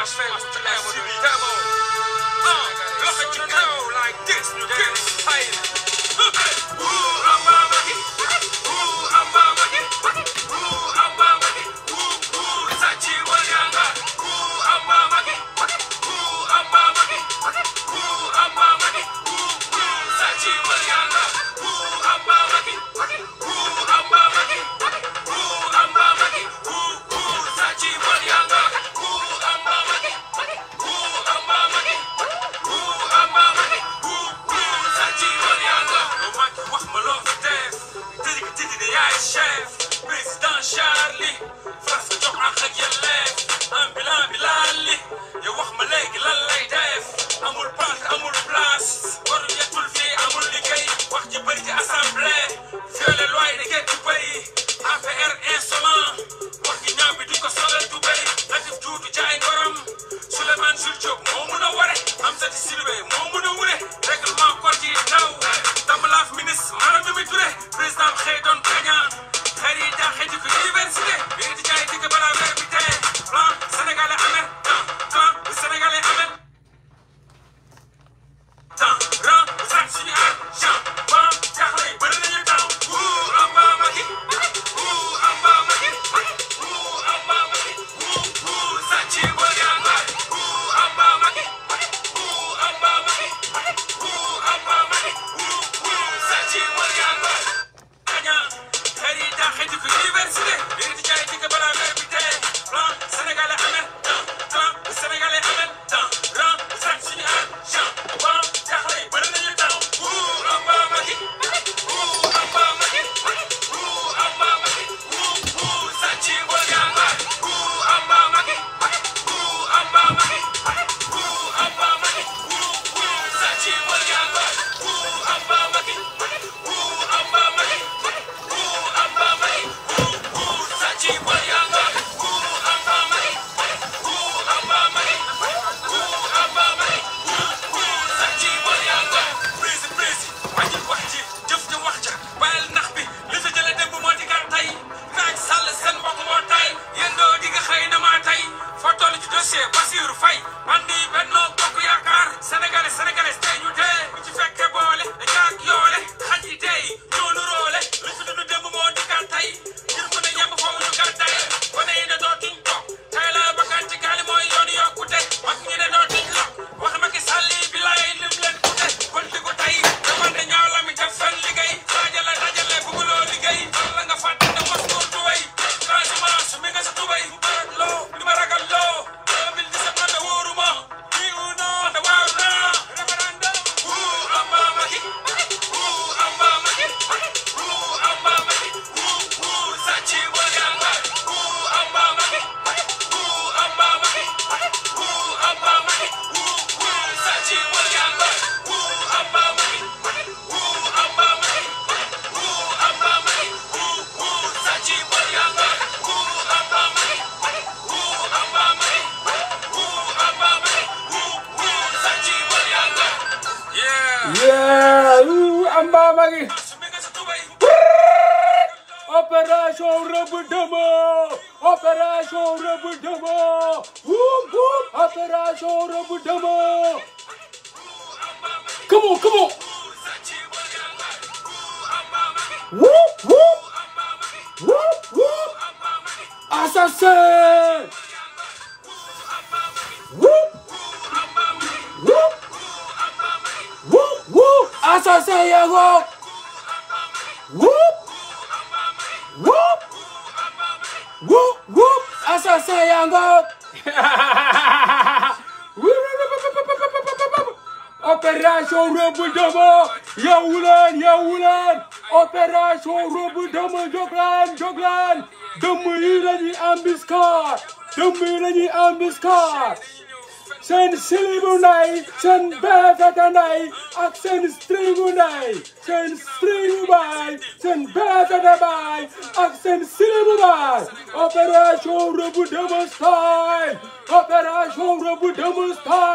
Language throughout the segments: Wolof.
I am stand with the devil. Action Bäverdanei, Action Stringunei, Action Stringubai, Action Bäverdabai, Action Silverbai, Operation Rebu Double Style, Operation Rebu Double Style.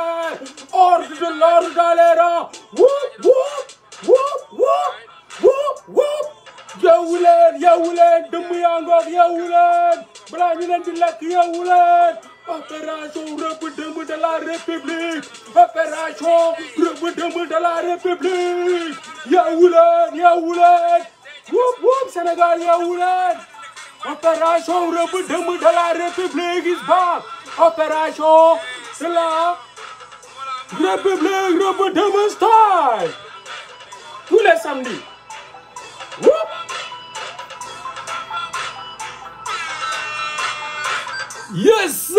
population rëbëndëm de la république yeewu leen yeewu leen wuup wuup Sénégal yeewu leen opération rëbëndëm de la république is back opération de la république rëbëndëm style tous les samedis yes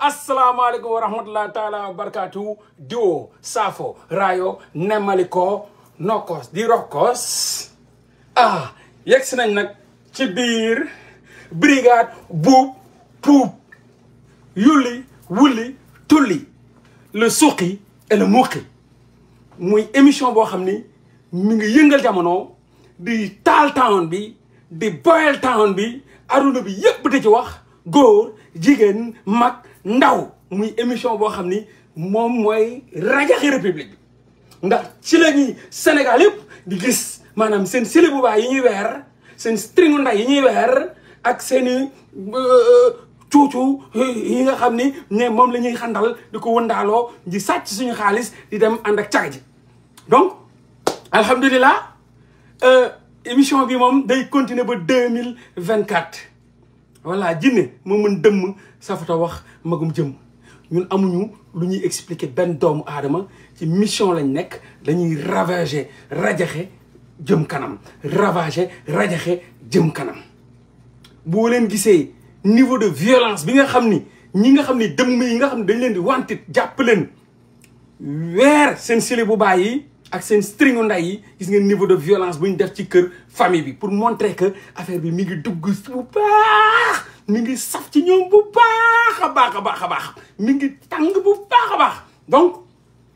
asalaamaaleykum wa rahmatullahi taala wa diwo saafo rayo nemaliko nokkoos di rokkoos ah yegsi nañ nag ci biir brigade buub puub yulli wulli tulli le suqi et le muqi muy émission boo xam ni mu ngi yëngal jamono di taal town bi di boyal town bi aduna bi yépp di ci wax góor jigéen mag ndaw muy émission boo xam ni moom mooy rajaxi république bi ndax ci la ñuy Sénégal yëpp di gis maanaam seen sili bu yi ñuy weer seen stringu ndax yi ñuy weer ak seeni i euh, cuucu yi nga xam ni ne moom la ñuy xandal di ko wëndaaloo di sàcc suñu xaalis di dem ànd ak caga ji donc alhamdulilah euh, émission bi moom day continuer ba deux mille vingt quatre voilà dîne, que je dëmm safata wax magum jëm ñun amuñu lu expliquer ben doomu aadama ci mission lañ nek, dañuy ravager rajaxe jëm kanam ravager rajaxe jëm kanam leen niveau de violence que nga ni ñi nga ni dëmm dañ leen di wantit leen ak seen stringu nday yi gis niveau de violence bu ñu def ci famille bi pour montrer que affaire bi mi ngi dugg bu baax mi ngi saf ci ñoom bu baax a baax a baax mi ngi bu donc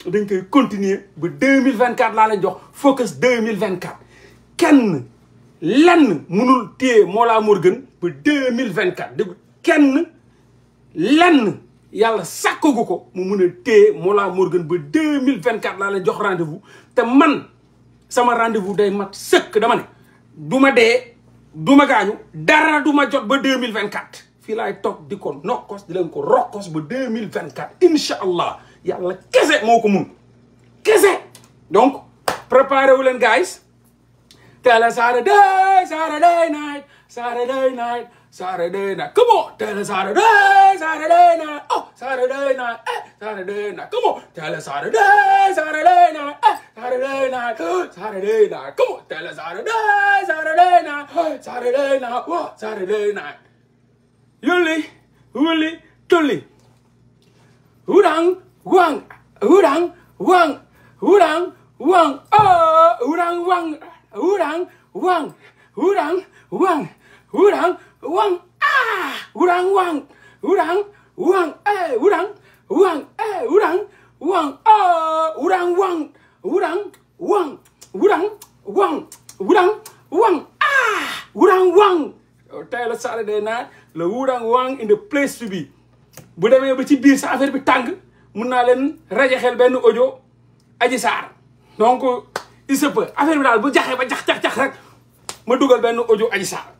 dañ koy continuer ba 2024 jox focus 2024, mille kenn lenn mënul téé mola morgan bu 2024 deug kenn lenn yàlla sàkkagu ko mu mun a mola morgan bu 2024 la la jox rendez-vous te man sama rendez-vous day mat seuk dama ne duma ma duma gañu dara duma jot ba 2024 fi lay tok fii laay di ko nokkos di leen ko rokos ba 2024 inshallah yalla quatre moko mun kese donc préparez vous len guys teel a Saturday Saturday night Saturday night Saturday night. Come on, tell us Saturday, Saturday night. Oh, Saturday night, eh, Saturday night. Come on, tell us Saturday, Saturday night, eh, Saturday night, Saturday night. Come on, tell us Saturday, Saturday night, eh, Saturday night, what, Saturday night. Yuli, Uli, Tuli. Urang, Wang, Urang, Wang, Urang, Wang, oh, Urang, Wang, Urang, Wang, Urang, Wang, Urang, Wang. uang ah urang uang urang uang eh urang uang eh urang uang eh urang uang urang uang urang uang urang uang ah urang uang tey la de na le urang uang in the place to be bu demee ba ci biir sa affaire bi tàng mun naa leen raje xel benn audio aji saar donc il se peut affaire bi daal bu jaxee ba jax jax jax rek ma dugal benn audio aji saar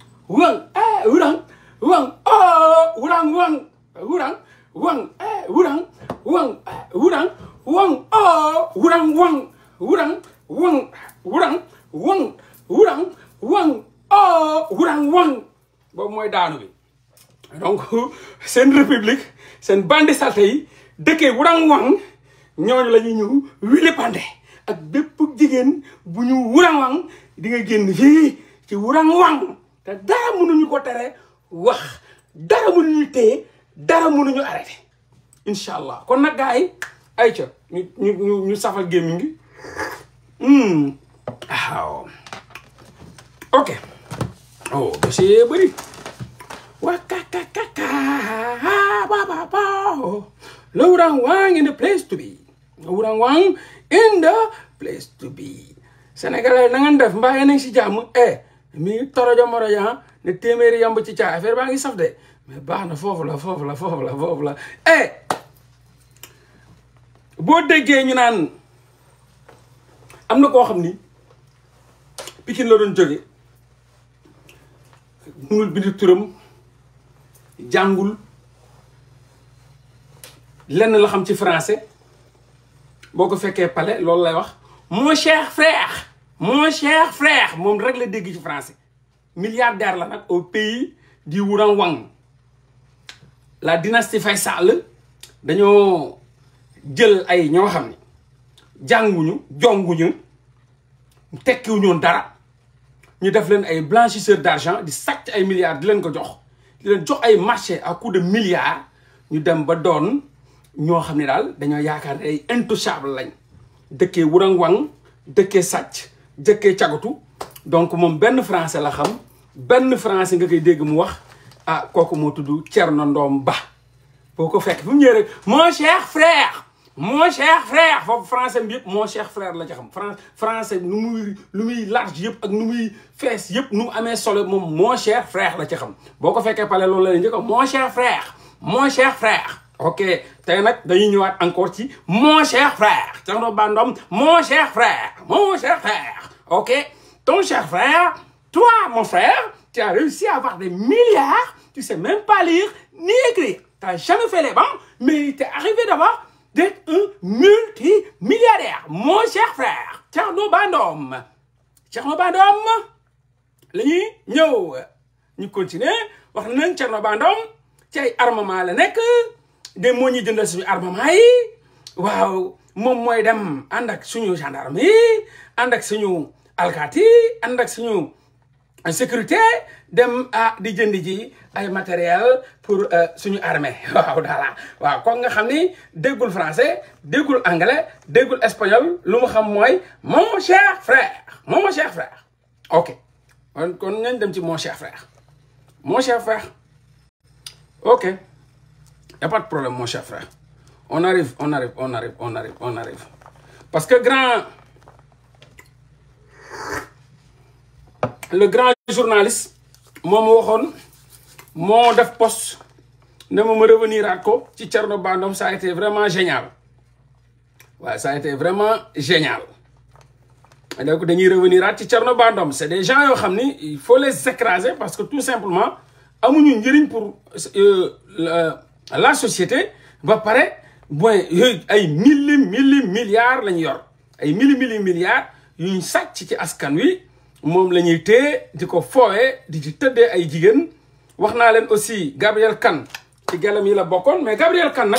wang wurang wang wurang wang wurang wang wurang wang wurang wang wurang wang wurang wang wurang wang wurang wurang wang boobu mooy daanu bi donc seen république seen bandi salté yi dëkkee wurang wang ñooñu la ñuy ñëw wili pande ak bépp jigéen bu ñu wurang wang di nga génn ci wurang wang te dara ñu ko téré wax dara ñu téye dara ñu arrêté inshallah kon nak gaay ay ca ñu ñu ñu safal gaming hmm waaw ok oh ka yee ba ba ba. lowrang wang in the place to be lowrang wang in the place to be senegalais na nga def mbaay nañ ci jamm eh mi torojo moroja ah, ne téeméeri yamb ci caay affaire baa ngi saf de mais baax na foofu la foofu la foofu la foofu la eh boo déggee ñu naan am na koo xam ni Pikine la doon jóge mungul bindu turam jàngul lenn la xam ci français boo ko fekkee pale loolu lay wax mon cher frère mon cher frère moom rek la dégg ci français milliardaire la nag au pays du Wurang Wang la dynastie Faysal dañoo jël ay ñoo xam ne jànguñu jonguñu tekkiwuñu woon dara ñu def leen ay blanchisseur d'argent di sàcc ay milliards di leen ko jox di leen jox ay marché à coup de milliards ñu dem ba doon ñoo xam ne daal dañoo yaakaar ne ay intouchable lañ dëkkee wurang wang dëkkee sàcc donc moom donc français la xam français nga koy dégg mu wax ah Ndom Ba mon cher frère mon cher frère France français mon cher frère la français nu muy large nous ak nu mon cher frère la ci xam la mon cher frère mon cher frère ok tay nak dañuy ñëwaat encore ci mon cher frère Thierno Bandom mon cher frère mon cher frère ok ton cher frère toi mon frère tu as réussi à avoir des milliards tu sais même pas lire ni écrire tu n'as jamais fait les banques mais tu es arrivé d'avoir d'être un multimilliardaire mon cher frère Thierno Bandom Thierno Bandom la ñuy ñëw ñu continuer wax nañ Thierno Bandom ci armement la nek de moo ñuy jëndal suñu armement yi waaw moom mooy dem ànd ak suñu gendarme yi ànd ak suñu alkaati yi ànd ak suñu sécurité dem ah di jënd ji ay matériel pour euh, suñu armée waaw daala waaw kooku nga xam ni déggul français déggul anglais déggul espagnol lu mu xam mooy mon cher frère mon cher frère ok kon kon nañ dem ci mon cher frère mon cher frère ok n'y a pas de problème, mon cher frère. On arrive, on arrive, on arrive, on arrive, on arrive. Parce que grand... Le grand journaliste, mon mot, mon def poste ne me revenir à quoi, ça a été vraiment génial Ouais, ça a été vraiment génial donc de revenir à ci c'est des gens qui, ont il faut les écraser parce que tout simplement amuñu njëriñ pour euh, la société va pare il ay mille mille milliards lañ yor ay mille mille milliards ñu sacc ci askan wi mom lañuy diko di ci ay aussi Gabriel Khan ci galam yi la mais Gabriel Kane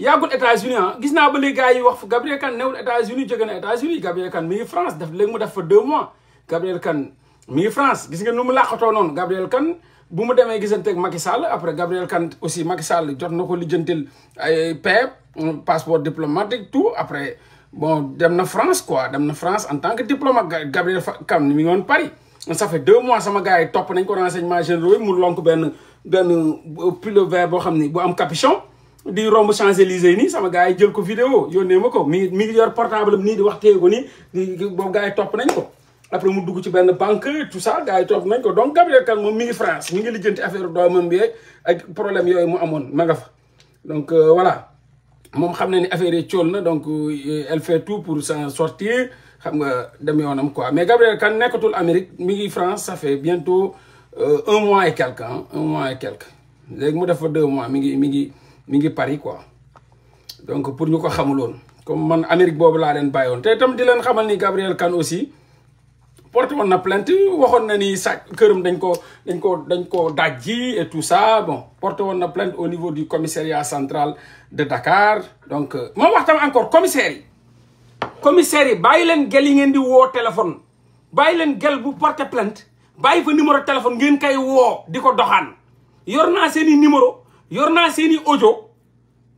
nak États-Unis des ah. ba gars wax Gabriel États-Unis na États-Unis Gabriel il mi France daf légui mu deux mois Gabriel Khan, mi France gis nga nu mu non Gabriel Khan. bu mu demee gisanteeg Macky Sall après Gabriel Kane aussi Macky Sall jot na ko lijjantil ay paie passeport diplomatique tout après bon dem na France quoi dem na France en tant que diplomate Gabriel Kane mi ngi woon Paris. sa fait deux mois sama gars yi topp nañ ko renseignement généraux yi mu lonk benn benn euh, pull vert boo xam ni bu am capuchon. di romb champs nii sama gars yi jël ko vidéo yónnee ma ko mii mi ngi portable nii di wax téye ko nii di yi topp nañ ko. après mu dugg ci ben banque tout ça gars yi nañ ko donc Gabriel Kane moom mi ngi France mi ngi lijjanti affaire mom bi ak problème yoy mu amone ma nga fa donc euh, voilà mom xam ni affaire yi cool na donc euh, elle fait tout pour s'en sortir xam nga dem yonam quoi mais Gabriel Kane nekatul Amérique mi ngi France ça fait bientôt euh, un mois et quelque hein? un mois et quelque légui mu def fa deux mois mi ngi mi ngi mi ngi Paris quoi donc pour ñuko xamulone comme man Amérique bobu la len bayone té tam di len xamal ni Gabriel Kane aussi porte woon na plainte waxon na ni sa keureum dañ ko dañ ko dañ ko dajji et tout ça bon porte woon na plainte au niveau du commissariat central de Dakar donc euh, mo wax tam encore commissaire commissaire yi len gel yi ngeen di wo téléphone bàyyi len gel bu porte plainte bàyyi fa numéro téléphone ngeen kay wo di doxan yorna yor naa numéro yorna naa seen audio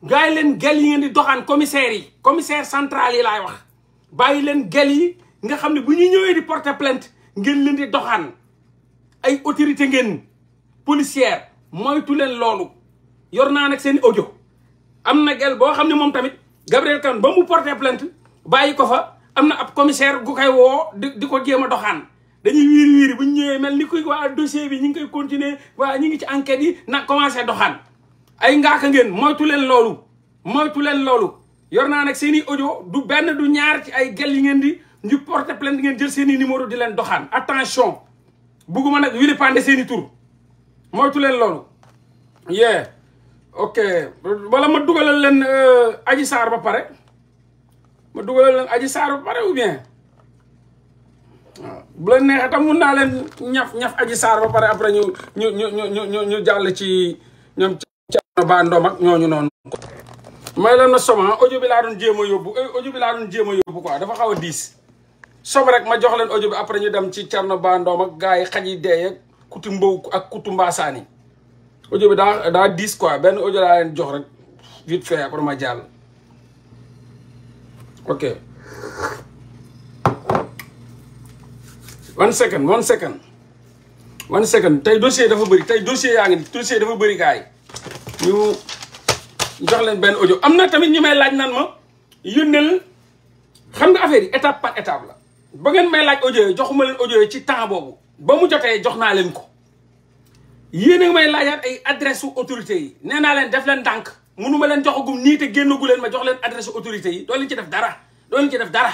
gay len gel yi ngeen di doxan commissaire commissaire central yi lay wax bàyyi len gel yi nga xamni bu ñu ñëwé di porter plainte ngeen leen di doxane ay autorité ngeen policière moytu leen loolu yor na seen audio am gel bo xamni mom tamit Gabriel kan ba mu porter plainte bayiko fa am na ab commissaire gu kay wo di jema doxane dañuy wir wir bu ñëwé mel ni kuy wa dossier bi ñi ngi koy continuer wa ñi ngi ci enquête yi na commencer doxane ay ngaaka ngeen moytu leen loolu moytu leen loolu yor na seen audio du ben du ñaar ci ay gel yi ngeen di ñu porter plainte ngeen jël seen numéro di leen doxane attention nak nag vilipender seen tour tur moytu leen lolu yee ok wala ma dugalal leen euh, aji sar ba paré ma dugalal leen aji sar ba paré ou bien bu la nexé tam mu na leen ñaf ñaf aji sar ba paré après ñu ñu ñu ñu ñu ñu jàll ci ñoom Thierno Ba Ndom ak ñoñu non may la na sama audio bi la doon jema yobbu audio bi la doon jema yobbu quoi dafa xawa 10 sob rek ma jox leen ojo bi après ñu dem ci Thierno Ba Ndom ak gars yi xaj yi dee ak kuti mbow ak kutu mbaasaani ojo bi daa daa diis quoi benn ojo laa leen jox rek vite fait après ma jàll ok one second one second tey dossier dafa bëri tey dossier yaa ngi nii dossier dafa bëri gars yi ñu jox leen benn ojo am na tamit ñu may laaj nan ma yónneel xam nga affaire yi étape par étape la ba ngeen may laaj audio joxuma leen audio yi ci temps boobu ba mu jotee jox naa leen ko yéen a may laajaat ay adresse su autorités yi nee naa leen def leen ndànk mënuma leen joxagum nii te génnagu leen ma jox leen adresse autorités yi doo leen ci def dara doo leen ci def dara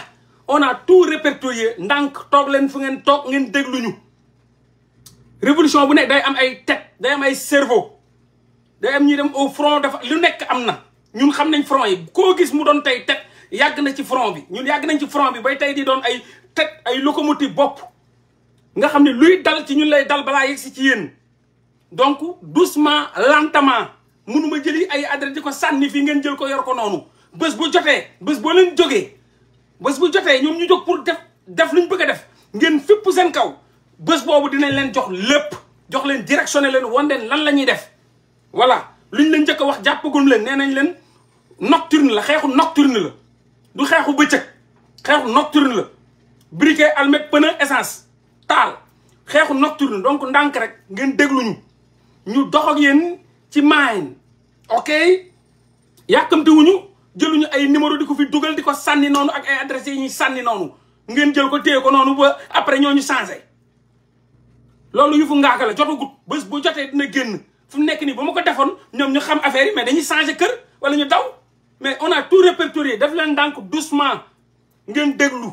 on a tout répertorié ndànk toog leen fu ngeen toog ngeen ñu révolution bu nekk day am ay tête day am ay cerveau day am ñuy dem au front dafa lu nekk am na ñun xam nañ front yi koo gis mu doon tey tête yàgg na ci front bi ñun yàgg nañ ci front bi bay tey di doon ay teg ay locomotive bopp nga xam ne luy dal ci ñun lay dal balaa yegsi ci yéen donc doucement lentement mënuma jëli ay adresse di ko sànni fii ngeen jël ko yor ko noonu bës bu jotee bës boo leen jógee bés bu jotee ñoom ñu jóg pour def def lu bëgg a def ngeen fépp seen kaw bës boobu dinañ leen jox lépp jox leen directionné leen won leen lan la ñuy def voilà luñ leen njëkk a wax jàppagum leen nee nañ leen nocturne la xeexu nocturne la du xeexu bëccëg xeexu nocturne la briquet almet pneu essence tal xexu nocturne donc ndank rek ngeen dégluñu ñu dox ak yeen ci maayin ok yàkkamtiwuñu jëluñu ay numéro diko fi duggal diko sanni nonu ak ay adresse yi ñi sanni nonu ngeen jël ko téye ko nonu ba après ñooñu changé loolu yu fu ngaaka la jotagut bëss bu joté dina genn fu nekk ni ba ko defon ñom ñu xam affaire yi mais dañuy changer kër wala ñu daw mais on a tout répertorié def leen dank doucement ngeen deglu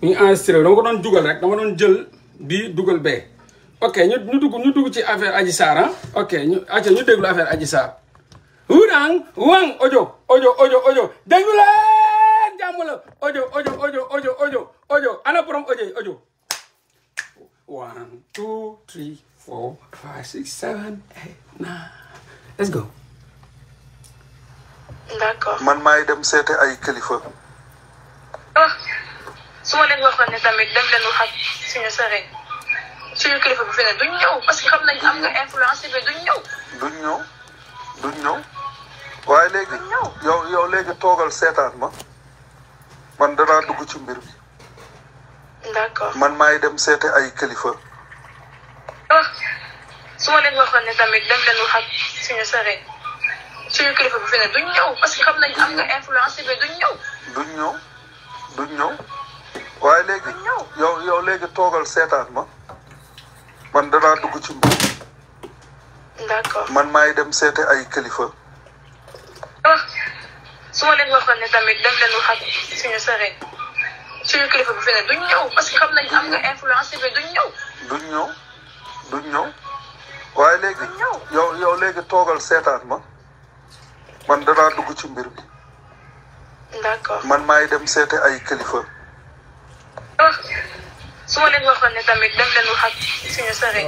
ñu enregistré dama ko doon dugal rek dama doon jël bii dugal bee ok ñu ñu ñu dugg ci affaire aji Sarr ah ok ñu acca ñu déglu affaire Adji Sarr wurang wang ojo ojo ojo ojo déglu leen jàmm la ojo ojo ojo ojo ojo ana borom ojo ojo ay kilifa ah. su ma leen waxoon ne tamit dem leen wax ak suñu sëriñ suñu kilifa bu fi ne duñ ñëw parce que xam nañ am nga influence bi duñ ñëw. duñ ñëw duñ ñëw. waaye léegi yow yow léegi toogal seetaan ma man danaa dugg ci mbir bi. d'accord man maay dem seete ay kilifa. su ma leen waxoon ne tamit dem leen wax ak suñu sëriñ suñu kilifa bu fi ne duñ ñëw parce que xam nañ am nga influence bi duñ ñëw. duñ ñëw duñ ñëw. waaye léegi yow yow léegi toogal seetaan ma man danaa dugg ci mbir d'accord man maay dem seete ay kilifa. Ah, su ma leen waxoon ne tamit dem leen wax ak suñu sëriñ suñu kilifa bi fi ne duñ ñëw parce que xam nañ am nga influence bi duñ ñëw. duñ ñëw waaye léegi yow léegi toogal seetaan ma man danaa dugg ci mbir bi. d'accord man maay dem seete ay kilifa. wax su ma leen waxoon ne tamit dem leen wax ak suñu sëriñ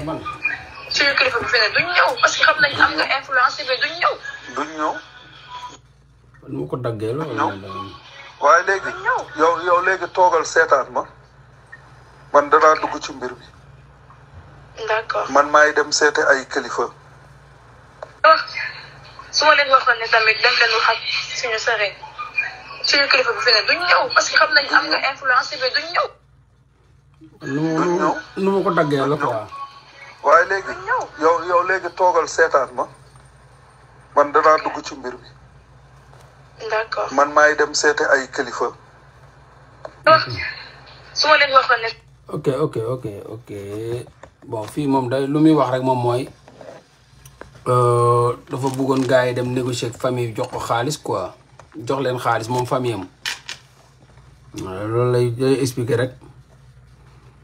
suñu kilifa bu fi ne duñ ñëw parce que xam nañ influence bi duñ ñëw. duñ ñëw. wala. léegi yow yow léegi toogal seetaan ma man danaa dugg ci mbir bi. d'accord man maay dem seete ay kilifa. su ma leen waxoon ne tamit dem leen wax ak suñu sëriñ suñu kilifa bu fi duñ ñëw parce que xam nañ nga influence bi duñ ñëw. nu ma nu ma ko daggee la quoi. waaye léegi yow yow léegi toogal seetaan ma man danaa dugg ci mbir bi. d'accord man maay dem seete ay kilifa. su ma leen fii moom day lu muy wax rek moom mooy euh, dafa buggoon gars yi dem négocier ak famille jox ko xaalis quoi jox leen xaalis moom famille loolu lay lay rek.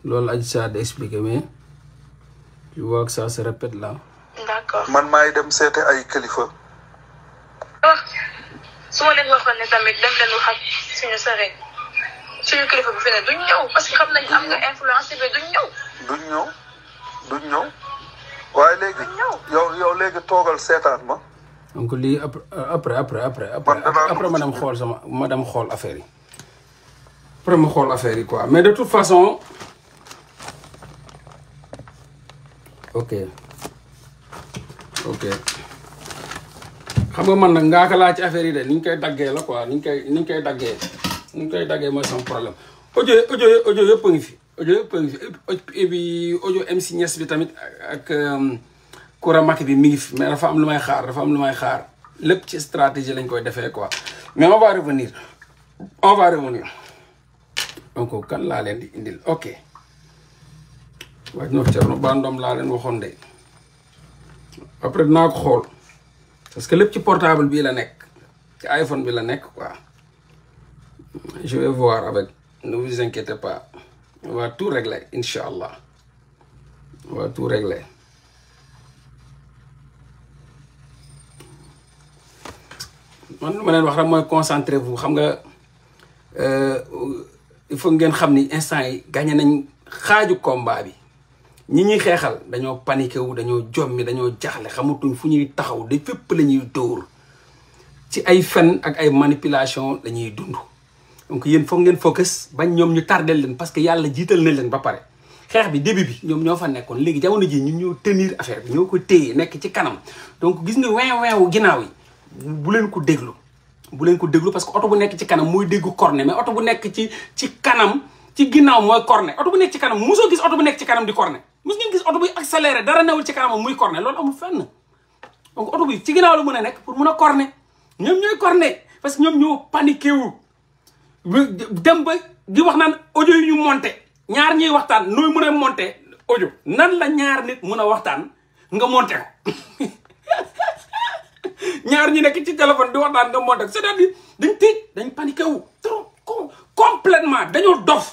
je Adji sa d'expliquer expliqué mais tu vois que ça se répète là. d'accord man vais dem ay que oh, tamit dem wax ak suñu suñu bu duñ parce que xam nañ am nga influence bi duñ ñëw. duñ ñëw duñ ñëw waaye légui yow yow légui togal seetaan ma. Euh, après après après après après Madame xol ma affaire yi. après ma xol affaire quoi mais de toute façon. ok ok xam nga man nag nga ko laa ci affaire yi de ni ñu koy daggee la quoi ni ñu koy ni ñu koy daggee ni ñu koy daggee mooy sama problème audio ojo audio yëpp ngi fi ojo yëpp a ngi fi et puis MC Niass bi tamit ak Koura euh, bi mi ngi fi mais dafa am lu may xaar dafa am lu may xaar lépp ci stratégie lañ koy defee quoi mais on va revenir on va revenir donc kan laa leen di indil ok waaye non Thierno Ba Ndom laa leen waxoon de après dinaa ko xool parce que lépp ci portable bii la nekk ci iPhone bi la nekk quoi je vais voir avec ne vous inquiétez pas on va tout régler incha allah on va tout régler man lu ma leen wax rek mooy concentrez-vous xam nga euh, il faut ngeen xam ni instant yi gagné nañ xaaju combat bi ñi ñuy xeexal dañoo paniqué wu dañoo jommi dañoo jaaxle xamatuñ fu ñuy taxaw de fépp la ñuy dóor ci ay fen ak ay manipulation la ñuy dund donc yéen foog ngeen focus bañ ñoom ñu tardel leen parce que yàlla jiital na leen ba pare xeex bi début bi ñoom ñoo fa nekkoon léegi jamono ji ñun ñoo tenir affaire bi ko téye nekk ci kanam donc gis nga weew weewu ginnaaw yi bu leen ko déglu bu leen ko déglu parce que oto bu nekk ci kanam mooy déggu corne mais oto bu nekk ci ci kanam ci mooy corne oto bu nekk ci kanam mosoo gis oto bu nekk ci kanam di corne mus ngeen gis auto buy accéléré dara newul ci kanam muy corné lolou amul fenn donc auto bi ci ginaaw lu meuna nek pour meuna a corné ñoom ñooy corné parce que ñom ñoo paniquer wu dem ba di wax naan audio yu ñu monter ñaar ñi waxtaan noy meuna monter audio nan la ñaar nit meuna waxtaan nga monter ko ñaar ñi nek ci téléphone di waxtaan nga monter cest dire dañ tiit dañ paniquer wu trop complètement dañu dof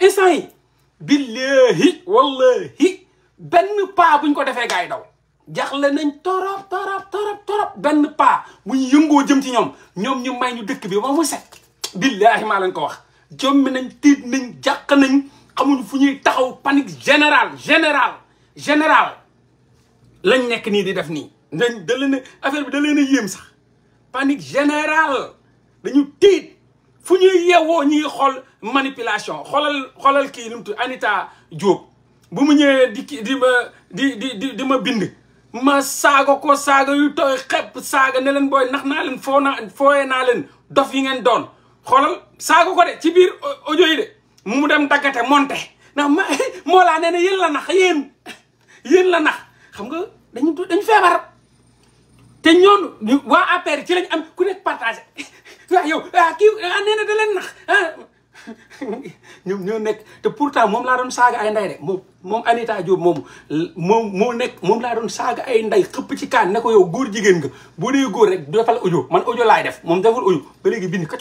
instant yi billahi wallahi benn pas buñ ko defee gars yi daw jaxle nañ torop torop torop benn pas bu ñu yëngoo jëm ci ñoom ñoom ñu may ñu dëkk bi ba mu set billahi maa leen ko wax jommi nañ tiit nañ jàq nañ xamuñ fu ñuy taxaw panique général général général lañ nekk nii di def nii dañ da leen affaire bi da leen a sax panique générale dañu tiit fu ñuy yeewoo ñuy xool manipulation xolal xolal ki limtu Anita job, bu mu di di di di di ma bind ma saga ko saga yu toy xep saga ne len boy nax and leen foo naa fooyee na len dof yi ngeen don xolal saga ko de ci bir audio yi de mu dem monte na ma Mollah nee na yéen la nax yeen yeen la nax xam nga dañu dañu febar te ñoon wa APR ci lañ am ku nek partager waaw yow ah, ki ah, neena da len nax ah. ñoom ñoo nekk te pourtant moom laa doon saaga ay nday rek moom moom Anita Diop moomu moom moo nekk moom laa doon saaga ay ndey xëpp ci kaan ne ko yow góor jigéen nga boo dee góor rek defal audio man ojo laay def moom defal audio ba léegi bind ko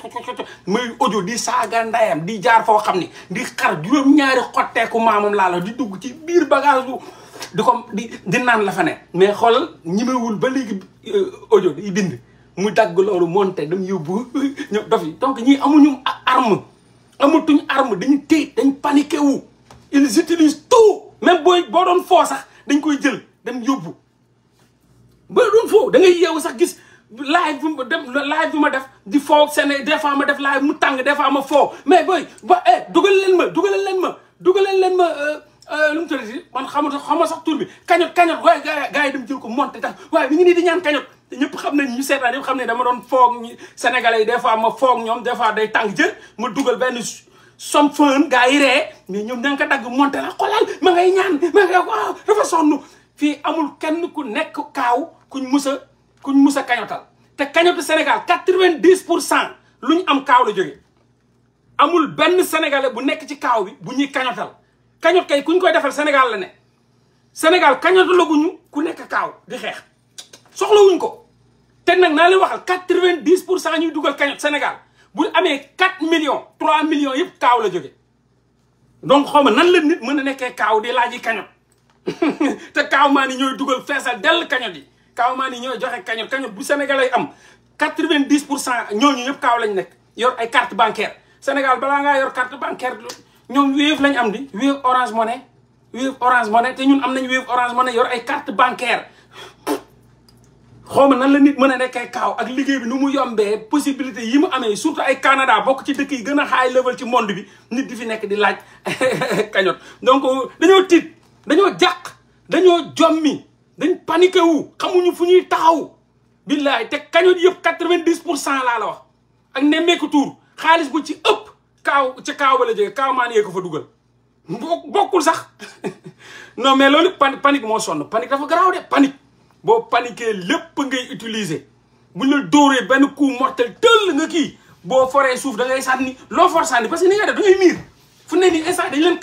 may audio di saaga ndayam di jaar foo xam ne di xar juróom-ñaari xotteeku maamam laa la di dugg ci biir bagage bu di ko di di naan la fa ne mais xoolal ñimewul ba léegi euh, audio di bind mu dagg loolu monte dam yóbbu ñoom dof yi donc ñii amuñu arme amatuñ arme dañu téye dañ paniqué wu ils utilisent tout même booy boo doon foo sax dañ koy jël dem yóbbu boo doon foo da ngay yeewu sax gis laay bu ma dem live bu ma def di foo seen des fois ma def live mu tàng des fois ma foo mais booy ba eh dugal leen ma dugal leen ma dugal leen ma euh, euh, lu mu tëddee man xamul xamoo sax tur bi kañot kañot waaye gars yi dem jël ko monté tax waaye mi ñu nii di ñaan kañot ñëpp xam nañ ñu seetaan ñëpp xam ne dama doon foog sénégalais yi des fois ma foog ñoom des fois day tàng jër ma dugal benn som fën gars yi ree mais ñoom da ko dagg monté la xolal ma ngay ñaan ma ngay waaw dafa sonn fii amul kenn ku nekk kaaw ku mus a kuñ mus a kañotal te kañotu Sénégal quatre-vingt-dix pour cent lu ñu am kaaw la amul benn sénégalais bu nekk ci kaaw bi bu ñuy kañotal kañot kay kuñ koy defal Sénégal la ne Sénégal kañotu la guñu ku nekk kaaw di xeex soxlawuñ ko te nag naa leen waxal quatre vingt dix pour cent ñuy dugal cagnotte Sénégal bu amee quatre millions trois millions yëpp kaaw la jóge donc xaw ma nan leen nit mën a nekkee kaaw di laaj yi cagnotte te kaaw maa ni ñooy dugal feesal dell cagnotte yi kaaw maa ni ñooy joxe cagnotte cagnotte bu Sénégal ay am quatre vingt dix pour cent ñooñu ñëpp kaaw lañ nekk yor ay carte bancaire Sénégal balaa ngaa yor carte bancaire ñoom Wave lañ am di Wave Orange Money Wave Orange Money te ñun am nañ Wave Orange Money yor ay carte bancaire xaw ma nan la nit mën a nekkee kaaw ak liggéey bi nu mu yombee possibilité yi mu amee surtout ay Canada bokk ci dëkk yi gën a high level ci monde bi nit di fi nekk di laaj kañot donc dañoo tiit dañoo jàq dañoo jommi dañ paniqué wu xamuñu fu ñuy taxaw billaay te kañot yëpp quatre-vingt-dix pour cent laa la wax ak nemmeeku tuur xaalis bu ci ëpp kaaw ci kaaw ba la jógee kaaw maan yee ko fa dugal bokkul sax non mais loolu panique moo sonn panique dafa garaaw de panique paniquer le lepp ngay utiliser bu la ben coup mortel teul nga ki bo foré souf da ngay sanni lo for parce que ni nga def da ngay vous fu instant dañ leen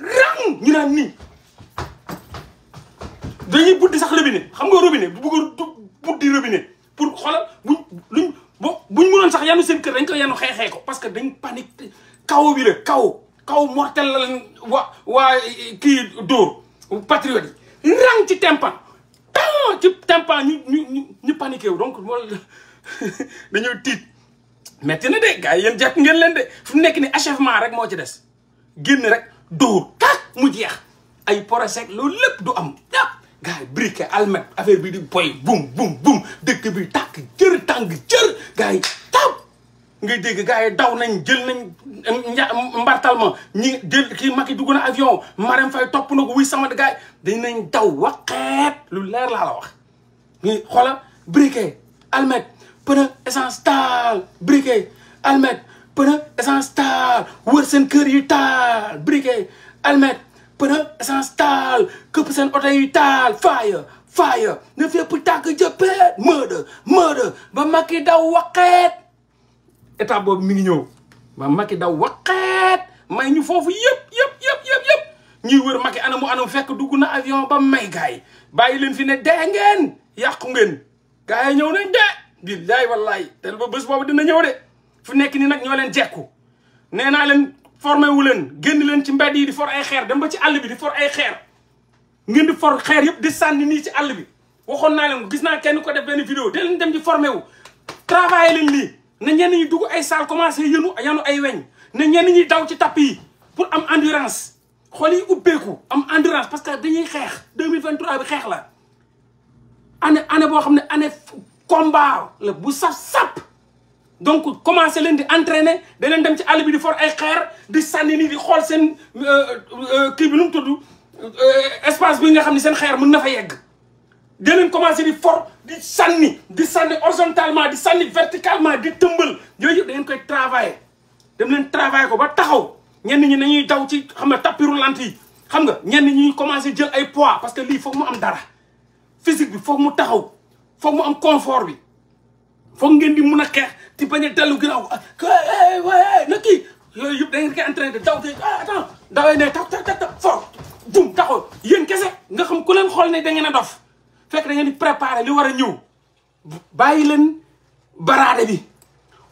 rang ñu dañuy buddi sax robinet xam nga robinet bu robinet pour buñ buñ sax yanu seen kër dañ ko yanu ko parce que dañ panique kaw bi patriote rang ci tempa tan ah, ci tempa ñu ñu ñu paniqué wu donc wala dañoo tiit metti na de gars yi yéen jàpp ngeen leen de fu nekk ni achèvement rek moo ci des génn rek dóor kaa mu jeex ay porosek loolu lépp du am yàpp gars yi almet affaire bi di boy bum bum bum dëkk bi tàkk jër tàng jër gars yi taw ngay dégg gars yi daw nañ jël nañ mbartal ma ñi ki kii Macky dugg na avion Marème Faye topp na ko wuy sama gars yi dañ nañ daw waxeet lu leer laa la wax ñi xoola briquet almet pneu essence taal briquet almet wër seen kër yi taal briquet almet pneu essence taal këpp seen oto yi taal fire fire na fépp tàkk jëppeet murder murder ba Macky daw waxeet état boobu mi ngi ñëw waa Macky daw waqeet may ñu foofu yëpp yëpp yëpp yëpp yëpp ñuy wër Macky anamu anam fekk dugg na avion ba may gaay yi bàyyi leen fi ne dee ngeen yàqu ngeen gaay yi ñëw nañ de billaay wallaay tel ba bës boobu dina ñëw de fu nekk ni nag ñoo leen jekku nee naa leen formé leen génn leen ci mbedd yi di for ay xeer dem ba ci àll bi di for ay xeer ngeen di for xeer yëpp di sànni nii ci àll bi waxoon naa leen gis naa kenn ko def benn vidéo de leen dem di formé wu travaillé ne ñenn ñi dugg ay salle commencé yenu yanu ay weñ ne ñenn ñi daw ci tàpp yi pour am endurance xool yi ubbeeku am endurance parce que dañuy xeex 2023 bi xeex la année année boo xam ne année combat la bu saf sap donc commencé leen di entraîner da leen dem ci àll bi di for ay xeer di sànni nii di xool seen euh, euh, kii bi nu mu tudd euh, espace bi nga xam ne seen xeer mun na fa yegg da leen commencé di for di sànni di sanni horizontalement di sànni verticalement di tëmbal yooyu yëpp da ngeen koy travailler dem leen travailler ko ba taxaw ñenn ñi nañuy daw ci xam nga tapis roulant yi xam nga ñenn ñi commencé jël ay poids parce que lii foog mu am dara physique bi foog mu taxaw foog mu am confort bi foog ngeen di mun a xeex di bañ a dellu ginnaaw na kii yooyu yëpp da ngeen de daw te ah attends dawee ne taw taw taw fort jum taxaw yéen kese nga xam ku leen xool ne da a dof fekk da ngeen di préparer li war a ñëw bàyyi leen baraade bi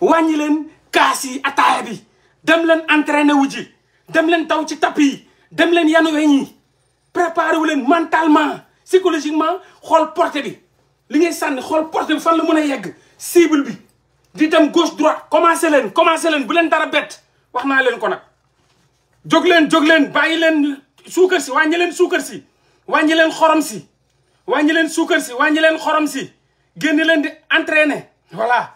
wàññi leen kaas yi ataaya bi dem leen entraîner wu ji dem leen taw ci tapis yi dem leen yanu weñ wu leen mentalement psychologiquement xool portée bi li ngay sànni xool portée bi fan la mën a yegg cible bi di dem gauche droite commencé leen commencé leen bu leen dara bett wax naa leen ko nag jóg leen jóg leen bàyyi leen suukar si wàññi leen suukar si wàññi leen xorom si wañi len suukar si wañi len xorom si génn len di entraîner voilà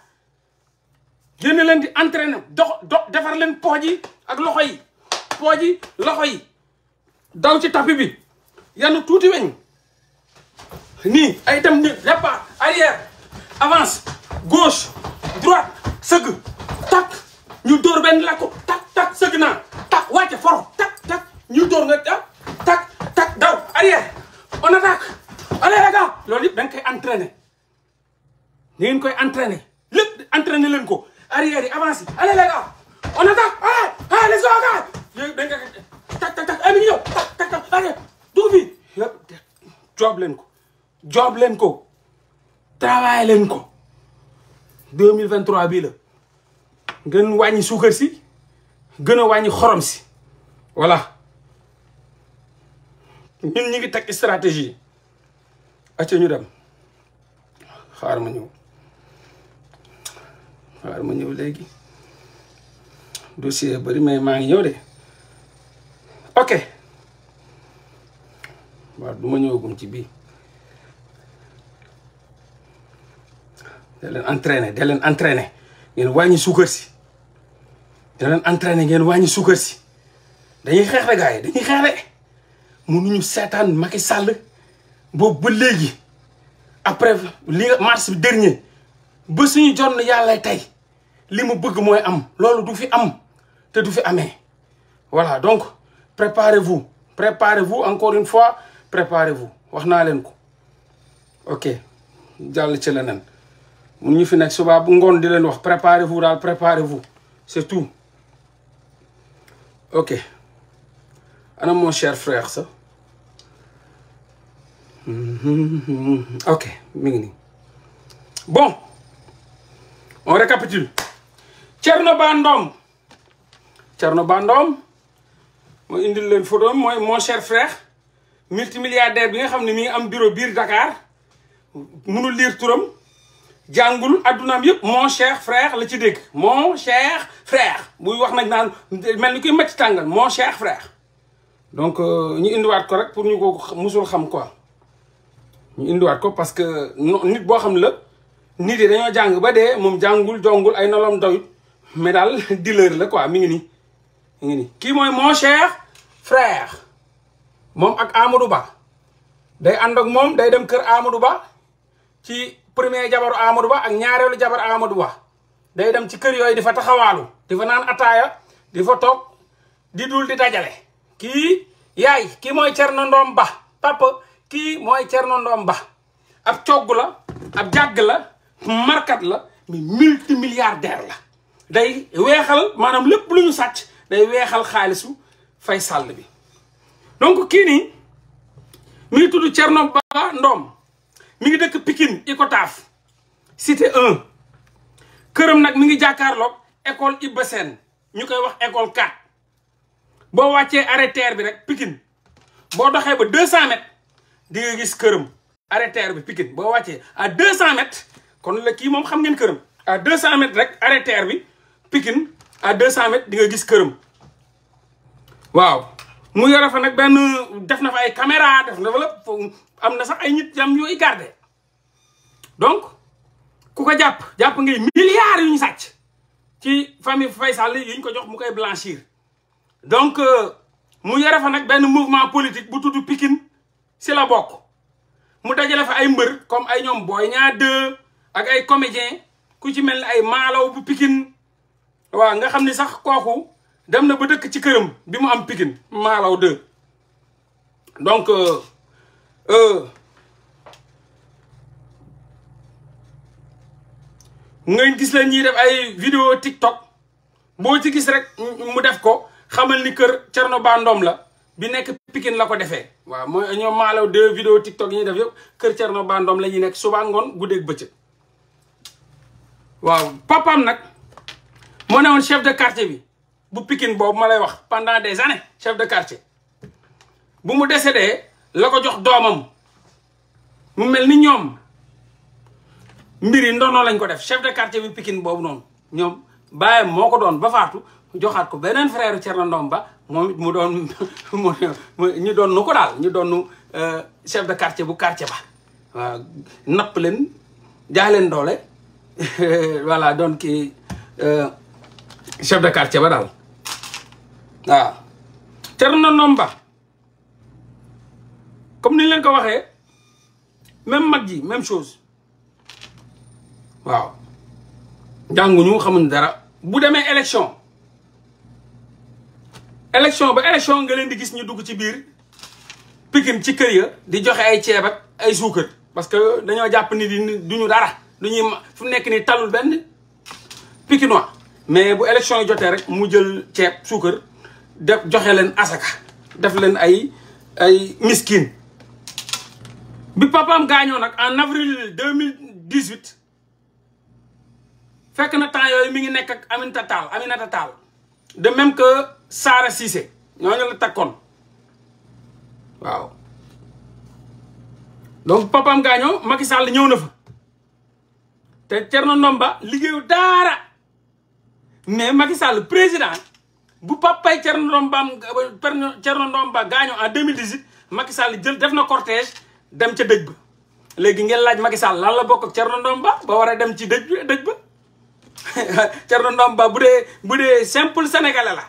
génn len di entraîner dox dox defar len poji ak loxoy poji loxoy daw ci tapis bi yann touti weñ ni ay tam ni arrière avance gauche droite seug tak ñu dor ben lako tak tak seug na entraîner ni ngeen koy entraîner lépp entraîner leen ko arrière yi avance yi allez les gars on attaque allez allez let's go gars yooyu dañ ko tak tak tak ay mi ngi ñëw tak tak tak allez dugg fii yëpp job leen ko job leen ko travail leen ko 2023 bii la ngeen wàññi suukar si gën a wàññi xorom si voilà ñun ñu ngi teg stratégie acca ñu dem xaar ma ñëw xaar dossier bari may ma ngi ñew de ok ba du ma ñëwagum ci bi dalen entraîner dalen entraîner ngeen wañi sugar ci dalen entraîner ngeen wañi sugar ci dañuy xex rek gaay dañuy xex rek mu ñu seetaan Macky Sall bo bu léegi après mars dernier ba suñu jonn yalla tay li bëgg moy am loolu du fi am te du fi amé voilà donc préparez-vous préparez-vous encore une fois préparez-vous waxna len ko ok jàll ci vous ñu fi bu préparez-vous préparez-vous c'est tout ok ana mon cher frère ça Mm-hmm. ok mi ngi nii bon on récapitule Thierno Ba Ndom Thierno Ba Ndom mooy indil leen photo mooy mon cher frère multimilliardaire bi nga xam ne mi ngi am bureau biir Dakar mënul lire turam jàngul addunaam yëpp mon cher frère la ci dégg mon cher frère buy wax nag naan mel ni kuy macc tàngal mon cher frère donc euh, ñu indiwaat ko rek pour ñu ko musul xam quoi ñu indiwaat ko parce que nit boo xam la nit yi dañoo jàng ba dee moom jàngul jongul ay nolom doyut mais daal dealer la quoi mi ngi ni mi ngi ni kii mooy mon cher frère moom ak Amadou Ba day ànd ak moom day dem kër Amadou Ba ci premier jabar Amadou Ba ak ñaareelu jabar Amadou Ba day dem ci kër yooyu di fa taxawaalu di fa naan ataaya di fa toog di dul di dajale kii yaay kii mooy Thierno Ndom Ba papa kii mooy Thierno Ndom Ba ab cogg la ab jàgg la markat la mais multimilliardaire la day weexal maanaam lépp lu ñu sàcc day weexal xaalisu fay sàll bi donc kii nii mu ngi tudd Thierno Ba ndoom mu ngi dëkk Pikine Icotaf cité 1 këram nag mu ngi jàkkaarloog école Iba Sène ñu koy wax école 4 boo wàccee arrêt terre bi rek Pikine boo doxee ba 200 mètres di nga gis këram arrêter bi Pikine boo wàccee à deux cent mètres kon la kii moom xam ngeen këram à deux cent mètres rek arrêter bi Pikine à deux cent mètres di nga gis këram waaw mu yore fa nag benn def na fa ay caméra def na fa lépp am na sax ay nit yam yooyu garder donc ku ko jàpp jàpp ngay milliards yu ñu sàcc ci famille Faye Sall yi ñu ko jox mu koy blanchir donc euh, mu yore fa nag benn mouvement politique bu tudd Pikine si la bokk mu dajale fa ay mbër comme ay ñoom Boy Niang 2 ak ay comédien ku ci mel ni ay maalaw bu pikin waaw nga xam ni sax kooku dem na ba dëkk ci këram bi mu am Pikine maalaw 2 donc euh, euh, nga gis la ñuy def ay video vidéo TikTok boo ci gis rek mu def ko xamal ni kër Thierno Bandoom la bi nekk Pikine la ko defee waaw mooy ñoom maalaw deux vidéo TikTok yi ñuy def yëpp kër Thierno Bandoom la ñuy nekk suba ngoon guddeeg bëccëg waaw papaam nag moo ne woon chef de quartier bi bu Pikine boobu ma wax pendant des années chef de quartier bu mu décédé la ko jox doomam mu mel ni ñoom mbir yi ndono lañ ko def chef de quartier bi Pikine boobu noonu ñoom bàyyam moo ko doon ba faatu joxaat ko beneen frère Thierno ba moom mu doon mu ñu doon nu ko daal ñu doon euh, chef de quartier bu quartier ba waaw napp leen jaay leen doole voilà doon ki euh, chef de quartier ba daal waaw Thierno Ndomba comme ni leen ko waxee même mag ji même chose waaw jànguñu xamuñ dara bu demee élection élection ba élection nga leen di gis ñu dugg ci biir Pikine ci kër ya di joxe ay ceeb ay suukar parce que dañoo jàpp ni duñu dara duñuy fu nekk ni talul benn Pikinois mais bu élection yi jotee rek mu jël ceeb suukar def joxe leen asaka def leen ay ay miskin bi papaam gaañoo nag en avril deux mille dix huit fekk na temps yooyu mi ngi nekk ak Aminata Tall Aminata Tall même que. Saara Cissé ñooñu la takkoon waaw donc papam gaañoo Macky ñëw na fa te Thierno Ndomba liggéeyu daara mais Macky Sall président bu papay Thierno Ndombaam Thierno Ndomba gaañoo en 2018 Macky Sall jël def na cortège dem ca dëj ba léegi ngeen laaj Macky Sall lan la bokk ak Thierno Ndomba ba war a dem ci dëj dëj ba Thierno Ndomba bu dee bu dee simple sénégalais la.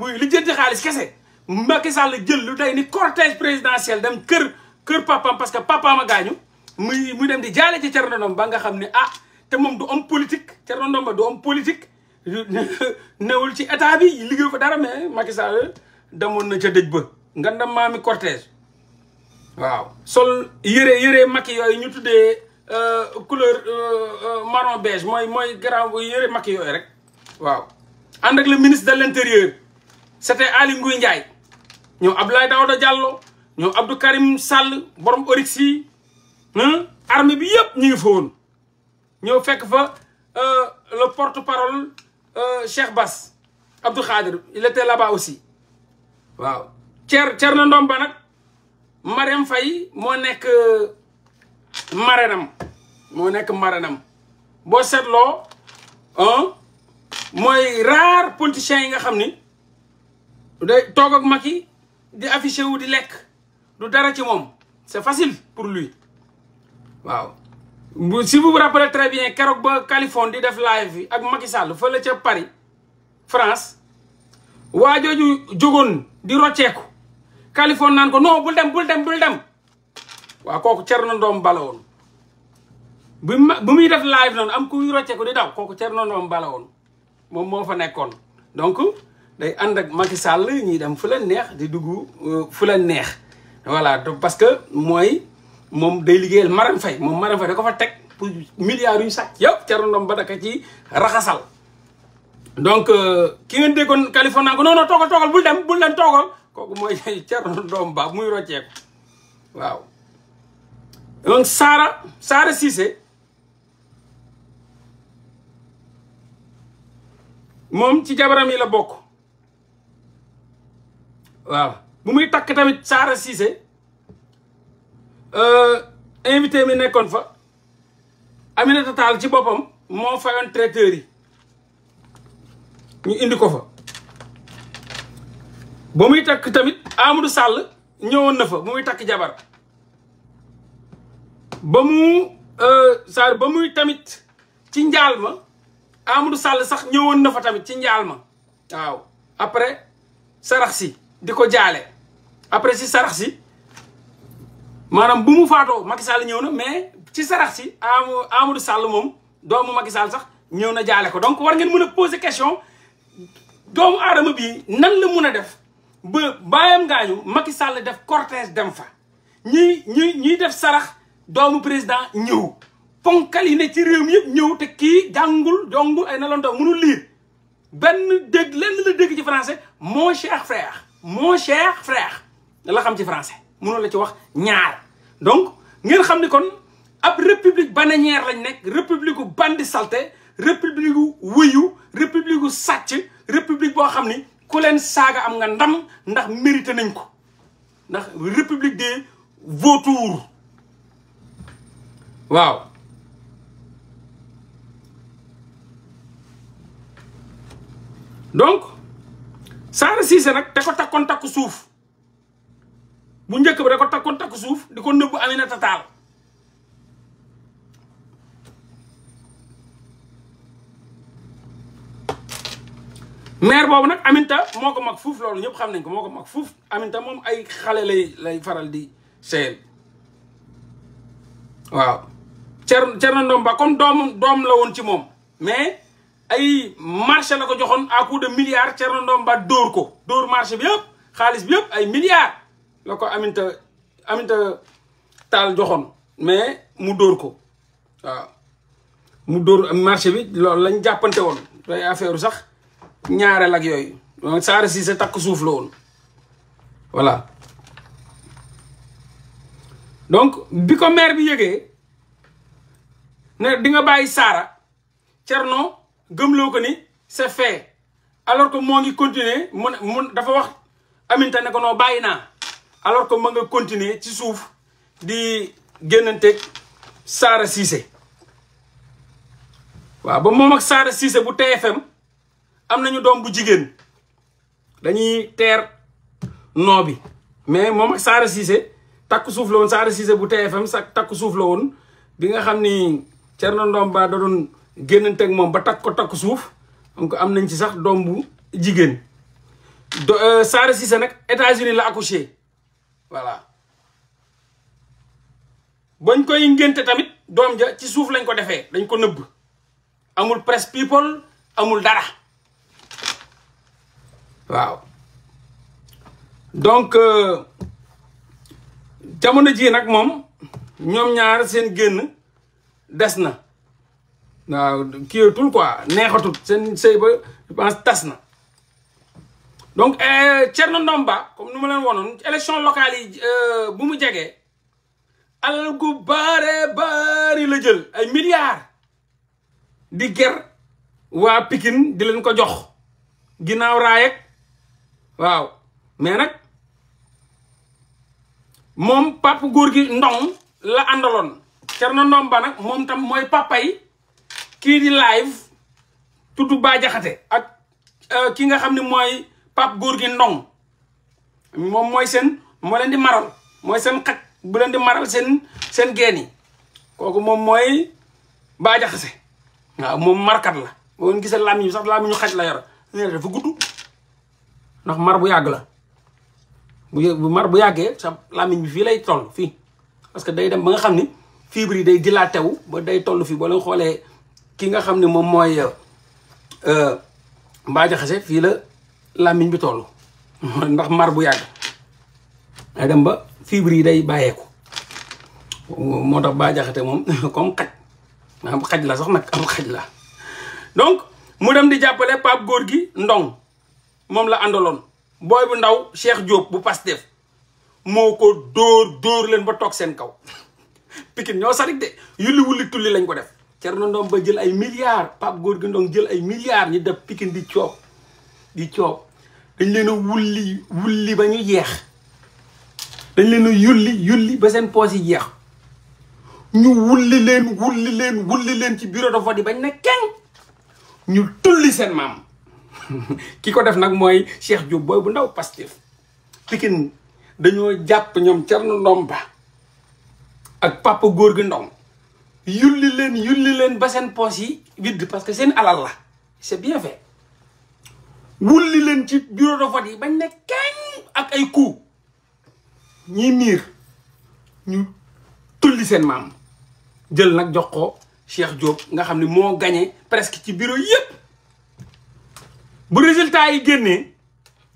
muy lijjanti xaalis kese Macky Sall jël lu day ni cortège présidentiel dem kër kër papam parce que papaam a gaañu muy muy dem di jaale ci Thierno ba nga xam ni ah te moom du homme politique Thierno Ndomba du homme politique newul ci état bi liggéey fa dara mais Macky Sall demoon na ca dëj ba nga dem maami cortège waaw sol yére yére Macky yi ñu tuddee euh, couleur euh, euh, marron beige mooy mooy garaaw yére Macky yooyu rek waaw ànd ak le ministre de l' intérieur c'était Aly Ngouille Ndiaye ñoom Abdoulaye Daouda Diallo ñoom Abdou Karim Sall borom Oryx yi armée bi yëpp ñu ngi fa woon fekk fa euh, le porte-parole euh, Cheikh Bass Abdou Khadir il était là aussi waaw Thierno Thierno Ndomba nag Mariam Faye moo nekk euh, marrainam moo nekk marrainam boo seetloo mooy rare politiciens yi nga xam ni day tok ak maki di afficher wu di lek du dara ci mom c'est facile pour lui wow si vous vous rappelez très bien keroog ba Californie di def live yi ak maki Sall fele ci Paris France waa jooju jógoon di rocceeku Californie nan ko non bul dem bul dem bul dem waaw kooku Thierno Ndom balawon bu mi def live non am kuy rocceeku di daw kooku Thierno Ndom balawon mom mo fa nekkoon donc day ànd ak Macky Sall ñuy dem fu la neex di dugg euh, fu leen neex voilà parce que mooy moom day liggéeyal Marème fay moom Marème Faye da ko fa teg pour milliards yu sàcc yëpp Thierno Ndom ba daka ci raxasal donc euh, ki ngeen déggoon Kaliphone naa ko non non toogal bul dem bul leen toogal kooku mooy Thierno Ndom ba muy rocceeku waaw donc saara saara Cissé moom ci jabaram yi la bokk waaw bu muy takk tamit Saara Cissé euh, invité mi nekkoon fa Aminata Tall ci boppam moo fayoon traiteur yi ñu indi ko fa ba muy takk tamit Amadou sàll ñëwoon na fa bu muy takk jabar ba mu euh, Saar ba muy tamit ci njaal ma Amadou sàll sax ñëwoon na fa tamit ci njaal ma waaw après sarax si di ko jaale après si sarax si maanaam bu mu faatoo Macky Sall ñëw na mais ci sarax si Amadou sàll moom doomu Macky Sall sax ñëw na jaale ko donc war ngeen mën a poser question doomu aadama bii nan la mun a def ba baayam gaañu Macky Sall def cortège dem fa ñuy ñuy ñuy def sarax doomu président ñëw ponkal yi ne ci réew mi yëpp ñëw te kii jàngul jongul ay na loon doom mënul liir benn dégg lenn la dégg ci français mon cher frère mon cher frère la xam ci français Je la ci donc nous xam ni kon république bananière lañ république bandi salté république gu république satch république bo xamni ku leen am nga ndam ndax mérité nañ ko ndax république de Vautour. waaw donc Saara Cissé nag da ko takkoon takku suuf bu njëkk ba da ko takkoon takku suuf di ko nëbbu Aminata Tall maire boobu nag Aminta moo ko mag fuuf loolu ñëpp xam nañ ko moo ko mag fuuf Aminta moom ay xale lay lay faral di seyel waaw Thierno Thierno Ndomba comme doom doom la woon ci moom mais ay marché na ko joxoon à coup de milliards Thierno Ndomba dóor ko dóor marché bi yëpp xaalis bi yëpp ay milliards la ko Aminta Aminta Tall joxoon mais mu dóor ko waaw mu dóor marché bi loolu lañ jàppante woon day affaire sax ñaare lag yooyu donc Saara Cissé takk suuf la woon voilà donc bi ko maire bi yëgee ne dinga nga bàyyi Saara Thierno gëmloo ko ni c'est fait alors que moo ngi continuer mun mun dafa wax aminta ne noo bàyyi naa alors que ma nga continuer ci suuf di génnanteeg Saara Cissé waaw ba moom ak Saara Cissé bu TFM am nañu doom bu jigéen dañuy teer noo bi mais moom ak Saara Cissé takku suuf la woon Saara Cissé bu TFM sax takku suuf la woon bi nga xam ni Thierno Ndomba da doon génnanteeg moom ba takk ko takk suuf donc am nañ ci sax doom bu jigéen do euh, Saara Cissé nag États-Unis la accouché voilà bañ koy ngénte tamit doom ja ci suuf lañ ko defee dañ ko nëbb amul presse people amul dara waaw donc euh, jamono ji nag moom ñoom ñaar seen génn des na waaw kiiwatul quoi neexatul seen sëy ba tas na donc euh, Thierno Ndomba comme nu ma leen wonoon élection locale yi euh, bu mu jege alal gu baare la jël ay milliards di ger waa Pikine di leen ko jox ginnaaw raayek waaw mais nag moom pap góor gi ndong la àndaloon Thierno Ndomba nag moom tam mooy papa kii di live tudd Bah ak euh, ki nga xam ne mooy Pape gi Ndong moom mooy seen moo leen di maral mooy seen xaj bu leen di maral seen seen geen yi kooku moom mooy Bah Diakhaté waaw moom markat la boo gisee làmmiñ bi sax làmmiñu xaj la yor dafa gudd mar bu yàgg la bu mar bu yàggee sa làmmiñ bi fii lay toll fii parce que day dem ba nga xam ni fibre yi day dilaté wu ba day toll fii boo leen xoolee ki nga xam ne moom mooy euh, mbaa jaxase fii la làmmiñ bi toll ndax mar bu yàgg day dem ba fibre yi day bàyyeeku moo tax mbaa jaxate moom comme xaj am la sax nag am xaj la donc mu dem di jàppale Pape góor gi Ndong moom la àndaloon booy bu ndaw Cheikh Diop bu Pastef moo ko dóor dóor leen ba toog seen kaw Pikine ñoo sarik de yulli wulli tulli lañ ko def Thierno Ndom ba jël ay milliards Pape Gorgui Ndong jël ay milliards ñu def pikin di coob di coob dañ leen a wulli wulli ba ñu jeex dañ leen a yulli yulli ba seen poos yi jeex ñu wulli leen wulli leen ci bureau de vote yi bañ ne kenn ñu tulli seen maam ki ko def nag mooy Cheikh Diop booy bu ndaw Pastef Pikine dañoo jàpp ñoom Thierno Ndom ba ak Pape Gorgui Ndong yulli len yulli posi ba sen poches yi vide parce que sen alal la c'est bien fait wulli len ci bureau de vote yi bañ nek kañ ak ay coup ñi mir ñu tulli sen mam jël nak jox ko Cheikh Diop nga xamni mo gagner presque ci bureau yépp bu résultat yi génné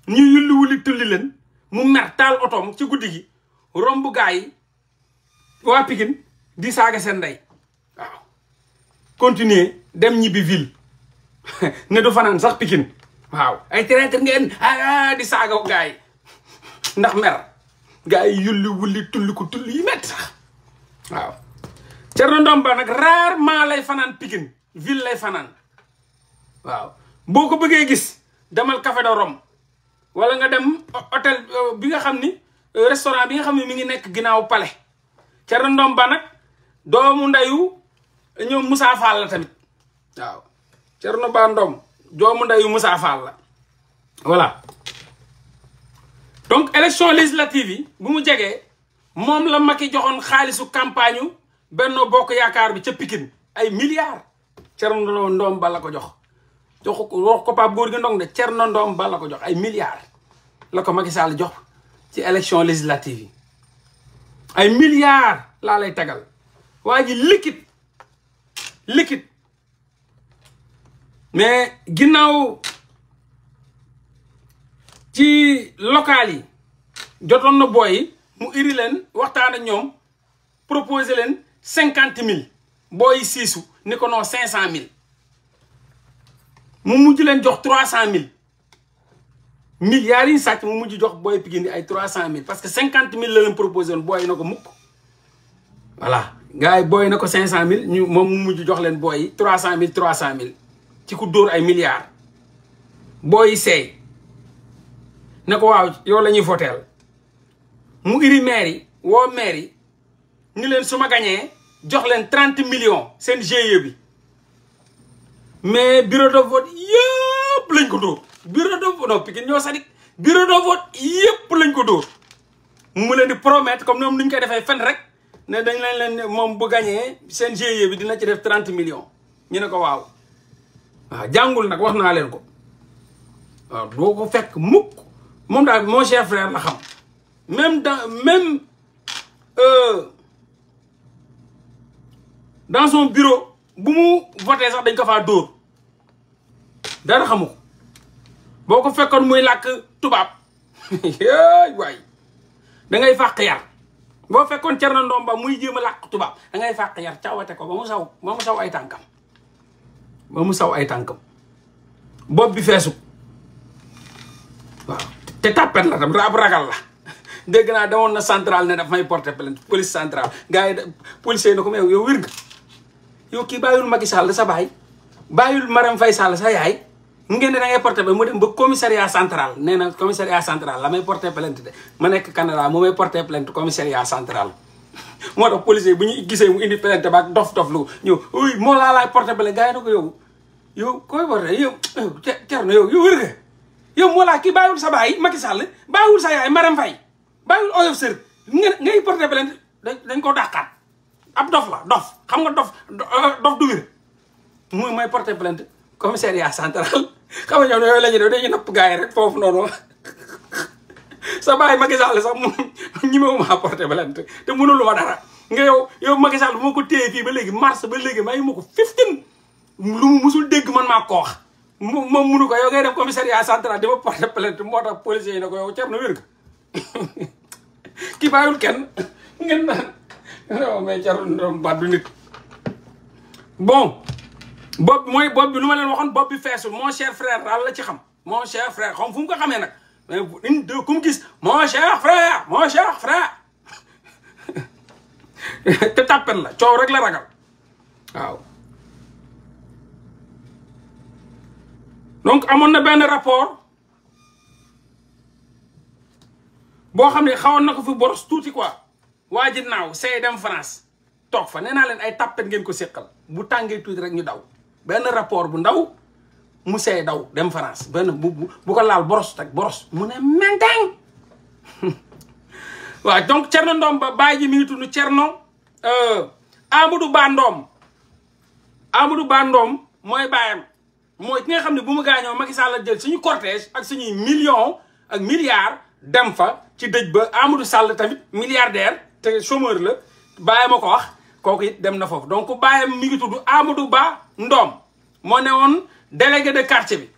ñu yulli wulli tulli len mu mer tal ci gi di saga sen day continuer dem ñibi ville ne do fanane sax pikine waaw ay traître ngeen ah, ah, di saga gaay ndax mer gaay yulli wulli tulli ko tulli yi met sax waaw Thierno Ndomba nag rarement lay fanane pikine ville lay fanane waaw boko beugé gis demal café de Rome wala nga dem hôtel euh, bi nga xamni euh, restaurant bi nga xamni mi ngi nek ginaaw palais Ndomba nak doomu ñoom Moussa Fall la tamit waaw Thierno Ba Ndom doomu ndeyu Moussa la voilà donc élection législative yi bu mu jegee moom la Macky joxoon xaalisu campagne benn Bokk Yaakaar bi ca Pikine ay milliards Thierno Ndom ba la ko jox jox ko Pape Gorgui Ndong de la ko jox ay milliards la ko Macky Sall jox ci élection législative yi ay milliards laa lay tagal waa ji liquide liquide mais ginnaaw ci local yi jotoon na booy mu iri leen waxtaan ak ñoom proposé leen cinquante mille booy yi siisu ni ko non cinq cent mille mu mujj leen jox trois cent mille milliards yi sàcc mu mujj jox booy Pikine ay trois cent mille parce que cinquante mille la leen proposé woon booy na ko mukk voilà gaay boy nako 500.000, ñu mom mu mujj jox len boy 300000 300000 ci ku door ay milliards boy sey nako waaw yow mu iri maire wo maire ñu len suma gagné jox len 30 millions sen GIE bi mais bureau de vote yépp lañ ko door bureau de vote non Pikine ñoo sadik bureau de vote yépp lañ ko door mu leen di promettre comme ñoom nuñ koy defé fen rek ne dañ leen ne moom bu gañee seen GIE bi dina ci def trente millions ñu ne ko waaw waaw jàngul nag wax naa leen ko waaw doo ko fekk mukk moom daal mon cher la xam même dans même euh, dans son bureau bu mu voté sax dañ ko faa dóor dara xamu ko boo ko fekkoon muy lakk tubaab waay da ngay fàq boo fekkoon na Ndomba muy jéem a làq tubaab da ngay fàq yar cawate ko ba mu saw ba mu saw ay tànkam ba mu saw ay tànkam bopp bi feesu waaw te tàppet la tam raab ragal la dégg naa demoon na central ne daf may porter plainte police centrale gars yi policier yi ne ko mais yow wér nga yow kii bàyyul Macky Sall sa baay bàyyul Marème fay Sall sa yaay mu ngeen ne da ngay porté ba mu dem ba commissariat central nee na commissariat central la may porté plainte de ma nekk Canada mu may porté plainte commissariat central moo tax policier bu ñu gisee mu indi plainte ba ak dof-dof lu ñëw uy moo ko yow yow koy porté yow Thierno yow kii bàyyiwul sa baay Macky Sall bàyyiwul sa yaay Marème Faye bàyyiwul oyof sër ngay dañ ko dàqaat ab dof la dof xam nga dof dof du wér muy may porté plainte commissariat central xam nga ñoom yooyu la ñu napp gars yi rek foofu noonu sa bàyyi Macky Sall sax mu ñemewuma apporter plainte te mënuluma dara nga yow yow Macky Sall bu ma ko téye fii ba léegi mars ba léegi ma may ma ko fifteen lu mu musul dégg man maa ko wax mu ma munu ko yow ngay dem a central di ma porter plainte moo tax policiers yi ne ko yow cer na wér nga kii bàyyul kenn ngeen naan non mais jarul baat nit bon bopp bi mooy bopp bi lu ma leen waxoon bopp bi feesul mon cher frère daal la ci xam mon cher frère xam fu mu ko xamee nag mais une ku mu gis mon cher frère mon cher frère te la coow rek la ragal waaw donc amoon na benn rapport boo xam ne xawoon na ko fi boros tuuti quoi waa ji naaw say dem France toog fa nee naa leen ay tàppet ngeen ko séqal bu tàngee tuuti rek ñu daw benn rapport bu ndaw mu see daw dem France benn bu bu ko laal boros tak boros mu ne menteng waaw donc Thierno Ndom ba bàyyi ji mi ngi tudd Thierno euh, Amadou Ba Ndom Ba Ndom mooy bàyyam mooy ki nga xam ne bu mu gaañoo Macky Sall jël suñu cortège ak suñuy million ak milliards dem fa ci dëj ba Amadou sàll tamit milliardaire te chômeur la bàyyam a ko wax kooku it dem na foofu donc bàyyam mi ngi tudd Amadou Ba Ndoom moo ne woon délégué de quartier bi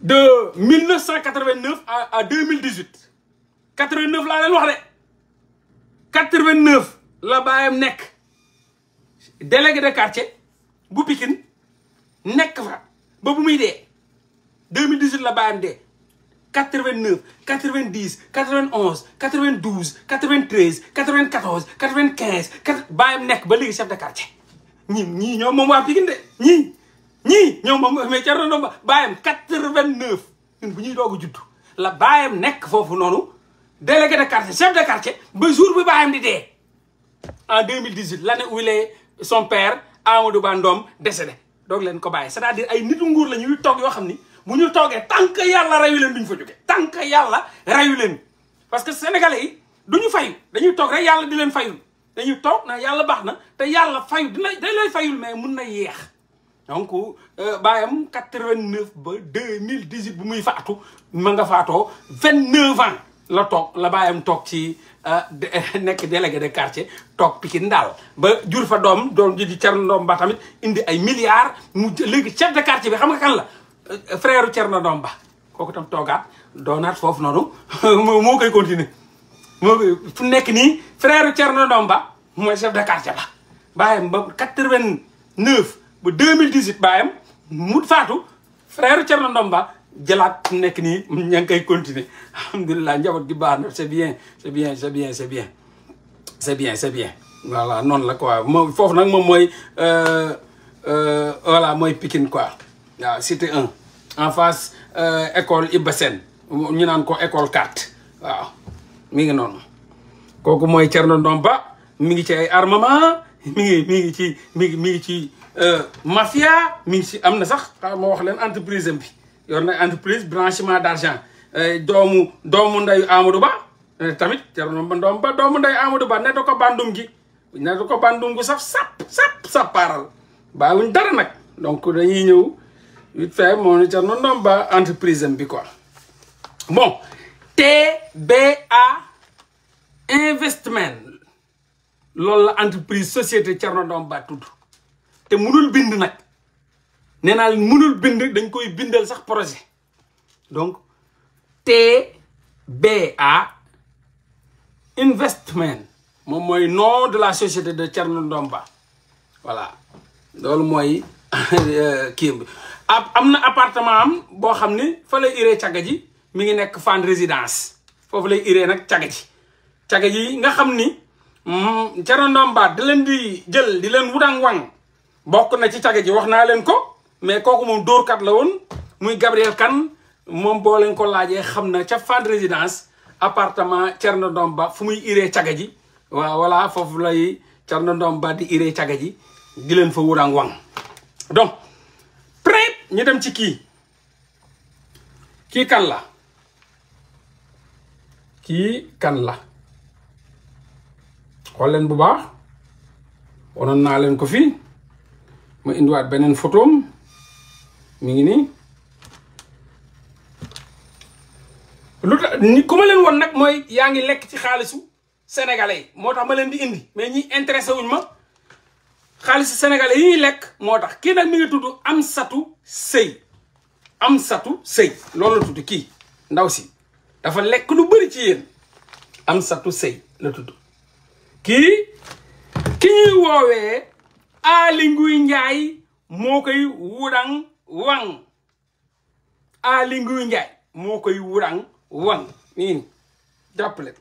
de 1989 à à 2018 89 laa leen wax de 89 la baayam nekk délégué de quartier bu Pikine nekk fa ba bu muy dee 2018 la baayam dee 89 90 91 92 93 94 95 4 baayam nekk ba léegi chef de quartier. ñi ñii ñoo moom waa Pikine de ñii ñii ñoo moom mais Thierno Ndomba bàyyam quatre-vingt-neuf ñun bu ñuy doog a judd la bàyyam nekk foofu noonu délégué de quartier chef de quartier ba jour bi bàyyam di dee en 2018 l'année où il est son père Amadou Ba Ndom décédé doog leen ko bàyyi c'est-à-dire ay nitu nguur la ñuy toog yoo xam ni bu ñu toogee tant yàlla reyu leen du ñu fa jóge tant que yàlla reyu leen parce que sénégalais yi duñu fayu dañuy toog rek yàlla di leen fayu dañu toog na yàlla baax na te yàlla fay dina day lay fayul mais mun na yeex donc euh, baayam quatre-vingt-neuf ba deux mille dix-huit bu muy faatu ma nga faatoo vingt-neuf ans la toog la baayam toog ci euh, nekk délégué de quartier toog Pikine daal ba jur fa doom doom ji di Thierno Ndomba tamit indi ay milliards mu léegi chef de quartier bi xam nga kan la euh, frère doom ba kooku tam toogaat doonaat foofu noonu moo koy continuer moom fu nekk frère Thierno Ndomba moy chef de quartier ba bayam ba quatre-vingt-neuf ba deux mille dix-huit frère Thierno Ndomba jëlaat fu nekk nii ña continuer alhamdulilah njaboot gi baax na c'est bien c'est bien c'est bien c'est bien c'est bien c'est bien voilà non la quoi nak mom moy euh euh voilà moy Pikine quoi waaw cité 1 en face euh, école Iba Sène ñu naan ko école 4 waaw mi ngi noonu kooku mooy Thierno Ndomba mi ngi ci ay armement mi ngi mi ngi ci mi ngi mi ngi ci euh, mafia mi ngi ci am na sax xaw moo wax leen entreprise am bi yor na entreprise blanchiment d'argent euh, doomu doomu ndeyu Amadou Ba euh, tamit Thierno Ndomba doomu ndeyu Amadou Ba ne da ko bandum gi ne da ko bandum gu saf sap sap sap paaral bàyyiwuñ dara nag donc dañuy ñëw vite fait moo ne Thierno Ndomba entreprise am bi quoi bon TBA investment loolu la entreprise société Thierno Ndom Ba tudd te mënul bind nag nee naa mënul bind dañ koy bindal sax projet donc TBA investment moom mooy nom de la société de Thierno Ndom Ba voilà loolu mooy euh, kii bi am na appartement am boo xam ni fa lay iree cagga ji mi ngi nekk fan résidence foofu lay iree nag caga ji caga ji nga xam ni mm, Thierno Ndomba da leen di jël di leen wudang wang bokk na ci caga ji wax naa leen ko mais kooku moom doorkat la woon muy Gabriel kan moom boo leen ko laajee xam na ca fan résidence appartement Thierno Ndomba fu muy iree caga ji waaw voilà foofu lay Thierno Ndomba di iree caga ji di leen fa wudang wang donc prêt ñu dem ci kii kii kan la yii kan la xool leen bu baax wanoon naa leen ko fii ma indiwaat beneen photom mi ngi nii lu tax ni ku ma leen woon nag mooy yaa ngi lekk ci xaalisu sénégalais moo tax ma leen di indi mais ñi intéressé wuñ ma xaalisu sénégalais yi ñuy lekk moo tax kii nag mi ngi tudd Amsatou Seye Amsatou Seye loolu la tudd kii ndaw si dafa lekk lu bëri ci yéen Amsatou Seye la tudd kii ki ñuy woowee Aly Ngouille Ndiaye moo koy wurang wang Aly Ngouille Ndiaye moo koy wurang wang niin jàppale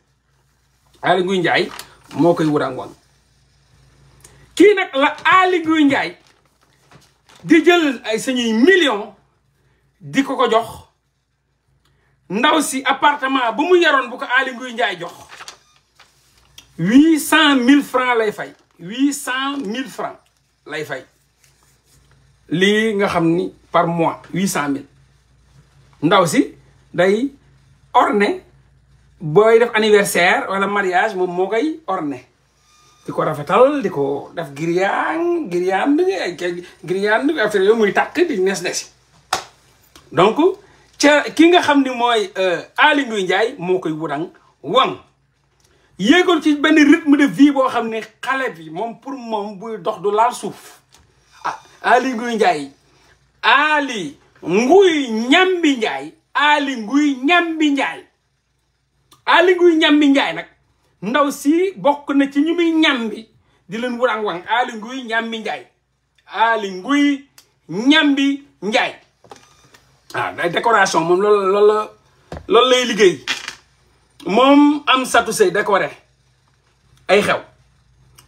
Aly Ngouille Ndiaye moo koy wurang wang kii nag la Aly Ngouille Ndiaye di jël ay sañuy million di ko ko jox ndaw si appartement bu mu yaron bu ko ali nguy ndjay jox 800000 francs lay fay 800000 francs lay fay li nga xamni par mois 800000 ndaw si day orné boy def anniversaire wala mariage mom mo koy orné di rafetal di def griyang griyang bi griyang giriyaan bi affaire yooyu muy tak di nes nesi donc ca ki nga xam ni mooy euh, Aly Ngouille Ndiaye moo koy wurang wang yéegoon ci benn rythme de vie boo xam ne xale bi moom pour moom buy dox du laal suuf ah Aly Ngouille Ndiaye Aly Ngouille Ñambi Ndiaye Aly Ngouille Ñambi Ndiaye Aly Ngouille Ñambi Ndiaye nak ndaw si bokk na ci ñu muy ñambi di leen wurang wang Aly Ngouille Ñambi Ndiaye Aly Ngouille Ñambi Ndiaye ah day décoration moom loolu loolu lay liggéey moom am satu sey décoré ay xew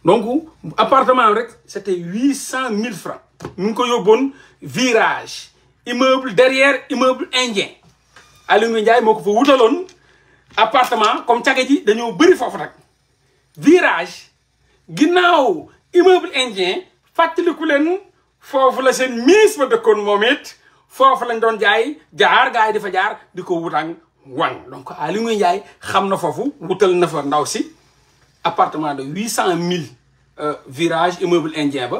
donc appartement rek c'était huit cent mille francs mu ngi ko yóbboon virage immeuble derrière immeuble indien Aliou Ndiaye moo ko fa wutaloon appartement comme cage ji dañoo bëri foofu nag virage ginnaaw immeuble indien fàttaliku leen foofu la seen miis ba dëkkoon moom it foofu lañ doon jaay jaar gaa yi dafa jaar di ko wutang wang donc Aly Ngouille jaay xam na foofu wutal na fa ndaw si appartement de huit cent mille euh, virage immeuble indien ba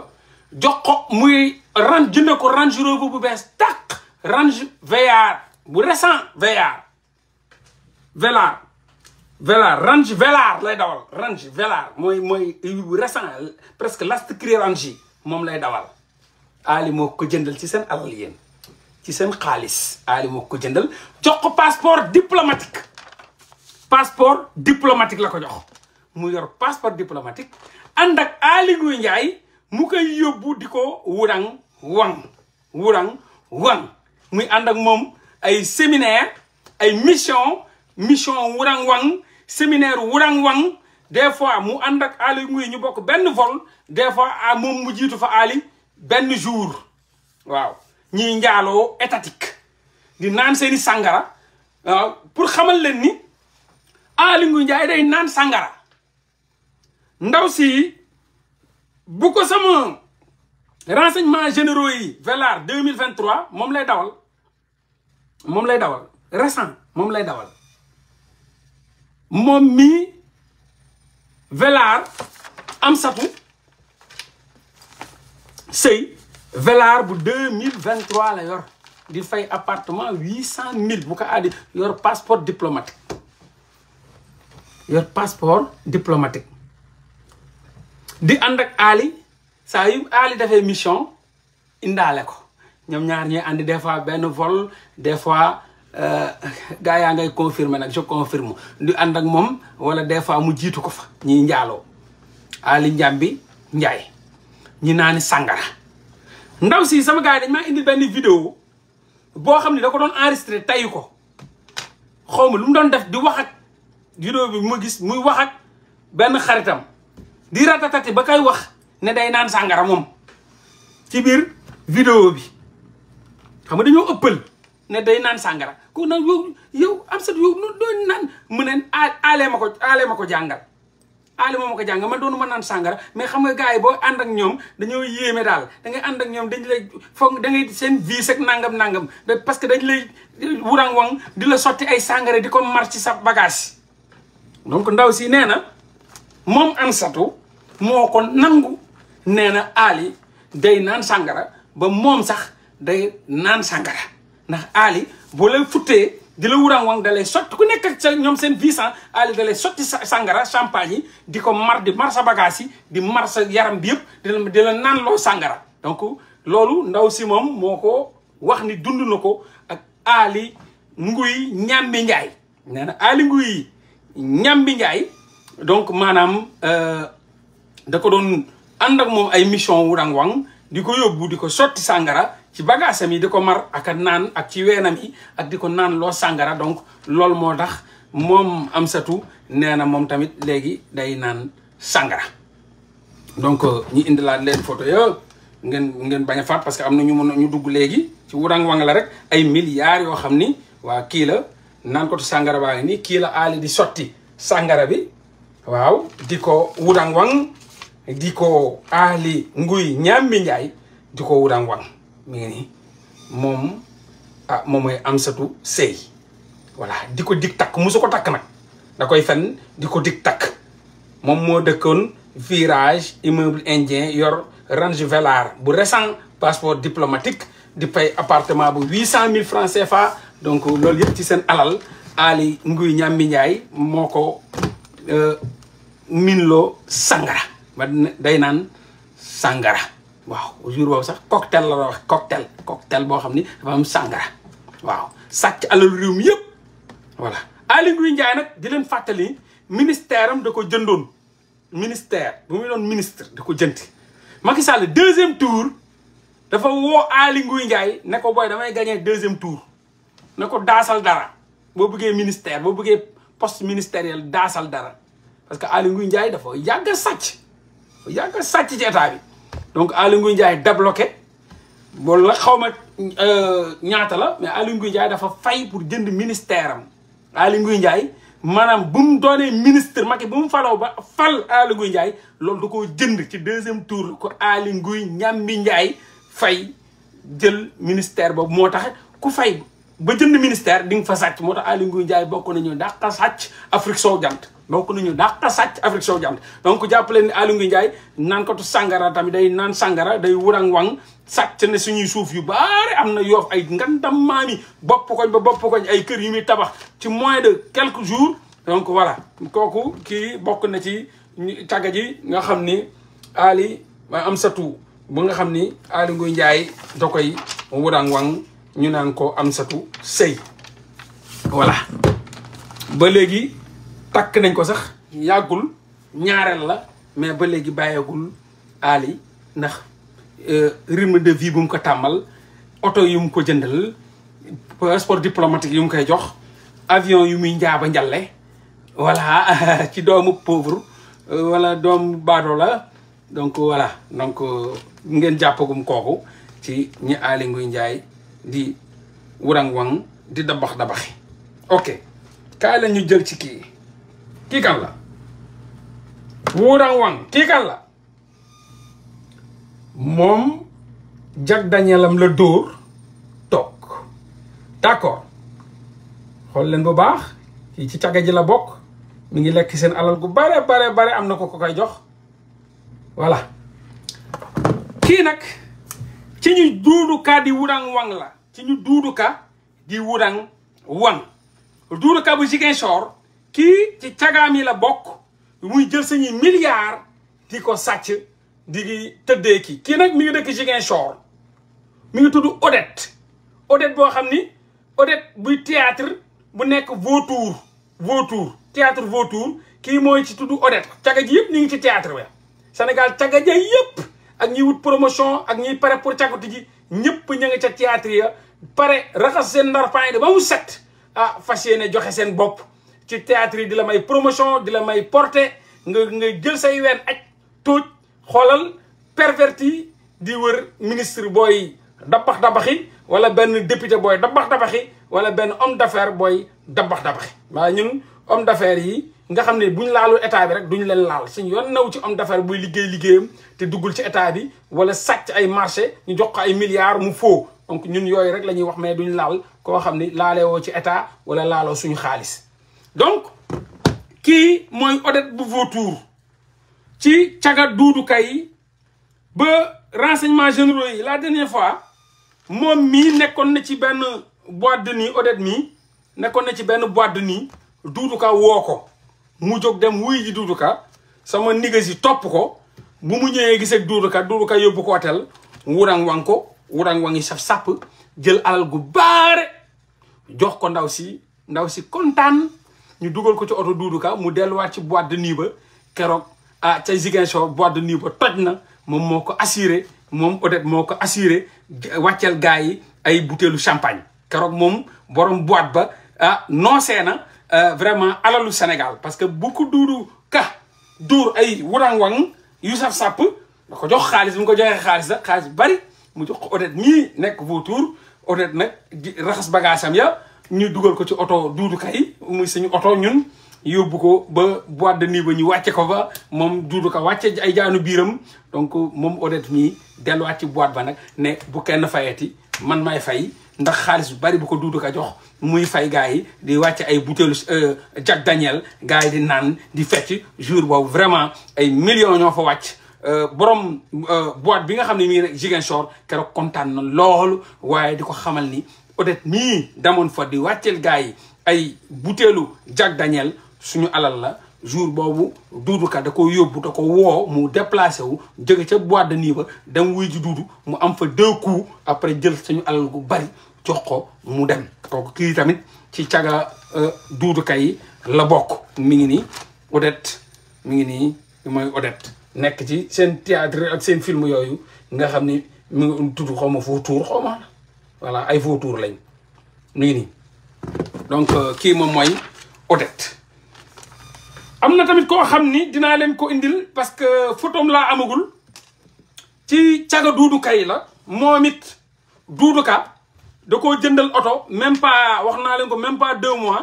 jox ko muy ran jënd ko Range Rover bu bees tàq Range Velar bu récent Velar Velar Velar Range Velar lay dawal Range Velar mooy mooy bu récent presque last cri Range moom lay dawal Aly moo ko jëndal ci seen alal yéen ci seen xaalis aali mook ko jëndal jox ko passeport diplomatique passeport diplomatique la ko jox mu yor passeport diplomatique ànd ak Aly Ngouille Ndiaye mu koy yóbbu di ko wurang wang wurang wang muy ànd ak moom ay séminaire ay mission mission wurang wang séminaire wurang wan des fois mu ànd ak Aly Ngouille ñu bokk benn vol des fois ah, moom mu jiitu fa Aly benn jour waaw ñiy njaaloo étatique di naan seeni sàngara waaw pour xamal leen ni Aly Ngouille Ndiaye day naan sàngara ndaw si bu ko sama renseignement généraux yi velar 2023 moom lay dawal moom lay dawal récent moom lay dawal moom mii velar am satu sëy velaar bu deux mille vingt trois la yor di fay appartement huit cent mille bu ko addi yor passeport diplomatique yor passeport diplomatique di ànd ak Ali saa yu Ali dafee mission indaale ko ñoom ñaar ñuy àndi des fois benn vol des fois euh, gaa yaa ngay confirmer nag je confirme di ànd ak moom wala des fois mu jiitu ko fa ñuy njaaloo Ali Njambi Njaay ñi naa ni sàngara ndaw si sama gars yi dañ maa indi benn vidéo boo xam ne dako doon enregistré tay ko xaw ma lu mu doon def di wax ak vidéo bi ma gis muy wax ak benn xaritam di ratatati ba kay wax ne day naan sàngara moom ci biir vidéo bi xam nga dañoo ëppal ne day naan sàngara ko nag yow yow am sat yow noo naan mu neen aalee ma ko aalee ma ko jàngal aali moom ma ko jàng man doonu ma naan sàngara mais xam nga gars yi boo ànd ak ñoom dañoo yéeme daal da ngay ànd ak ñoom dañ lay foog da ngay seen vice ak nangam nangam parce que dañ lay wurang wang di la sotti ay sàngara di kon mar ci sa bagage donc ndaw si nee na moom ansatu moo ko nangu nee na aali day naan sàngara ba moom sax day naan sàngara ndax aali boo lay futtee di la wurang wang da lay sotti ku nekk ak sa ñoom seen visa ali da sotti sangara champagne yi di ko mar di mar sa bagage yi di mar sa yaram bi yëpp di la di la naan loo sangara donc loolu ndaw si moom moo ko wax ni dund na ko ak Ali Nguy Ñambi Njaay nee na Ali Nguy Ñambi Njaay donc maanaam euh, da ko doon ànd ak moom ay mission wurang wang di ko yóbbu di ko sotti sangara ci bagaasam yi di ko mar ak naan ak ci weenam yi ak di ko naan loo sàngara donc loolu moo tax moom Amsatou nee na moom tamit léegi day naan sàngara donc euh, ñu indi leen photo yo ngeen ngeen bañ a faat parce que am na ñu mën ñu dugg léegi ci wurang wang la rek ay milliards yoo xam ni waa kii la naan ko sàngara baa ngi nii kii la aali di sotti sàngara bi waaw di ko wurang wang di ko aali nguy ñaambi njaay di ko wurang wang mi ngi nii moom ah moom mooy Amsatou Sey voilà di ko dig takk musu ko takk nag da koy fen di ko dig takk moom moo dëkkoon virage immeuble indien yor range velar bu récent passeport diplomatique di pay appartement bu huit cent mille francs CFA donc loolu yëpp ci seen alal Ali Nguy Ñambi moo ko euh, minloo sangara ma day naan sangara waaw jour boobu sax cocktail la wax cocktail cocktail boo xam ni dafa am sàngara waaw sàcc alalu réew mi yëpp voilà Aly Ngouille Ndiaye nag di leen fàttali ministère am da ko jëndoon ministère bu muy doon ministre da ko jënd Macky Sall deuxième tour dafa woo Aly Ngouille Ndiaye ne ko booy damay gagné deuxième tour ne ko daasal dara boo bëggee ministère boo bëggee poste ministériel daasal dara parce que Aly Ngouille Ndiaye dafa yàgg sàcc yàgg sàcc ci bi donc Aly Ngouille Ndiaye débloqué loolu la xaw ma euh, ñaata la mais Aly Ngouille Ndiaye dafa fay pour jënd ministère am Aly Ngouille Ndiaye maanaam bu mu doonee ministre Macky bu mu faloo ba fal Aly Ngouille Ndiaye loolu da koo jënd ci deuxième tour ko Aly Ngouille Ñambi Ndiaye fay jël ministère boobu moo tax ku fay ba jënd ministère di nga fa sàcc moo tax Aly Ngouille Ndiaye bokk nañu dàq sàcc Afrique soo jant bokk nañu dàq sàcc Afrique soo jant donc jàppale ni Aliou Ndiaye naan katu sàngara tamit day naan sàngara day wurang wang sàcc ne suñuy suuf yu baare am na yoof ay nga maami bopp koñ ba bopp koñ ay kër yu muy tabax ci moins de quelques jours donc voilà kooku kii bokk na ci tàgga ji nga xam ni Ali waaye am satu bu nga xam ni Aliou Ndiaye da koy wurang wang ñu naan ko am satu sëy voilà ba léegi Tak nañ ko sax yagul ñaareel la mais ba légui bayagul Ali euh rythme de vie bu mu ko tamal auto yu mu ko jëndal passeport diplomatique yu koy jox avion yu mi njaaba njalle voilà ci doomu pauvre euh, wala doomu baadoo la donc voilà donc euh, ngeen jappagum koku ci ñi Ali Nguy di wurang wang di dabax dabaxi ok kaay la ñu jël ci ki kii kan la wuurang wang kii kan la ledur, tok, Danielam Holland dóor toog d'accord xool leen bu baax ci la mi ngi alal gu bare bare bare am na ko ko koy jox voilà kii nag ci ñu di wurang wang la ci ñu duuduka di wurang wang duuduka bu Ziguinchor kii ci cagaam yi la bokk muy jël sañuy milliards di ko sàcc di tëddee kii kii nag mi ngi dëkk Ziguinchor mu ngi tudd odet Odette boo xam ni Odette buy théâtre bu nekk vautour vautour théâtre vautour kii mooy ci tudd Odette caga ji yëpp ñu ngi ci théâtre we Sénégal caga ja yëpp ak ñiy wut promotion ak ñii pare pour cagatu ji ñëpp ña nga ca théâtre ya pare raxas seen ndarpaan yi ba mu set ah fas yéene joxe seen bopp ci théâtre yi di la may promotion di la may portée nga nga jël say ween aj tóoj xoolal perverti di wër ministre booy dabax dabaxi wala benn député booy dabax dabaxi wala benn homme d'affaires booy dabax dabaxi waaye ñun homme daffaire yi nga xam ne buñ laalul état bi rek duñ leen laal suñ yoon naw ci homme d'affaires buy liggéey liggéeyam te duggul ci état bi wala sàcc ay marché ñu jox ko ay milliards mu foo donc ñun yooyu rek la ñuy wax mais duñ laal koo xam ni laalee woo ci état wala laaloo suñu xaalis donc kii mooy odet bu Vautour ci caga duudukaay yi ba renseignements généraux yi la dernière fois moom mii nekkoon na ci benn boîte de nuit Odette mii nekkoon na ci benn boîte de nuit duuduka woo ko mu jóg dem wuy ji duuduka sama niggas yi topp ko bu mu ñëwee gis ak duuduka duuduka yóbbu ko hôtel wurang wang ko wurang wang yi saf sàpp jël alal gu baare jox ko ndaw si ndaw si kontaan ñu dugal ko ca oto Doudou Ka mu delluwaat ci boîte de nuit ba keroog ah ca Ziguinchor boîte de nii ba toj na moom moo ko assuré moom Odette moo ko assuré wàcceel gars yi ay butéelu champagne keroog moom borom boite ba ah noosee na euh, vraiment alalu Sénégal parce que bu ko Doudou Ka duur ay wurang-wang yu saf sàpp da ko jox xaalis bi mu ko joxee xaalis la xaalis bari mu jox ko Odette mii nekk vautour Odette nag raxas bagaasam ya ñu dugal ko ci oto duudu kay muy suñu oto ñun yóbbu ko ba boîte de nuit ba ñu wàcce ko ba moom duudu ko wàcce ay jaanu biiram donc moom Odette mii delluwaat ci boîte ba nag ne bu kenn fayati man may fay ndax xaalis bu bari bu ko duudu ka jox muy fay gars yi di wàcce ay butéelu euh, Jack danielle gars yi di naan di fecc jour boobu vraiment ay millions ñoo fa wàcc euh, borom euh, boîte bi nga xam ne mi ngi nekk Ziguinchor keroog kontaan na loolu waaye di ko xamal ni peut-être damoon fa di wàcceel gars yi ay butéelu Jack Daniel suñu alal la jour boobu Doudou da ko yóbbu da ko woo mu déplacé wu jóge ca boîte de nuit ba dem wuy ji Doudou mu am fa deux coups après jël suñu alal gu bari jox ko mu dem kooku kii tamit ci caga euh, Doudou Ka yi la bokk mi ngi nii Odette mu ngi nii mooy Odette nekk ci seen théâtre ak seen film yooyu nga xam ni mu ngi tudd xaw ma foo tuur xaw ma voilà ay vautours lañ nii nii donc euh, kii moom mooy Odette am na tamit koo xam ni dinaa leen ko indil parce que photom laa amagul ci caga Doudou la moom it Doudou da koo jëndal oto même pas wax naa leen ko même pas deux mois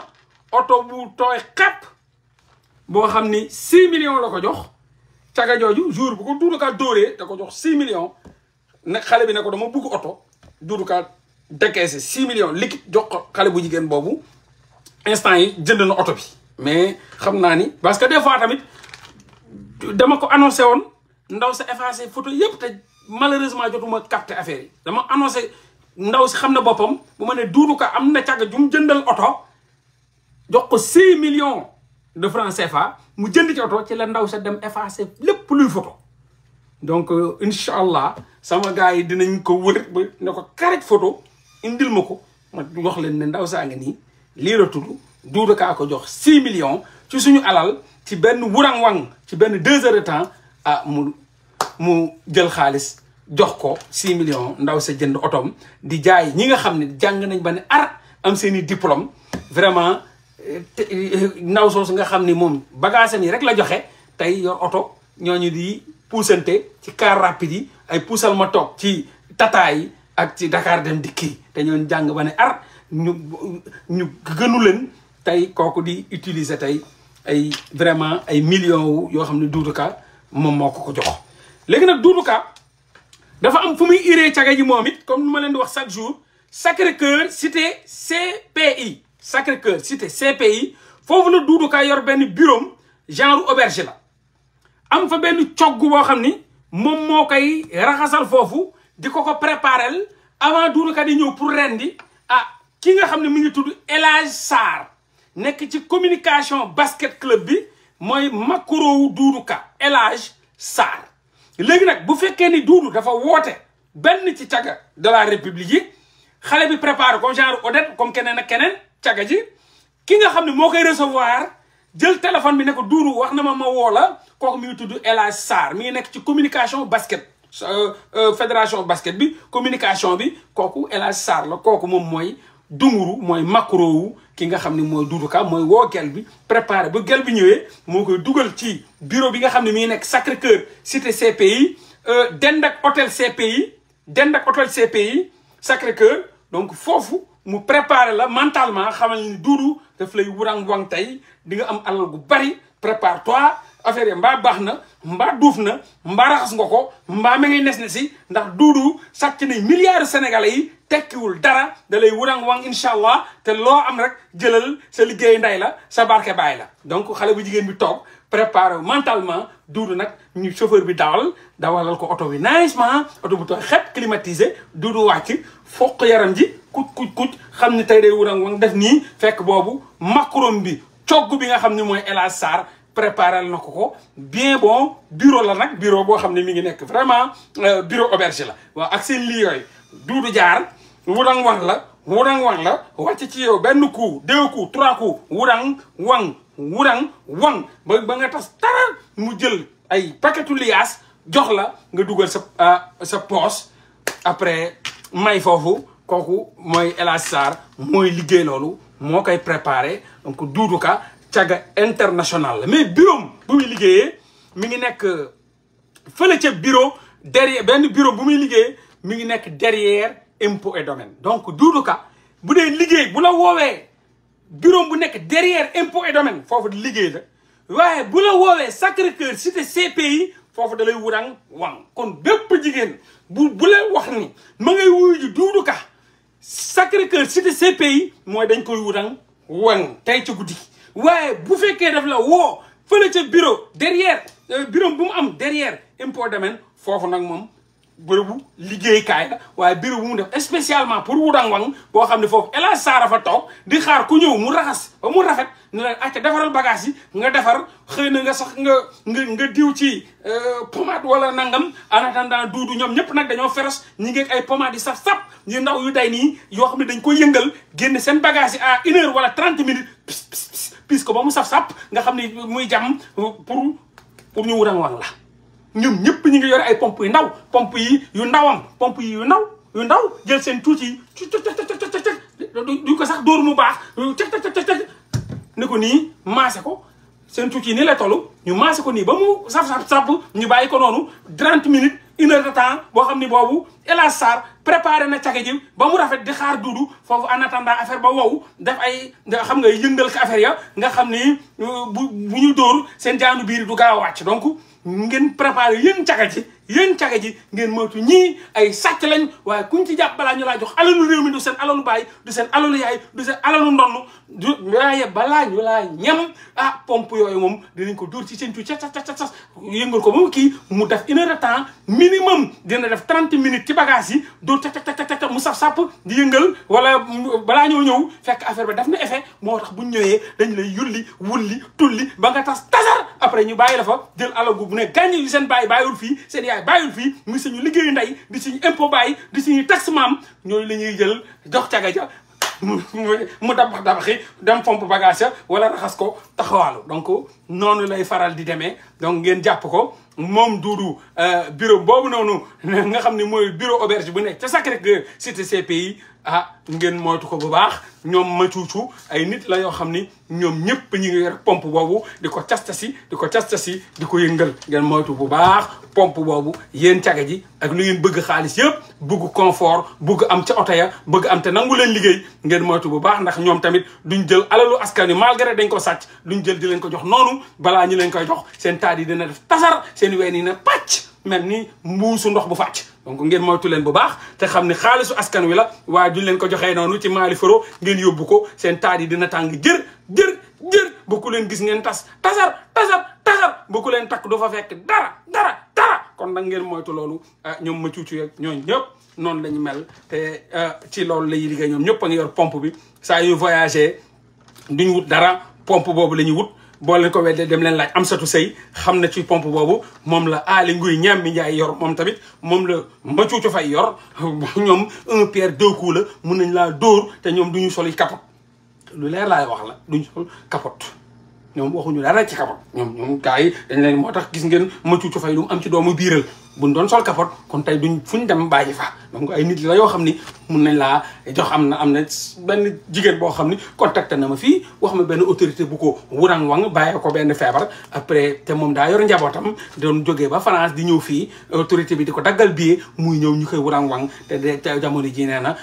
oto bu tooy xepp boo xam ni six millions la ko jox caga jooju jour bu ko Doudou Ka da ko jox six millions ne xale bi ne ko dama bugg oto Doudou décaissé 6 millions liquide jox ko xale bu jigéen boobu instant yi jënd na bi. mais je sais ni parce que des fois tamit dama ko annoncé woon ndaw sa effacé photo yëpp te malheureusement jotuma capté affaire Je dama annoncé ndaw si que na boppam bu ma ne duudu ko am na càgg jëndal jox ko 6 millions de francs CFA mu jënd ci oto ci la ndaw sa dem effacé lépp luy photo. donc euh, Inch'Allah allah sama gars yi dinañ ko wër ba ne ko carré photo. indil ma ko ma wax leen ne ndaw saa nga nii lii la tudd duudu kaa ko jox 6 million ci suñu alal ci benn wurang wang ci benn 2 heures de temps ah, mu mu jël xaalis jox ko 6 millions ndaw sa jënd otoom di jaay ñi nga xam ne jàng nañ ba ne ar am seen i diplôme vraiment ndaw soosu nga xam ni moom bagage yi rek la joxe tey yor oto ñooñu di puusante ci car rapide yi ay puusal ma toog ci tata yi ak ci Dakar dem kii ñoon jàng ba ne ar ñu ñu gënu leen tey kooku di utiliser tey ay vraiment ay millions wu yoo xam ne Doudou Ka moom moo ko ko jox. léegi nag Doudou Ka dafa am fu muy iré caga ji moom it comme nu ma leen di wax chaque jour Sacré-Cœur cité CPI Sacré-Cœur cité CPI foofu la Doudou Ka yor benn bureau genre auberge la am fa benn cogg boo xam ni moom moo koy raxasal foofu di ko ko préparel avant duurukat yi ñëw pour rendi ah ki nga xam ne mi ngi tudd El Hadj nekk ci communication basket club bi mooy makaroowu duurukat El Hadj Sarr léegi nag bu fekkee ni duudu dafa woote benn ci caga de la république yi xale bi prépare comme genre Odette comme keneen a keneen caga ji ki nga xam ne moo koy recevoir jël téléphone bi ne ko duuru wax na ma ma woo kooku mi ngi tudd El Hadj Sarr mi ngi nekk ci communication basket Euh, euh, fédération basket bi communication bi koku El la moy dunguru macro wu ki nga xamni moy Doudou bi préparé bu gel bi bureau bi nga xamni mi Sacré-Cœur cité CPI euh ak CPI CPI Sacré-Cœur donc fofu mu préparé la mentalement xamal ni Doudou daf lay wurang wang tay di nga am bari prépare-toi affaire yi mbaa baax na mbaa duuf na mbaa raxas nga ko mbaa ma ngay nes ne si ndax duudu sàcc nañ milliards sénégal yi tekkiwul dara da lay wurang wang incha allah te loo am rek jëlal sa liggéey nday la sa barke baay la donc xale bu jigéen bi toog préparé mentalement duudu nag ñu chauffeur bi dawal dawalal ko oto bi nicement oto bu tooy xet climatisé duudu wàcc foq yaram ji kuc kuc kuc xam ne tey day wurang wang def nii fekk boobu macron bi cogg bi nga xam ne mooy El Hadj préparer la ko ko bien bon bureau la nag bureau boo xam ne mi ngi nekk vraiment euh, bureau auberge la waaw ak seen lii yooyu duudu jaar wudang wang la wudang wang la wàcc ci yow benn coup deux coups trois coups wudang wang wudang wang ba ba nga tas tara mu jël ay paquetu liaas jox la nga dugal sa euh, sa poche après may foofu kooku mooy El Hadj mooy liggéey loolu moo koy préparé donc duudu ka caga international la mais bureau bu muy liggéeyee mi ngi nekk euh, fële ca bureau derrière benn bu muy liggéeyee mi ngi nekk derrière impôt et domaine donc Doudou Ka bu dee liggéey bu la woowee bureau bu nekk derrière impôt et domaine foofu liggéey la waaye bu la woowee Sacré-Cœur cité CPI foofu da lay wurang wang kon bépp jigéen bu bu la wax ni ma ngay wuyu ji Sacré-Cœur cité yi mooy dañ koy wurang wang tey ci guddi waaye bu fekkee daf la woo fële ca bureau derrière euh, bureau bu mu am derrière impôt domaine foofu nag moom bërëbu liggéeykaay la waaye bureau bu mu def spécialement pour wudang wang boo xam ne foofu El Saara fa toog di xaar ku ñëw mu raxas ba mu rafet ne la acca defaral bagage yi nga defar xëy na nga sax nga nga nga diw ci euh, pomade wala nangam en attendant duudu ñoom ñëpp nag dañoo feros ñi ngeeg ay pomade yi saf-saf ñu ndaw yu day nii yoo xam ne dañ koy yëngal génn seen bagage yi à une heure wala trente minutes piis ko ba mu saf-sap nga xam ni muy jàmm pour pour ñu wurang wang la ñoom ñëpp ñu ngi yore ay pompe yu ndaw pompe yi yu ndawam pompe yi yu ndaw yu ndaw jël seen tuuti yi ci cëg cëg ko sax dóor mu baax cëg cëg cëg ne ko nii maase ko seen tuuti yi nii la toll ñu maase ko nii ba mu saf-sap sap ñu bàyyi ko noonu 30 minutes une heure de temps boo xam ni boobu la Sarr préparé na cage ji ba mu rafet di xaar duudu foofu en attendant affaire ba wow def ay xam nga yëngal ko affaire ya nga xam ni euh, bu bu ñu dóor seen jaanu biir du gaaw a wàcc donc ngeen préparé yëng cage ji yeen cage ji ngeen motu ñi ay sacc lañ waaye kuñ ci japp balaa ñu la jox alalu rew mi du sen alalu bay du sen alalu yaay du sen alalu ndonn du waaye balaa ñu la ñam ah pompe yoy mom dinañ ko dur ci sen tu yeengul ko moom ki mu def une heure temps minimum dina def 30 minutes ci bagage yi dóor tak tak tak tak mu saf sap di yeengal wala bala ñu ñew fekk affaire ba daf na effet moo tax buñ dañ lay yulli wulli tulli ba nga tass tasar après ñu bayila fa jël alagu bu ne gañu yu seen bàyyi yaay yaay bàyyil fii muy suñu liggéeyu ndey di suñu impôt bàyyi di suñu taxe maam ñooñu la ñuy jël jox caga ja mu dabax dabaxi dem fomp bagage wala raxas ko taxawaalu donc nonu lay faral di démé donc ngeen japp ko dudu euh bureau bobu nonu nga xamni moy bureau auberge bu nek ci sacré cité CPI ah ngeen moytu ko bu baax ñom ma cuucu ay nit la yo xamni ñom ñepp ñi ngi yor pompe bobu diko tiastasi diko tiastasi diko castasi yëngal ngeen moytu bu baax pompe bobu yeen tiaga ji ak lu ngeen bëgg xaaliss yëpp bëgg confort bëgg am ci auto ya bëgg am te nangul leen liggéey ngeen moytu bu baax ndax ñom tamit duñ jël alalu askan malgré dañ ko sacc duñ jël di leen ko jox nonu bala ñu leen koy jox seen taat yi dina def tasar seen mbuusu ndox bu donc ngeen moytu leen bu baax te xam xaalisu askan wi la waaye leen ko joxee noonu ci maali foro ngeen yóbbu ko seen taat dina tàng jër jër jër ba ku leen gis ngeen tas tasar tasar tasar ba ku leen takk du fa fekk dara dara dara kon nag ngeen moytu loolu ah, ñoom ma cuucu yeeg ñooñu ñëpp noonu lañu mel te ah, ci yor pompe bi voyagé wut dara pompe boo leen ko weddee dem leen laaj am Amsatou Sey xam na ci pompe boobu moom la Aly Ngouille Ñambi Ndiaye yor moom tamit moom la Mathiou fay yor ñoom un pierre deux la mun nañ laa dóor te ñoom du ñu soli capote lu leer laay wax la duñu sol capote ñoom waxuñu dara ci capote ñoom ñoom gars yi dañ leen moo tax gis ngeen Mathiou fay lu mu am ci doomu biiral buñ doon sol kapot kon tey duñ fuñ dem bàyyi fa donc ay nit la yoo xam ni mun nañ laa jox am na am na benn jigéen boo xam ni contacté na ma fii wax ma benn autorité bu ko wurang wang bàyyee ko benn feebar après te moom daa yor njabootam doon jogee ba France di ñëw fii autorité bi di ko daggal billet muy ñëw ñu koy wurang wang te de jamono ji nee na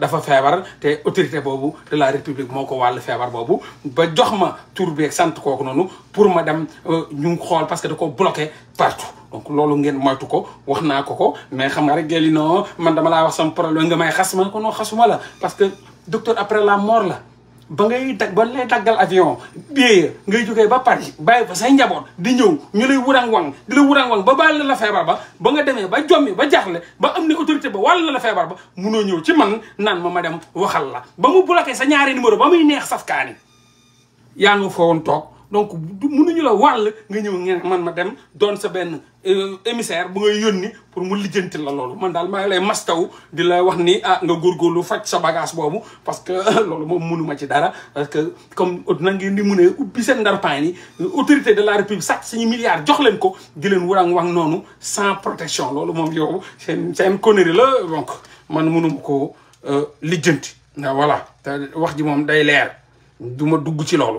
dafa feebar te autorité boobu de la république moo ko wàll feebar boobu ba jox ma tur bi ak sant kooku noonu pour ma dem euh, ñu xool parce que da ko bloqué partout donc loolu ngeen moytu ko waxna ko ko mais xam nga rek gelino man dama la wax sam problème nga may xass man ko no xassuma la parce que docteur après la mort la ba ngay dag ba lay avion bie ngay jogé ba Paris bay fa say njabot di ñew ñu lay wurang wang di lay wurang wang ba bal la febar ba ba nga démé ba jommi ba jaxlé ba am autorité ba wal la febar ba mëno ñew ci man nan ma ma dem waxal la ba mu bloqué sa ñaari numéro ba muy neex safkani ya nga fo won tok donc mënuñu la wal nga ñëw ngeen man ma dem doon sa ben euh, émissaire bu ngay yoni pour mu lijeenti la lolu man dal ma lay mastaw di lay wax ni ah nga gorgolu fajj sa bagage bobu parce que loolu moom mënuma ci dara parce que comme na ngeen di mun a ubbi seen ndarpaan ni autorité de la république sax suñu milliards jox leen ko di leen wurang wang nonu sans protection lolu mom yow sen sen connerie la donc man mënuma ko euh, na voilà wax ji mom day leer duma dugg ci lolu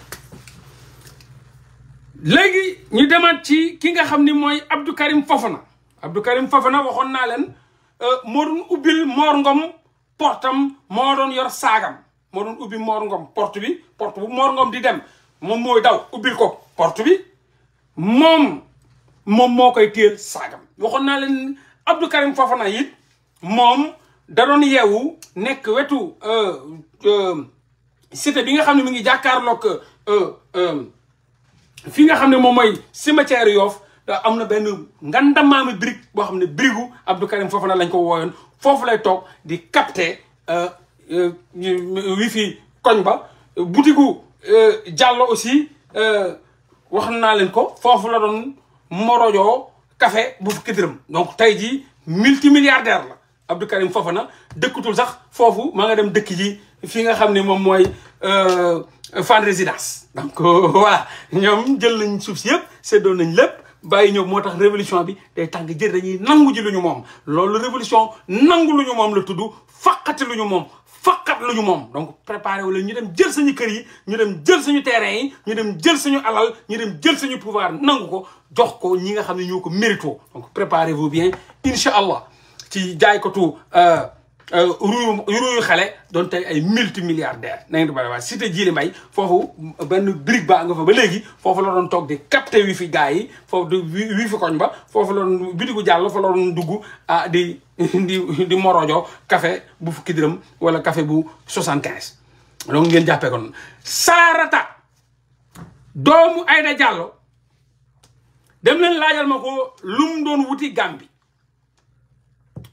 léegi ñu demaat ci ki nga xam ni mooy Abdou Karim Fofana Abdou Karim Fofana waxoon naa leen euh, moo doon ubbil Mor Ngom portam moo doon yor saagam moo doon ubbi Mor Ngom porte bi porte bu Mor Ngom moom mooy daw ubbil ko bi moom moom moo koy téyel saagam waxoon naa leen Abdou Karim Fofana moom da doon yeewu nekk wetu euh, euh, cité bi nga xam ne mu ngi jàkkaarloog fi nga xam ne moom mooy si cimetière Yoff am na benn ngandamaami brique boo xam ne brigu Abdou Karim Fofana lañ ko wooyoon foofu lay toog di capter euh, euh, wi fi koñ ba butigu euh, Diallo aussi wax naa leen ko foofu la doon morojoo kafe bu fukki dërëm donc tey jii multimilliardaire la Abdou Karim Fofana dëkkatul sax foofu maa nga dem dëkk ji fi nga xam ne moom mooy Euh, Fann Résidence donc euh, voilà ñoom jël nañ suuf si yëpp séddoo nañ lépp bàyyi ñëw moo tax révolution bi day tàng jël dañuy nangu ji lu ñu moom loolu révolution nangu lu ñu moom la tudd faqati lu ñu moom faqat lu ñu moom donc préparé wu leen ñu dem jël suñu kër yi ñu dem jël suñu terrain yi ñu dem jël suñu alal ñu dem jël suñu pouvoir nangu ko jox ko ñi nga xam ne ñoo ko mérito donc préparez-vous bien incha allah ci jaay ko tu euh, Euh, ruu ruuyu xale doon multi ay multimilliardaire na ngeen di baax cité Djily Mbaye foofu euh, benn brique ba nga fa ba léegi foofu la wifi toog di capté wi fi gars yi foofu wi fi koñ ba ah, di di di morojo café bu fukki dërëm wala café bu 75. donc ngeen Sarata doomu Aïda Diallo dem leen laajal ma wuti gambi.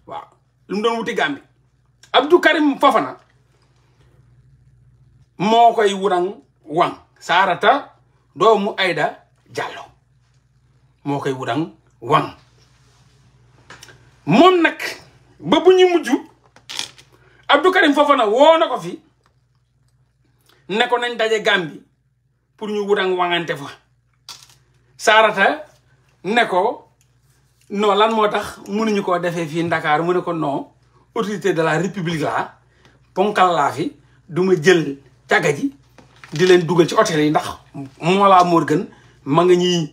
waaw lum don wuti gambi. Abdou Karim Fofana moo koy wurang wang Sarata doomu ayda Diallo moo koy wurang wan moom nag ba bu ñu mujj Abdou Karim Fofana woo na ko fi ne nañ daje Gàmbi pour ñu wurang wangante fa Sarata ne ko non lan moo tax mënuñu koo defee fii Ndakaar mu ne noo autorité de la république là ponkal la fi duma jël càgga di len duggal ci hôtel yi ndax mo la mo gën ma nga ñi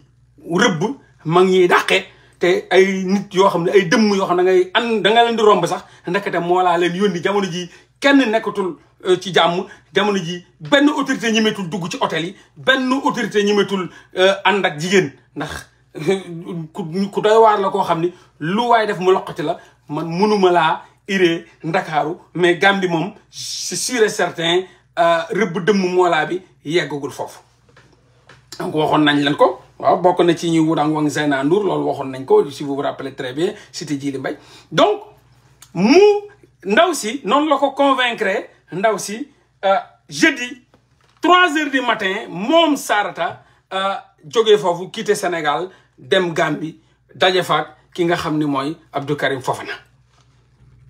reub ma ngi ñuy dàqe te ay nit yo xamné ay dëmm yo xamné ngay an da nga len di romb sax ndekete mo la len yoni jamono ji kenn nekatul euh, ci jamm jamono ji ben autorité ñemetul dugg ci hôtel yi ben autorité ñemetul and euh, ak jigen ndax ku doy war la ko xam lu way def mu lokati la man munuma la Irée Ndakaaru mais Gambie mom c'est sûr et certain euh, rëbb dëmm mola bi yeggagul fofu donc waxon nañ leen ko waaw bokk na ci ñi Wurang Wang Zeyna Ndour loolu waxon nañ ko si vous vous rappelez très bien cité Djily Mbaye donc mu ndaw si non la ko convaincre ndaw si euh, jeudi trois heures du matin mom Sarata euh, jógee fofu quitter Sénégal dem Gambie dajé faak ki nga xamni moy Abdou Karim Fofana.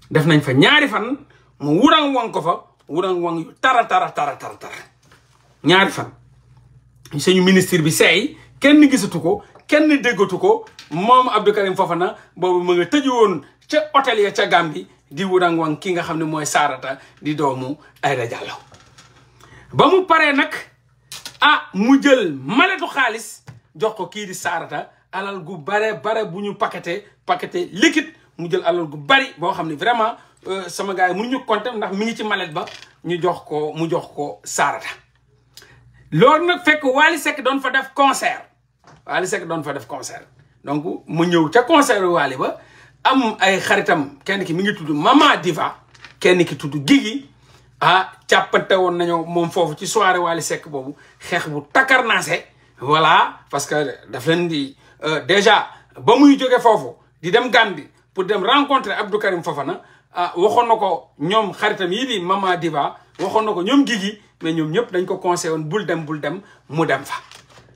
def nañ fa ñaari fan mu wurang wang ko fa wurang wang yu tara tara tara ñaari fan suñu ministre bi seey kenn gisatu ko kenn déggatu ko moom Abdou Karim Fofana boobu mu nga tëju woon ca hôtel ya ca Gàmbi di wurang wang ki nga xam ne mooy saarata di doomu Aïda Diallo ba mu paree nag ah mu jël maletu xaalis jox ko kii di Sarata alal gu bare bare bu ñu paqueté paqueté liquide mu jël alal gu bari bo xamni vraiment euh, sama gars ñu ndax mi ngi ci ba ñu jox ko mu jox ko Sarata. lool nak fekk wali fa def concert wali sek fa def concert donc mu ñew un concert Wali. ba am ay xaritam kenn ki Mama Diva kenn ki Gigi ah won nañu mom ci soirée wali sek bobu xex bu voilà parce que daf leen di euh, déjà ba muy joggé fofu di dem pour dem rencontrer Abdou Karim Fofana ah waxoon na ko ñoom xaritam yi di Mama Diba waxoon na ko ñoom Guigui mais ñoom ñëpp dañ ko conseillé woon bul dem bul dem mu dem fa.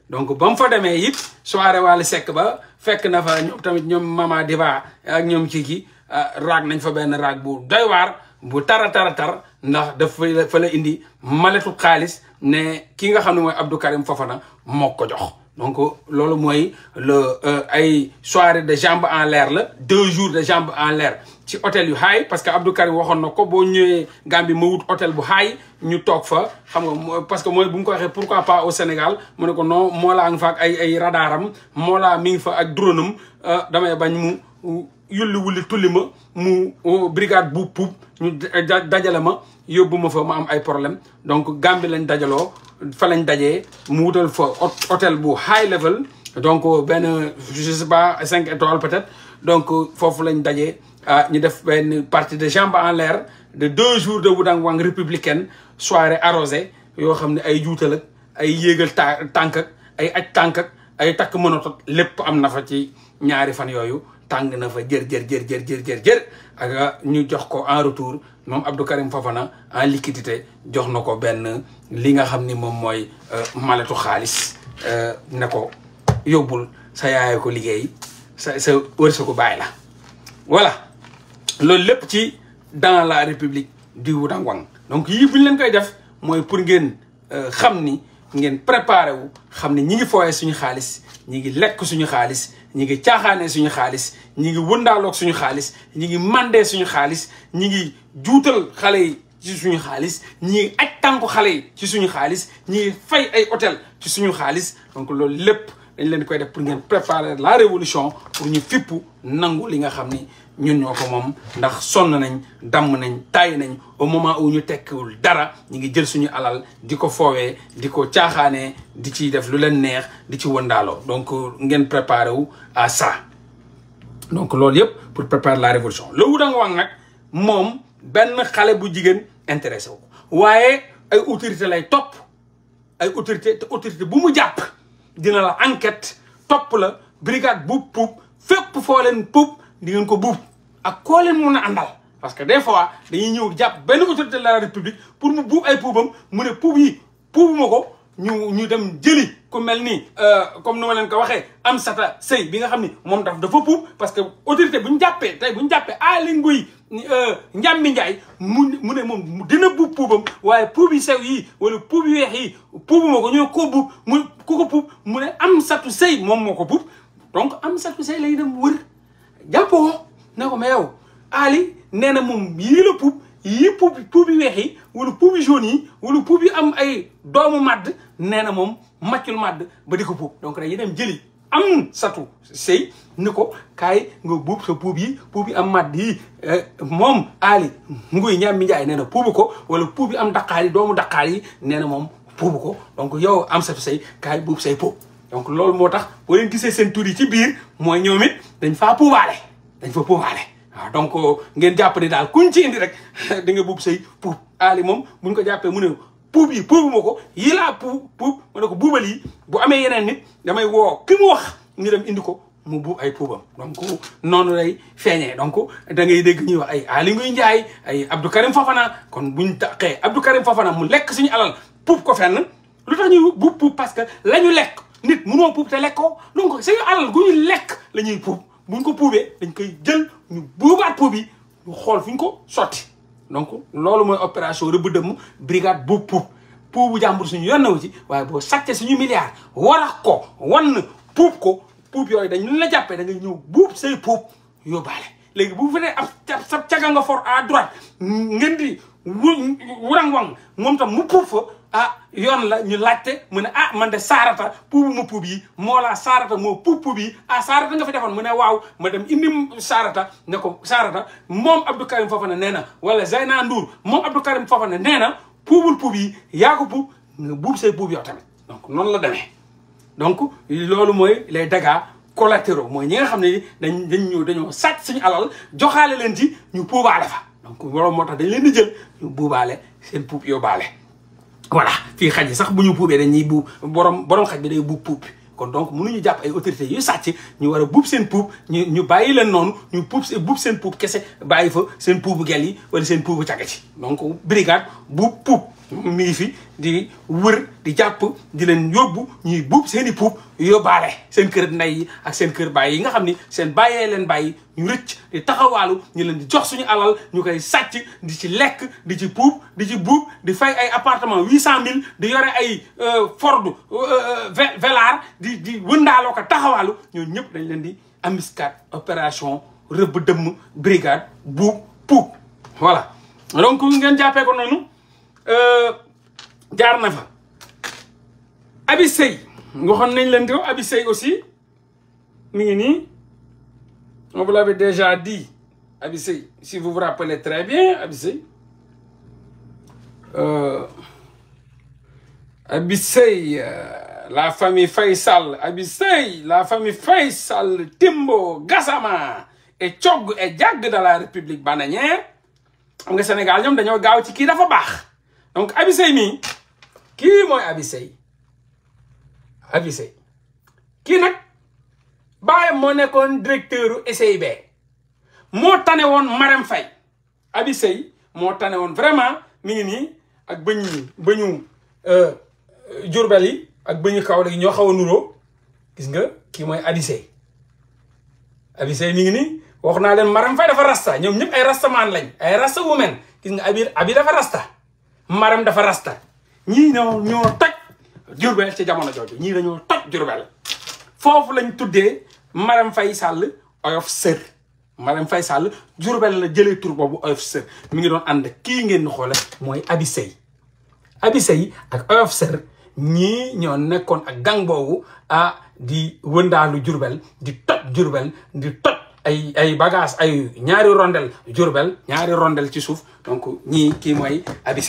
donc ba mu fa demee it soirée Wally Seck ba fekk na fa ñoom tamit ñoom Mama Diba ak ñoom Guigui ah, raag nañ fa benn raag bu doy waar bu tara tara tar ndax daf fa la indi maletu xaalis ne ki nga xam ne mooy Abdou Karim Fofana moo ko jox. donc loolu mooy le euh, ay soirée de jambes en l'air la deux jours de jambes en l'air ci hôtel yu haay parce que Abdou Karim waxoon na ko boo ñëwee Gambie ma wut hôtel bu haay ñu toog fa xam nga parce que mooy bu mu ko waxee pourquoi pas au Sénégal mu ne ko non Mollah nga fa ay ay radaram moolaa mi ngi fa ak droneam euh, damay bañ mu yulli wulli tulli ma mu brigade bu pub ñu dajale ma yóbbu ma fa ma am ay problème donc Gambie lañ dajaloo fa lañ dajee mu wutal fa hôtel bu high level donc benn je sais pas cinq étoiles peut-être donc foofu lañ dajee ah, ñu def benn partie de jambes en l'air de deux jours de wudang wang républicaine soirée arrosée yoo xam ne ay juutal ak ay yéegal ta tànk ay aj tànk ay takk monotot lépp am na fa ci ñaari fan yooyu tàng na fa jër jër jër jër jër jër jër ak ah, ñu jox ko en retour moom Abdou Karim Fofana en liquidité jox na ko benn li nga xam ni moom mooy euh, maletu xaalis euh, ne ko yóbbul sa yaay ko liggéey sa sa ko bàyyi la voilà loolu lépp ci dans la république du Woudanguang donc yii bu ñu leen koy def mooy pour ngeen euh, xam ni ngeen préparé wu xam ni ñi ngi fooyee suñu xaalis ñi ngi lekk suñu xaalis ñi ngi caaxaanee suñu xaalis ñi ngi wëndaaloog suñu xaalis ñi ngi mandee suñu xaalis ñi ngi juutal xalé yi ci suñu xaalis ñi acc tànku xalé yi ci suñu xaalis ñi fay ay hôtel ci suñu xaalis donc lool lepp dañ leen koy def pour ngeen préparer la révolution pour ñu fippu nangu li nga xamni ñun ñoko mom ndax sonn nañ dam nañ tay nañ au moment où ñu tekkiwul dara ñi ngi jël suñu alal diko fowé diko di di ci def lu leen neex di ci wëndaaloo donc ngeen préparer wu à ça donc lool yépp pour préparer la révolution le Wudang Wang nak mom benn xale bu jigéen intéressé wu waaye ay autorité lay topp ay autorité te autorité bu mu jàpp dina la enquête topp la brigade buub puub fépp foo leen puub di ngeen ko buub ak koo leen mun a àndal parce que des fois dañuy ñëw jàpp benn autorité de la république pour mu buub ay puubam mu ne puub yi puubuma ko ñu ñu dem jëli ku mel ni euh, comme nu leen ko waxee am sata sëy bi nga xam ni moom daf dafa puub parce que autorité bu ñu jàppee tey bu ñu jàppee ah leen njàmmi euh, njaay mu mu ne moom dina buub puubam waaye puub yi sew yii wala puub weex yi puubuma ko ñoo ko buub mu ku ko puub mu ne am satu sëy moom moo ko buub donc am satu sëy lay dem wër jàppoo ne ko mais yow Ali nee na moom yii la puub yii puub puub yu weex yi wala puub yu jaune yi wala puub yu am ay doomu màdd nee na moom màccul màdd ba di puub donc rek yi dem jëli am satu sëy ni ko kaay nga buub sa puub yi puub yi am madd yi eh, moom aali nguy ñaam mi njaay nee na puubu ko wala puub yi am daqaar doomu daqaar yi nee na moom puubu ko donc yow am satu sëy kaay buub say puub donc loolu moo tax boo leen gisee seen tur yi ci biir mooy ñoom it dañ faa puubaale dañ fa puubaale waaw donc ngeen jàpp ne daal kuñ ci indi rek di nga buub say puub aali moom buñ ko jàppee mu ne puub yi puubu ma ko yi laa puub puub ne ko buubal yi bu amee yeneen nit damay woo ki mu wax ñu dem indi ko mu buub ay puubam donc noonu lay feeñee donc da ngay dégg ñuy wax ay Aly Ngouille Ndiaye ay Abdou Karim Fofana kon buñ taqee Abdou Karim Fofana mu lekk suñu alal puub ko fenn lu tax ñuy buub puub parce que la ñu lekk nit mënoo puub te lekkoo donc suñu alal gu ñu lekk lañuy ñuy puub buñ ko puubee dañ koy jël ñu buubaat puub yi ñu xool fu ñu ko sotti donc loolu mooy opération rëbb dëmm brigade buub puub puubu jàmbur suñu yónnewu ci waaye boo sàccee suñu milliards warax ko wan puub ko puub yooyu dañ lu la jàppee da nga ñëw buub say puub yóbbaale léegi bu fenee ab sab caga nga for à droite ngeen di wu wurang wang moom tam mu puub fa ah yoon la ñu laajte mu ne ah man de saarata puubu ma puub yi moo laa saarata moo puub puub yi ah saarata nga fi defoon mu ne waaw ma dem indi saarata ne ko saarata moom Abdou Karim Fofana nee na wala Zeyna Ndour moom Abdou Karim Fofana nee na puubul puub yi yaako ko puub nga buub say puub yow tamit donc noonu la demee donc loolu mooy les dégâts collatéraux mooy ñi nga xam ne dañ dañ ñëw dañoo sàcc suñu alal joxaale leen ci ñu puubaale fa donc loolu moo tax dañ leen di jël ñu buubaale seen puub yóbbaale voilà fii xaj yi sax bu ñu puubee dañuy buub borom borom xaj bi day buub puub kon donc mënuñu jàpp ay autorités yu sàcc ñu war a buub seen puub ñu bàyyi leen noonu ñu puub buub seen puub kese bàyyi fa seen puubu gel yi wala seen puubu càgg ci donc brigade buub puub mi fi di wër di jàpp di leen yóbbu ñuy buub seeni i puub yóbbaale seen kër ndey yi ak seen kër baay yi nga xam ni seen bàyyee leen bàyyi ñu rëcc di taxawaalu ñu leen di jox suñu alal ñu koy sàcc di ci lekk di ci puub di ci buub di fay ay appartement huit cent mille di yore ay euh, Ford euh, euh, Velar di di wëndaaloo ko taxawaalu ñooñu ñëpp dañ leen di embuscade opération rëbb dëmm brigade buub puub voilà donc ngeen jàppee noonu jaar na Vous savez sëy waxoon aussi mi on vous l'avait déjà dit abi si vous vous rappelez très bien abi euh, euh, la famille Faisal. abi la famille Faisal, Timbo Gassama et Tchog et Diag dans la République bananière Les Sénégalais, Sénégal ont dañoo gaaw ci kii dafa donc abi mi. kii mooy Abi Sey kii nag baayam moo nekkoon directeur u SAIB moo tane woon maram fay Abi moo tane woon vraiment mi ngi nii ak bëñ bëñu Jurbel euh, euh, yi ak bëñu Kaolack yi ñoo xaw a nuroo gis nga kii mooy Abi Sey Abi mi ngi nii wax naa leen Marème Faye dafa rasta ñoom ñëpp ay rastamaan lañ ay rasta women gis nga abi abi dafa rasta Marème dafa rasta ñii na ñoo toj Jurbel ci jamono jooju ñii dañoo toj Jurbel foofu lañ tuddee Marème fay Sall oyof sër Marème fay Sall Jurbel la jëlee tur boobu oyof sër mi ngi doon ànd kii ngeen di xoole mooy Abi Sey Abi Sey ak oyof sër ñii ñoo nekkoon ak gang boobu ah di wëndaalu Jurbel di toj Jurbel di toj ay ay bagage ay ñaari rondel Jurbel ñaari rondel ci suuf donc ñii kii mooy Abi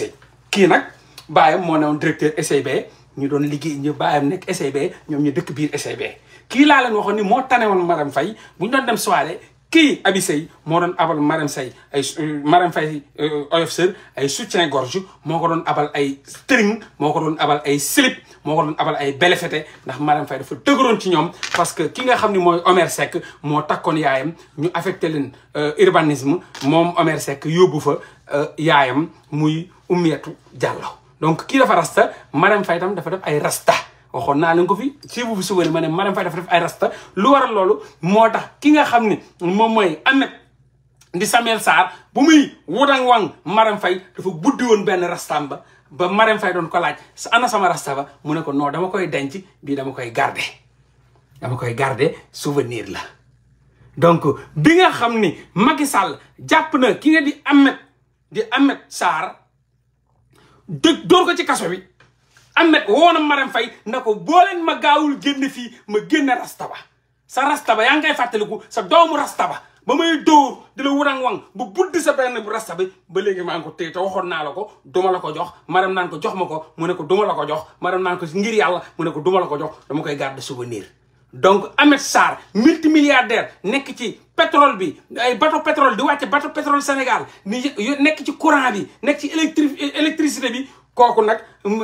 kii nag baayam moo newoon directeur SAIB ñu doon liggéey ñu baayam nekk SAIB ñoom ñu dëkk biir SAIB kii laa leen waxoon ni moo tane woon Marème fay bu ñu doon dem soirée kii Abi moo doon abal Marème Sey ay Marème Faye euh, oyof sër moo ko doon abal ay string moo ko doon abal ay slip moo ko doon abal ay belefete ndax Marème Faye dafa dëgëroon ci ñoom parce que ki nga xam ni mooy Omer Seck moo takkoon yaayam ñu affecté leen euh, urbanisme moom Omer Seck yóbbu fa euh, yaayam muy Oumiatou Diallo donc kii dafa rasta Marème Faye dafa def ay rasta waxoon naa leen ko fi si bu fi ma ne Marème Faye def ay rasta lu waral loolu moo tax ki nga xam ne moom mooy Ameth di Samuel Sarr bu muy wudang wan Marème fay dafa buddi woon benn rastaam ba ba Marème fay doon ko laaj sa ana sama rasta ba mu ne ko non dama koy denc bii dama koy garder dama koy garde souvenir la donc bi nga xam ni Macky Sall jàpp na ki nga di Ameth di Ameth Sarr dëgg door ko ci kaso bi Ahmed woo na Marème fay na ko boo leen ma gaawul génn fii ma génn rastaba sa rastaba yaa ngi koy fàttaliku sa doomu rastaba ba may dóor di la wurang wang bu buddi sa benn bu rasta bi ba léegi maa ngi ko téye te naa la ko duma la ko jox maram naan ko jox ma ko mu ne ko duma la ko jox maram naan ko ngir yàlla mu ne ko duma la ko jox dama koy garder souvenir donc Ahmed Sarr multimilliardaire nekk ci pétrole bi ay bateau pétrole di wàcce bato pétrole Sénégal ni nekk ci courant bi nekk ci électri électricité bi kooku nag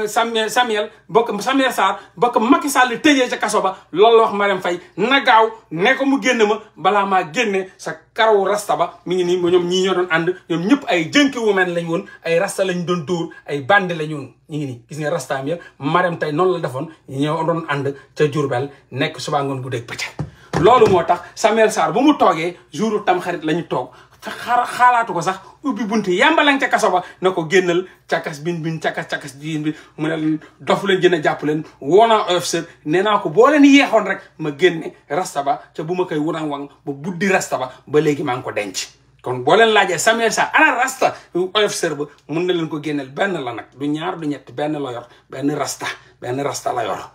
Samuel Samuel bokk Samuel Sarr bokk Macky Sall tëjee ca kaso ba loolu la wax Marème fay na gaaw ne mu génn ma balaa maa génne sa karawu rasta ba mu ngi nii ñoom ñii ñoo doon ànd ñoom ñëpp ay jënki women lañ woon ay rasta lañ doon dóor ay bandi lañ woon ñu ngi nii gis nga rastaam ya Marème tey noonu la defoon ñoo doon ànd ca Diourbel nekk suba ngoon guddeeg bëccëg loolu moo tax Samuel Sarr bu mu toogee jouru tam xarit la ñu toog xaalaatu ko sax ubbi bunte yàmbalang ca kaso ba na ko génnal cakas bin bin cakas cakas jigéen bi mu ne dof leen gën a jàpp leen woonaa oyof sër nee naa ko boo leen yeexoon rek ma génne rasta ba ca bu ma koy wuraan wang ba buddi rasta ba ba léegi maa ngi ko denc kon boo leen laajee Samuel Sarr ana rasta oyof ba mun na leen ko génneel benn la nag du ñaar du ñett benn la yor benn rasta benn rasta la yor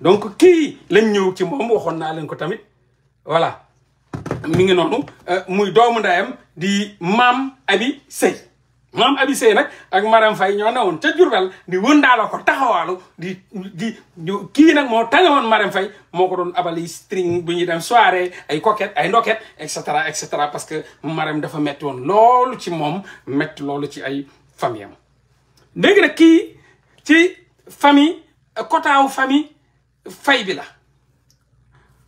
donc kii lañ ñëw ci moom waxoon naa leen ko tamit voilà mi ngi noonu euh, muy doomu ndayam di maam abi sëy maam abi sëy nag ak maram fay ñoo woon ca Jurbel di wëndaaloo ko taxawaalu di di kii nag moo tàngawoon maram fay moo ko doon abali string bu ñuy dem soirée ay coquette ay ndoket et cetera et cetera parce que maram dafa metti woon loolu ci moom metti loolu ci ay famille am léegi kii ci famille kotaawu famille fay bi la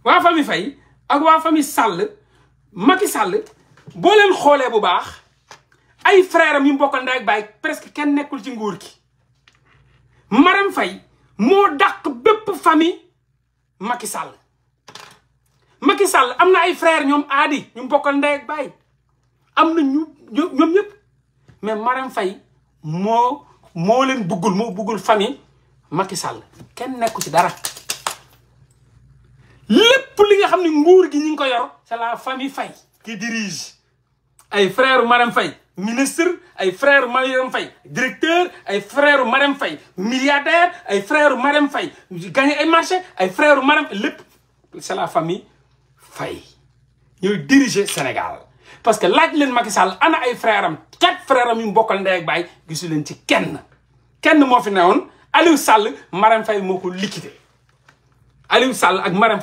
waa famille fay ak waa fami sàll Macky sàll bo len xolé bu baax ay frère am yu bokkal ndey ak bay presque kenn nekul ci nguur ki maram fay mo dak bepp fami Macky Sall Macky Sall amna ay frère ñom adi ñu mbokal nday ak bay amna ñu ñom ñep mais maram fay mo mo len buggul mo buggul fami Macky Sall kenn nekku ci dara lepp li nga xamni ne nguur gi ñing ko yor c'est la famille fay qui dirige ay frère Madame Fay, ministre ay frère Madame Fay, directeur ay frère Madame Fay, milliardaire ay frère Madame Fay. gagner un marché ay frère maram lepp c'est la famille Fay. ñoy diriger Sénégal parce que laj leen Macky Sall ana ay frère quatre fréram yu mbokal ndey ak bay gisul leen ci kenn kenn mo fi néwon Aliou Sall À Faye moko liquider Aliou Sall ak taal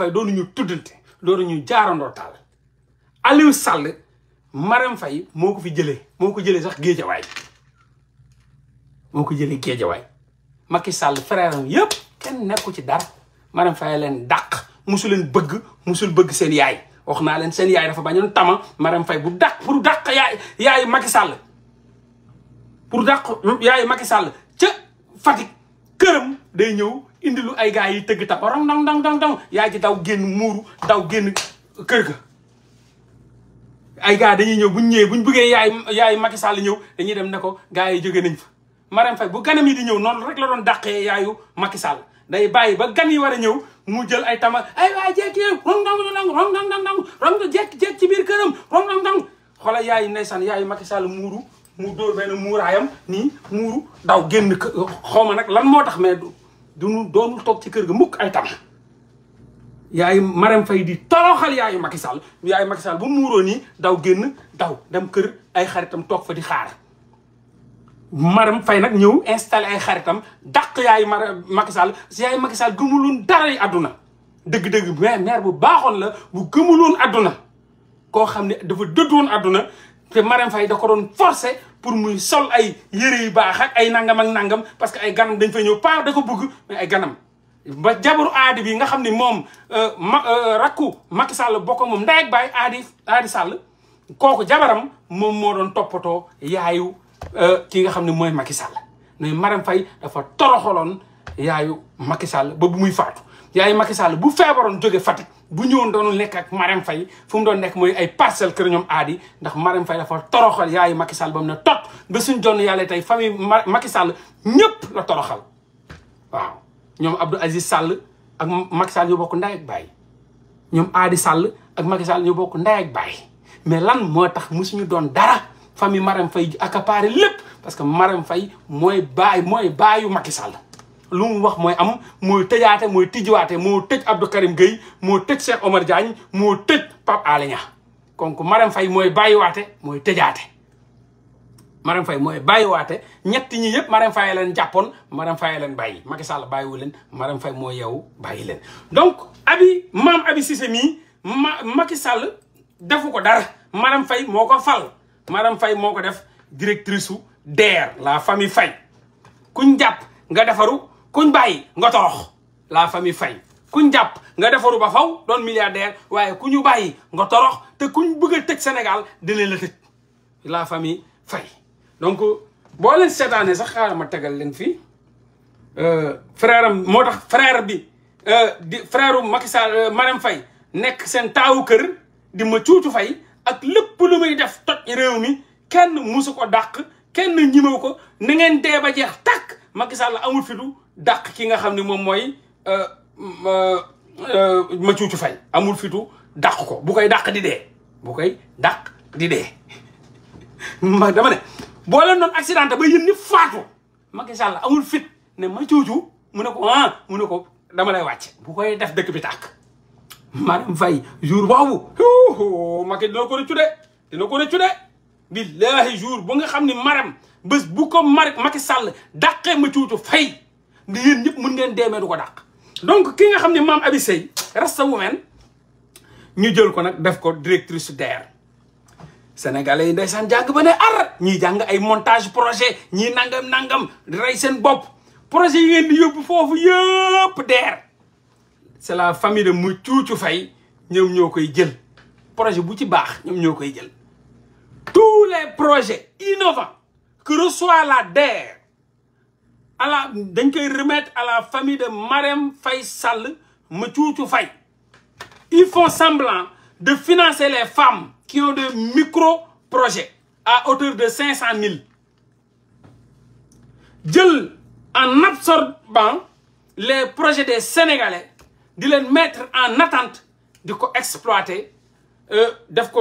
Aliou Sall Marème Faye moo ko fi jëlee moo ko jëlee sax géejawaay moo ko jëlee géejawaay Macky sàll frère yëpp kenn nekku ci dara Marème Faye leen dàq musu leen bëgg musul bëgg seen yaay wax naa leen seen yaay dafa bañoon tama Marème Faye bu dàq pour dàq yaay yaayu Macky sàll pour daq hmm, yaayu Macky sàll ca Fatick këram day ñëw indi lu ay gars yi tëgg tab rong dang dang yaay ji daw génn muuru daw génn kër ga ay gars dañuy ñëw bu ñu ñëwee bu ñu bëggee yaay yaay Macky Sall ñëw dañuy dem ne ko gars yi jóge nañ fa. Marème Faye bu ganam yi di ñëw noonu rek la doon dàqee yaayu Macky Sall day bàyyi ba gan yi war a ñëw mu jël ay tama ay waay jékki yow rong dang dang rong dang dang rong dang jékki ci biir këram rong dang dang xoolal yaayu ndeysaan yaayu Macky Sall muuru mu dóor benn muuraayam nii muuru daw génn xaw ma nag lan moo tax mais du nu doonul toog ci kër ga mukk ay tama yaay maram fay di toroxal yaay Macky Sall yaayu Macky Sall bu muuro ni daw genn daw dem kër ay xaritam tok fa di xaar maram fay nak ñew installer ay xaritam dàq yaay Macky Sall si yaayu Macky Sall gëmuloon dara yi deug deug dëgg bu baaxoon la bu gëmulun aduna ko xamni dafa dëddoon aduna te maram fay da ko don forcer pour muy sol ay yere yu bax ak ay nangam ak nangam parce que ay ganam dañ fay ñew pa da ko bëgg ay ganam ba jabaru aadi bi nga xam ni moom euh, ma euh, rakku Macky Sall bokk moom ndey ak baay aadi aadi kooku jabaram moom moo doon toppatoo yaayu euh, ki nga xam ne mooy Macky Sall mais Marème Faye dafa toroxaloon yaayu Macky Sall ba bu muy faatu yaayu Macky Sall bu feebaroon jóge Fatick bu ñëwoon doonu nekk ak Marème Faye fu mu doon nekk mooy ay parcelle kër ñoom aadi ndax Marème Faye dafa toroxal yaayu Macky Sall ba mu ne tot ba suñ jonn yàlla tey famille Macky Sall ñëpp la toroxal waaw ñoom Abdou Aziz Sall ak Macky Sall ñu bokk ndaay ak baay ñoom Aadi Sall ak Macky Sall bokk ndaay ak mais lan moo tax mu musuñu doon dara famille Marème Faye accaparé lépp parce que Marème Faye mooy baay mooy baayu Macky Sall lu mu wax mooy am mooy tëjaate mooy tijjiwaate moo tëj Abdou Karim Gueye moo tëj seen Omar Diagne moo tëj Pape Alé Niang kon fay Faye mooy bàyyiwaate mooy tëjaate Marème fay mooy bàyyiwaate ñett ñi yëpp Marème Faye leen jàppoon Marème Faye leen bàyyi Macky Sall bàyyiwu leen Marème fay moo yow bàyyi leen. donc abi maam abi Cissé mii ma Sall defu ko dara Marème fay moo ko fal Marème fay moo ko def directrice su DER la famille fay kuñ jàpp nga defaru kuñ bàyyi nga torox la fami fay kuñ jàpp nga defaru ba faw doon milliardaire waaye ku ñu bàyyi nga torox te kuñ bëgg a tëj Sénégal dina la tëj la famille Faye. donc boo leen seetaanee sax xaar ma tegal leen fii euh, frère am moo tax frère bi euh, di frère Macky Sall euh, Marème Faye nekk seen taawu kër di ma cuucu fay ak lépp lu muy def toj réew mi kenn musu ko dàq kenn ñimew ko na ngeen dee ba jeex tàkk Macky Sall amul fitu dàq ki nga xam ne moom mooy ma cuucu fay amul fitu dàq ko bu koy dàq di dee bu koy dàq di dee ma dama ne boo leen doon ba yéen ñi faatu maki Sall amul fit ne ma jooju mu ne ko ah mu ne ko dama lay wàcc bu koy def dëkk bi tàkk madame Faye jour boobu Macky dina ko rëccu de dina ko rëccu de billahi jour bu nga xam ne maram bés bu ko mar maki Sall dàqee ma cuucu fay di yéen ñëpp mun ngeen deemee du ko dàq donc ki nga xam ne maam Abi Seye rasta wu ñu jël ko nag def ko directrice DER sénégalais yi ndeysaan jàng bané ne ar ñii jàng ay montage projet ñi nangam nangam rey seen bop projet yi ngeen di yobbu fofu yëpp c'est la famille de mu cuucu fay ñoom ñoo jël projet bu ci bax jël tous les projets innovants que reçoit la DER à la dañ koy remettre à la famille de Marem Fay Sall fay ils font semblant de financer les femmes qui ont des micro-projets à hauteur de 500 000. en absorbant les projets des Sénégalais ils les mettre en attente de exploiter euh,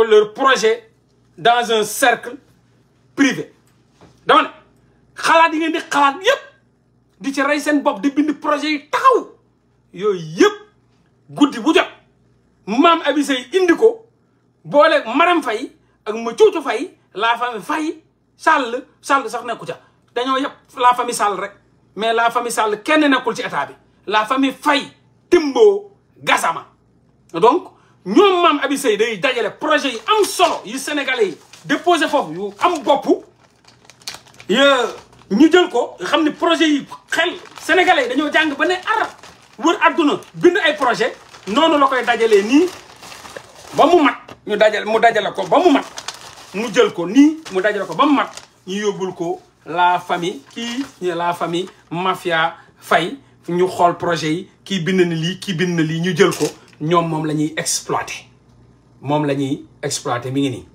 leur projet dans un cercle privé. Donc, projet boole Marème fay ak ma cuucu Faye la famille fay Sall Sall sax nekku ca dañoo yëpp la famille Sall rek mais la famille Sall kenn nekkul ci état bi la famille fay Timbo gasama donc ñoom maam Abi Sey day dajale projet yi am solo yi sénégalais yi déposé foofu yu am bopp ñu jël ko xam ne projet yi xel sénégalais yi dañoo jàng ba ne arab wër àdduna bind ay projet noonu la koy dajalee nii ba mu mat ñu dajal mu dajale ko ba mu mat mu jël ko nii mu dajale ko ba mu mat ñu yóbbul ko la famille kii ñu la famille mafia fay ñu xool projet yi kii bind na lii kii bind na lii ñu jël ko ñoom moom la ñuy exploité moom la ñuy exploité mi ngi nii.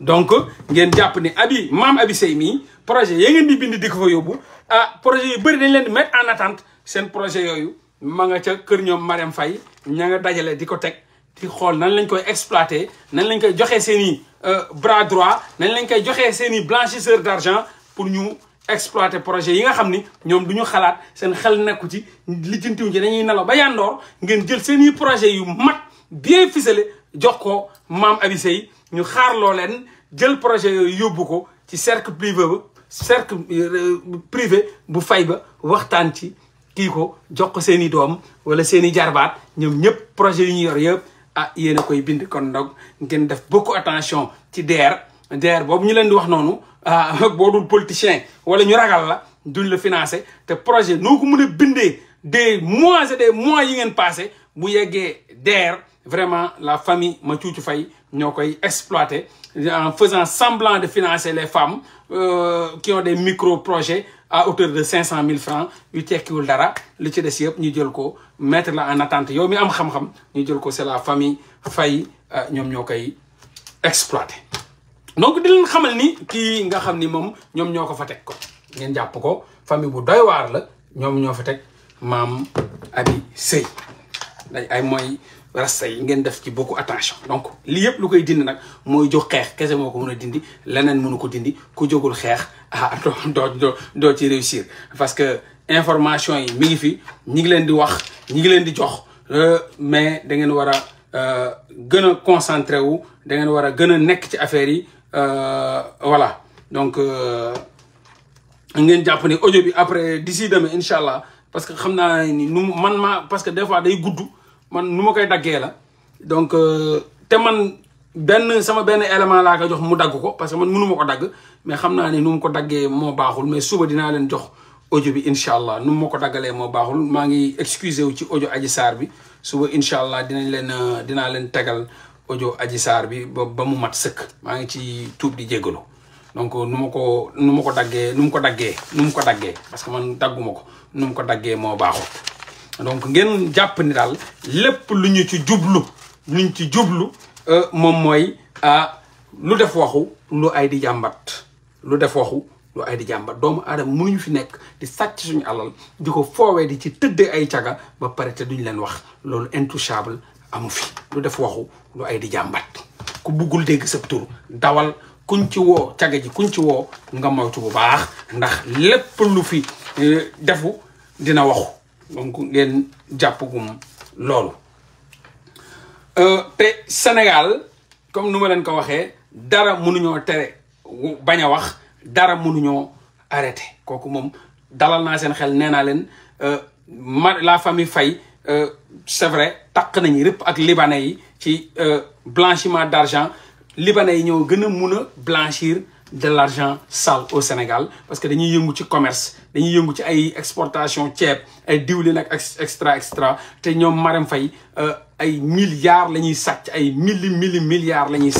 donc ngeen jàpp ne abi maam abi sey mii projet yee ngeen di bind di ko fa yóbbu ah projet yu bëri dañ leen di mettre en attente seen projet yooyu ma nga ca kër ñoom Marème fay ña nga dajale di ko teg. di xool nan lañ koy exploité nan lañ koy joxee seen i euh, bras droit nan lañ koy joxee seen i blanchisseur d' argent pour ñu exploité projet yi nga xam ni ñoom du ñu xalaat seen xel nekku ci lijjantiw ci dañuy nelaw ba yàndoor ngeen jël seen projet yu mag bien ficelé jox ko maam abisé yi ñu xaarloo leen jël projet yooyu yóbbu ko ci cercle privé ba cercle euh, privé bu fay ba waxtaan ci kii ko jox ko seen i doom wala seen i jarbaat ñoom ñëpp projet yu ñu yor yëpp ah yéen a koy bind kon ndog ngeen def beaucoup attention ci DER DER boobu ñu leen di wax noonu ah boo dul politicien wala ñu ragal la duñ la financer te projet noo ko mën a bindee des mois et des mois yi ngeen passé bu yeggee DER vraiment la famille Mathioutou Faye ñoo koy exploité en faisant semblant de financer les femmes euh, qui ont des micro projets à hauteur de 500 000 francs yu tekkiwul dara li ci des yëpp ñu jël ko mettre la en attente yow mi am xam-xam ñu jël ko c'est la famille fay euh, ñoom ñoo koy exploité donc di leen xamal ni kii nga xam ni moom ñoom ñoo ko fa teg ko ngeen jàpp ko famille bu doy waar la ñoom ñoo fa teg maam abi sëy day ay mooy rasta yi ngeen def ci beaucoup attention donc lii yëpp lu koy dindi nag mooy jóg xeex kese moo ko mën a dindi leneen mënu ko dindi ku jógul xeex ah doo doo doo ci réussir parce que information yi mi ngi fi ñi ngi leen di wax ñi ngi leen di jox euh, mais da ngeen wara a euh, gën concentré wu da ngeen wara gëna nekk ci affaire yi euh, voilà donc ngeen japp ni audio bi après d'ici demain inshallah parce que xamna ni nu man ma parce que des fois day gudd man nu ma koy daggé la donc té man ben sama ben élément la ka jox mu dagg ko parce que man mënu ma ko dagg mais xamna ni nu mu ko daggé mo baxul mais suba dina len jox ojo bi incha allah nu mu ma ko daggalee moo baaxul maa ngi excusé wu ci ojo aji saar bi suba incha allah dinañ leen euh, dinaa leen tegal audio aji saar bi ba ba mu mat sëkk maa ngi ci tuub di jégalu donc nu ma ko nu ma ko daggee nu mu ko daggee nu mu ko daggee parce que man dagguma ko nu mu ko daggee moo baaxul donc ngeen jàpp ni daal lépp lu ñu ci jublu luñ ci jublu euh, moom mooy ah, lu def waxu lu ay di jàmbat lu def waxu lu ay di jàmba doomu aadama mënuñu fi nekk di sàcc suñu alal di ko foowee di ci tëdd ay caga ba pare te duñ leen wax loolu intouchable amu fi lu def waxu lu ay di jàmbat ku buggul dégg sa tur dawal kuñ ci woo caga ji kuñ ci woo nga moytu bu baax ndax lépp lu fi eh, defu dina waxu donc ngeen jàpp gum loolu euh, te Sénégal comme nu ma leen ko waxee dara mënuñoo tere bañ a wax dara mënuñoo arrêté kooku moom dalal naa seen xel nee naa leen euh, ma la famille Faye euh, c'est vrai taq nañu rëpp ak libanais yi ci euh, blanchiment d'argent libanais yi ñoo gën a mun a blanchir de l'argent sale au Sénégal parce que dañuy yëngu ci commerce dañuy yëngu ci ay exportation ceeb ay diwlin ak extra extra te ñoom Marème fay ay milliards lañuy milli milli milliards lañuy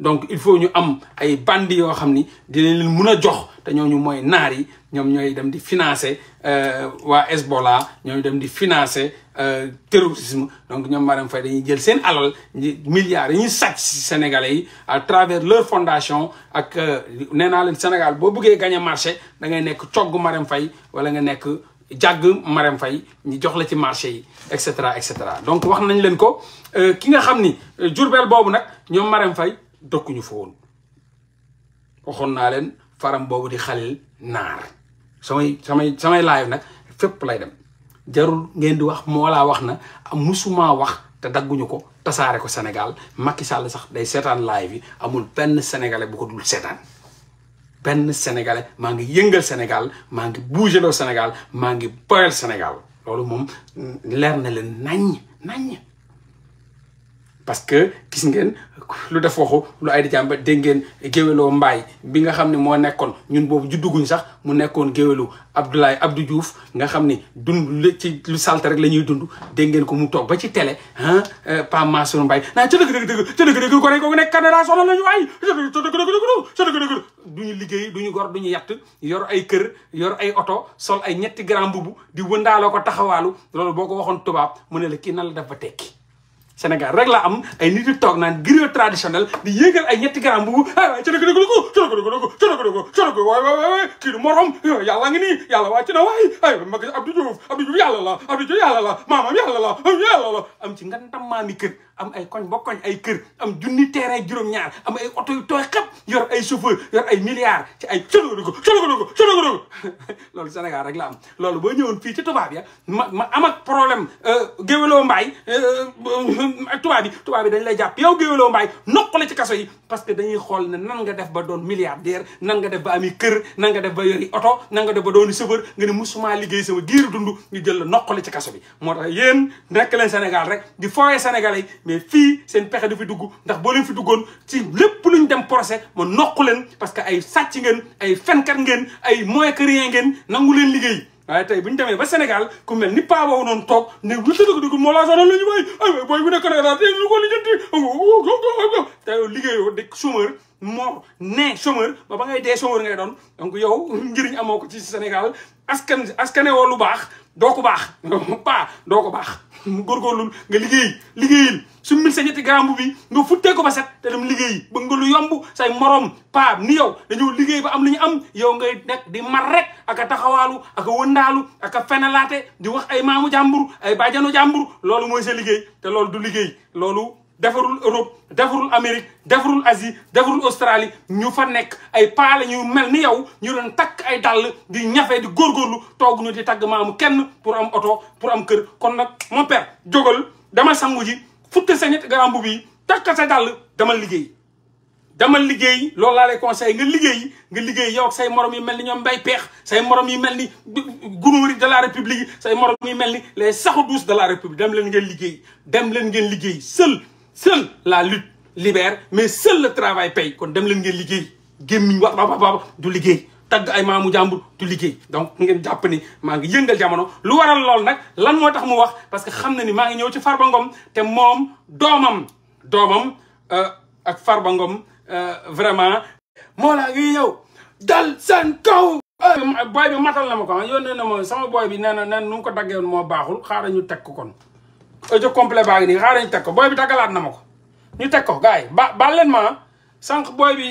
donc il faut ñu am ay bandi yo xamni leen mëna jox té ñoñu moy nar yi euh, euh, terrorisme donc ñom maram fay dañuy jël milliards Sénégalais à travers leur fondation ak euh, leen Sénégal gagner marché da ngay nekk wala jàgg Marème Faye ñu jox la ci marché yi et cetera et cetera donc wax nañ leen ko euh, ki nga xam ni Jurbel euh, boobu nag ñoom marem fay dokkuñu fa woon waxoon naa leen faram boobu di Xalil Naar samay samay live nag fépp lay dem jarul ngeen di wax moo wax na musuma wax te dagguñu ko tasaare ko Sénégal Macky Sall sax day seetaan live yi amul benn sénégale boo ko dul seetaan benn sénégalais maa ngi yëngal Sénégal maa ngi bouger loo Sénégal maa ngi boyal Sénégal loolu moom leer na leen naññ naññ parce que gis ngeen lu def waxu lu ay di jàmba dégg ngeen géwéloo mbaay bi nga xam ne moo nekkoon ñun boobu judduguñ sax mu nekkoon géwélu Abdoulaye Abdou juuf nga xam ni dund ci lu salte rek la ñuy dund dégg ngeen ko mu toog ba ci tele ah Pa Mansour Mbaye naa ca dëgg dëgg dëgg ca dëgg dëgg ko rek ko nekk Canada soxla lañu ay ca dëgg dëgg dëgg duñu liggéey duñu gor duñu yatt yor ay kër yor ay oto sol ay ñetti grand mbubb di wëndaaloo ko taxawaalu loolu boo ko waxoon tubaab mu ne la kii nan la def ba tekki Sénégal rek la am ay nit yu toog naan griot traditionnel di yéegal ay ñetti garam bu aywa cënag dëgg la ko cënag dëgg la ko cënag dëgg la cënag waay waay waay kii du morom yàlla ngi nii yàlla wàcc na waay ay ma gis Abdou Diouf Abdou Diouf yàlla la Abdou Diouf yàlla la maamam yàlla la yàlla la am ci nga ndam maami kër am ay koñ ba koñ ay kër am junni terrain juróom-ñaar am ay oto yu tooy xëpp yor ay chauffeur yor ay milliards ci ay cologodogo cologodogo cologodogo loolu Sénégal rek la am loolu boo ñëwoon fii ci tubaab ya ma ma am ak problème euh, géwéloo mbaay euh, tubaab yi tubaab yi dañ lay jàpp yow géwéloo mbaay nokk ci kaso yi parce que dañuy xool ne nan nga def ba doon milliardaire nan nga def ba ami kër nga def ba oto nan nga def ba dooni chauffeur nga ne musuma liggéey sama giir dund ñu jël la nokk ci kaso bi moo tax yéen nekk leen Sénégal rek di fooye Sénégalais mais fii seen pexe du fi dugg ndax boo leen fi duggoon ci lépp luñ dem procès ma noqu leen parce que ay sàcc ngeen ay fenkat ngeen ay moykarien ngeen nangu leen liggéey waaye tey bu ñu demee ba Sénégal ku mel ni paa boobu noonu toog ne lu tëdd ko dugg moo laa sonal la ñu bay ay way booy bu nekk Canada te ba ba ngay dee chômeur ngay doon donc yow njëriñ amoo ko ci Sénégal askan askane woo lu baax doo ko baax paa doo ko baax mu góorgóorlu nga liggéey liggéeyil su mil sa ñetti garaam bi nga futtee ko ba set te dem liggéey bëgg nga lu yombu say morom paa ni yow dañoo liggéey ba am lu ñu am yow ngay nekk di mar rek aka taxawaalu aka wëndaalu aka laate di wax ay maamu jàmbur ay baajanu jàmbur loolu mooy sa liggéey te loolu du liggéey loolu defarul Europe defarul Amérique defarul Asie defarul Australie ñu fa nekk ay paa la ñu mel ni yow ñu doon takk ay dàll di ñafe di góorgóorlu toog ñu di tagg maamu kenn pour am oto pour am kër kon nag mon père jógal dama sangu ji futte sa ñetti garambu bi takk sa dàll dama liggéey. dama liggéey loolu laa lay conseil nga liggéey nga liggéey yow say morom yi mel ni ñoom bay peex say morom yi mel ni gunóori de la république say morom yi mel ni les saxu douce de la république dem leen ngeen liggéey dem leen ngeen liggéey seul. seule la lutte libère mais seul le travail paye kon dem leen ngeen liggéey gémmiñ wax ba ba du liggéey tagg ay maamu jàmbur du liggéey donc ngeen jàpp ni maa ngi yëngal jamono lu waral lool nag lan moo tax mu wax parce que xam na ni maa ngi ñëw ci Farba ngoom te moom doomam doomam euh, ak ba Ngom euh, vraiment moo laa ngi yow dal seen kaw euh, booy bi matal na ma ko ah, yónnee na ma sama booy bi nen nu ko daggee moo baaxul xaaral ñu teg ko kon audio complet baa ngi nii xaar ñu teg ko booy bi daggalaat na ma ko ñu teg ko gars yi ba baal leen ma ah sànq booy bi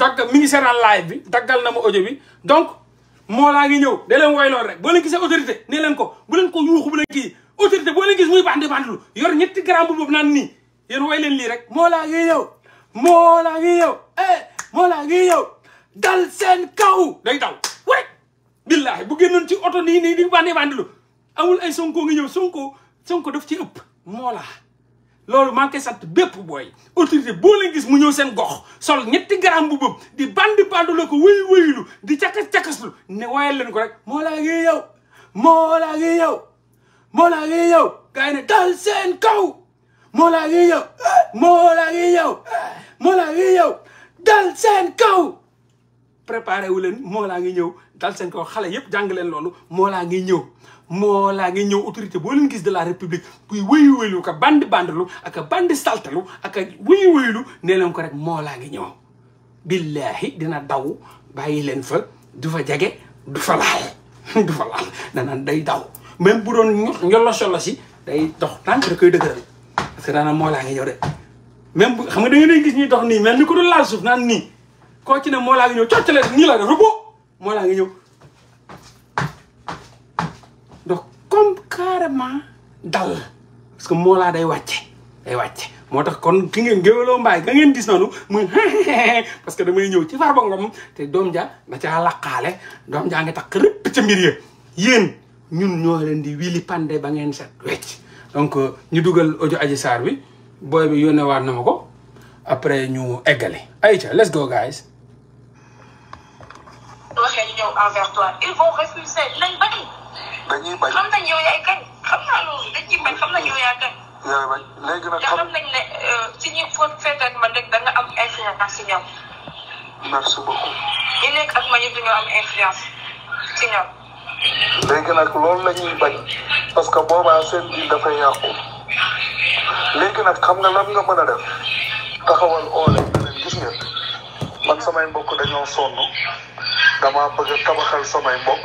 dagg mi ngi seetaan live bi daggal na ma ojo bi donc moo laa ngi ñëw da leen woy lool rek boo leen gisee autorité nee leen ko bu leen ko yuuxu bu leen kii autorité boo leen gis muy bandi bandilu yor ñetti grand boobu naan nii yéen woy leen lii rek moo laa ngi ñëw laa ngi ñëw eh moo laa ngi ñëw dal seen kaw day daw wéy billaahi bu génnoon ci oto nii nii di bandi bandilu amul ay sonko ngi ñëw sonko ko daf ci upp moo la loolu maa ngi boy sant bépp booy autorité bo leen gis mu ñew seen gox sol ñetti garam bu bëb di bandi bandu lako ko wéyu lu di cakas lu, ne wayal leen ko rek moo laa ngi yow mola laa yow moo laa yow ne dal seen kaw moo laa yow moo yow yow dal seen kaw préparé wu leen dal seen kaw xalé yépp jang leen loolu moo laa ngi ñëw autorité boo gis de la république buy wéyu wéylu ka band bandlu ak a band salta ak a wéyu wéylu nee leen ko rek moo laa ngi ñëw billaahi dina daw bàyyi leen fa du fa jage du fa laal du fa laal danaan day daw même bu doon ñolo solo si day dox tànk da koy dëgëral parce que daanaan moo laa ngi ñëw de même bu xam nga da nga gis ñuy dox nii mel ni ko doon laal suuf naan nii koo ci ne moo laa ngi ñëw coccale la de rubo moo laa ngi ñëw comme carrément dal parce que moo laa day wàcce day wàcce moo tax kon ki ngeen géwéloo mbaay ga ngeen gis noonu muy parce que damay ñëw ci Farba Ngom te doom ja da ca laqaale doom jaa ngi tax rëpp ca mbir ya yéen ñun ñoo leen di wili pande ba ngeen set wecc donc euh, ñu dugal audio Adji Sarr bi booy bi yónnee waat na ma ko après ñu eggale ayca let's go guys dañuy bañ xam nañ yow yaay gañ xam naa loolu dañuy bañ xam nañ yow yaa gañ. yaay bañ léegi nag xam nañ ne euh, si ñuy fekk ak man rek da nga am influence si ñoom. merci beaucoup. ñi nekk ak man it dañoo am influence si ñoom. léegi nag loolu la ñuy bañ parce que boobaa seen biir dafay yàqu léegi nag xam nga lan nga mën a def taxawal oole beneen gis ngeen man samay mbokk dañoo sonn damaa bëgg a tabaxal samay mbokk.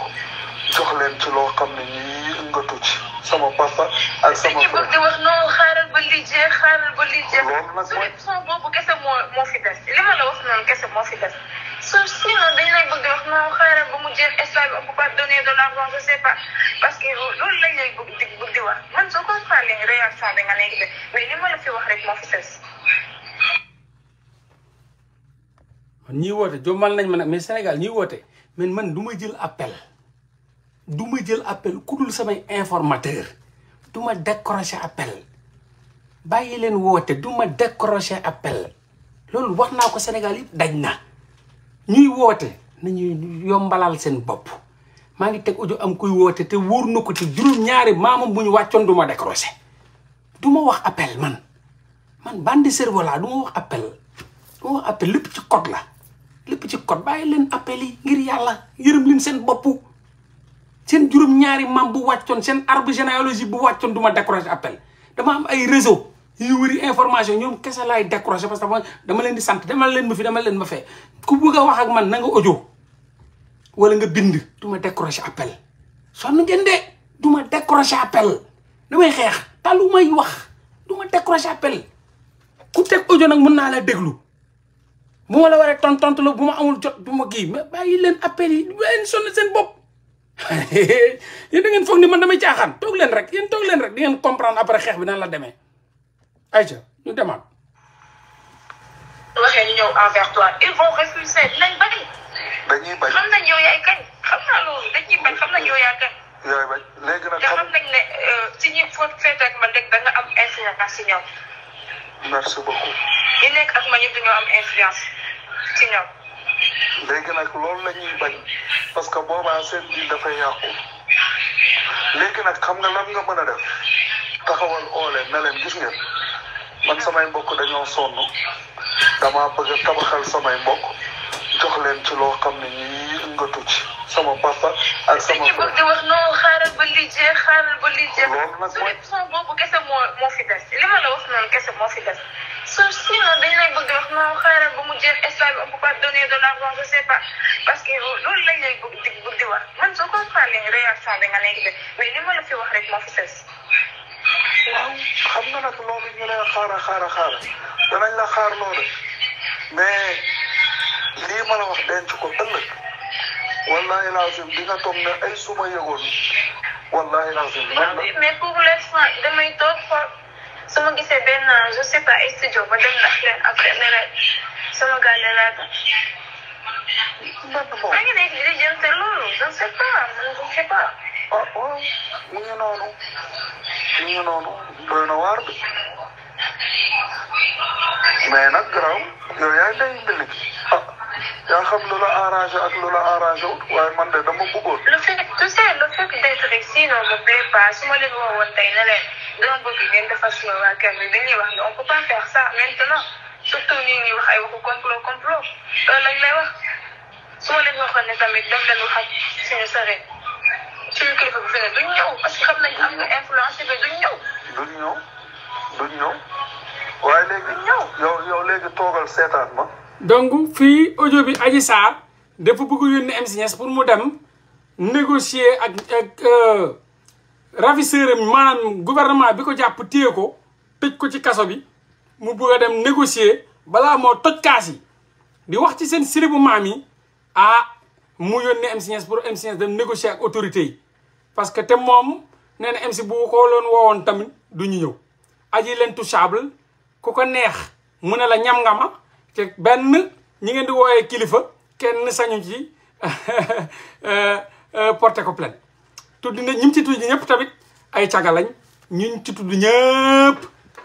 jox ci loo xam ne ñii ci sama papa ak sama. dañuy bëgg di wax xaaral ba jeex xaaral ba jeex. loolu nag mooy boobu kese moo moo fi des li ma la wax noonu kese moo fi des. sinon dañ lay bëgg di wax xaaral ba mu jeex bi on peut pas donner de l'argent je sais pas parce que loolu lañ lay bëgg di bëgg di wax man de mais li ma duma jël appel kudul dul samay informateur duma décrocher appel bayi len wote duma décrocher appel lol waxna ko Sénégal yi dajna ñuy wote nañu yombalal sen bop ma ngi tek audio am kuy wote te wóor ci ñaari waccion duma décrocher duma wax appel man man bande cerveau la duma wax appel duma wax appel lepp ci code la lepp ci code bayi len appel yi ngir yalla yeureum sen sen jurum ñaari mam bu waccion sen arbre généalogie bu waccion duma ma appel dama am ay réseau yu wuri information ñom kessa lay décroché parce que dama leen di sante dama leen mu fi dama leen ma fe ku bëgg wax ak man na nga audio wala nga bind duma ma appel son ngeen de duma ma appel damay xeex talu may wax duma ma appel ku tek audio nak mën na la déglu buma la waré tontontu lu buma amul jot duma gi bayi mais bàyyi leen appel yi leen son sen bop yéen da ngeen ni man damay caaxaan toog leen rek yéen toog leen rek di comprendre après xeex bi nan la demee ayca ñu demaat. waxee ñu ñëw envers toi ils vont refuser dinañ bañ. dañuy na xam nañ yow kañ xam naa loolu dañuy bañ xam nañ yow yaa kañ. yaay bañ léegi ne euh, si ñi faut féete ak man rek am influence si ñoom. nekk ak man yëpp léegi nag loolu la ñuy bañ parce que booba seen diil dafay yàqu léegi nag xam nga lan nga mën a def taxawal oole ne leen gis ngeen man samay mbokk dañoo sonn dama bëgg a tabaxal samay mbokk jox leen ci loo xam ne ñii ngatu ci sama papa ak sama. ci di wax non xaaral ba li xaaral ba li jeex. nag boobu kese moo moo li ma la noonu kese moo fi sauf si moom dañ lay bëgg wax non xaaral ba mu jeex espace bi on peut pas donner de l'argent je sais pas parce que loolu lañ lay bëgg di bëgg di wax man soo comprendre réaction bi nga nekk de mais li ma la fi wax rek moo fi sës. waaw xam nga nag loolu ñu lay xaara xaara xaara danañ la xaar loolu mais lii ma la wax denc ko ëllëg wallahi lazim di nga toog ne ay suma yëgoon wallahi lazim. mais pour l'instant damay toog fa. su ma gisee benn je sais pas studio ba dem na fenn après mais nag sama gars ne laa ko. boobu maa ngi nekk di jëm te loolu je ne sais pas je ne sais pas. ah waaw mu ngi noonu mu ngi noonu doy na waar bi mais nag garaaw yow yaa ngi dégg mbir mi ah. yaa xam lu la arrangé ak lu la arrangé wut waaye man de dama bëggoon. le tu sais le fait d'être ici non me plaît pas su ma leen woowoon tey ne leen dama bëgg ngeen defar suma waa kër bi dañuy wax ne on peut pas faire sa maintenant surtout ñi ñuy wax ay waxu complot complot loolu lañ lay wax su ma leen waxoon ne tamit dem leen wax ak suñu saree suñu kilifa bu feneen duñ ñëw parce que xam nañ am nga influence bi duñ ñëw. duñ ñëw duñ ñëw waaye ma. donc fii audio bi Adji Sarr dafa bëgg yónni MC Niass pour mu dem négocier ak ak euh, ravisseur am maanaam gouvernement bi ko jàpp téye ko tëj ko ci kaso bi mu bëgg dem négocier balaa moo toj kaas yi di wax ci seen siri bu maam yi ah mu yónni MC Niass pour MC Niass dem négocier ak autorité yi parce que te moom nee na MC bu ko loon woowoon tamit du ñu ñëw aji leen touchable ku ko neex mu ne la ñam nga ma te benn ñi ngeen di wooyee kilifa kenn sañu ci eh, eh, porté ko plainte tudd na ñi ci tudd ñëpp tamit ay caga lañ ci tudd ñëpp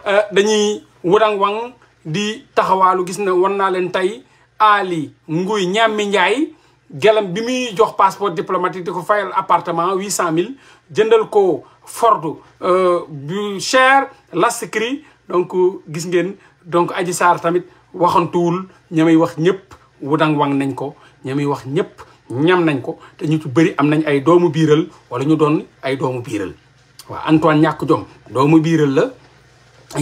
eh, dañuy wudang wang di taxawaalu gis na wan naa leen tey Ali Nguy ñami Njaay gelam bi muy jox passeport diplomatique di ko fayal appartement huit cent mille jëndal ko Ford bu cher Lascris donc gis ngeen donc aji Sarr tamit waxantuwul ñamay wax ñépp wudang wang nañ ko ñamay wax ñépp ñam nañ ko te ñu ci bëri am nañ ay doomu biiral wala ñu doon ay doomu biiral waaw Antoine ñàkk jom doomu biiral la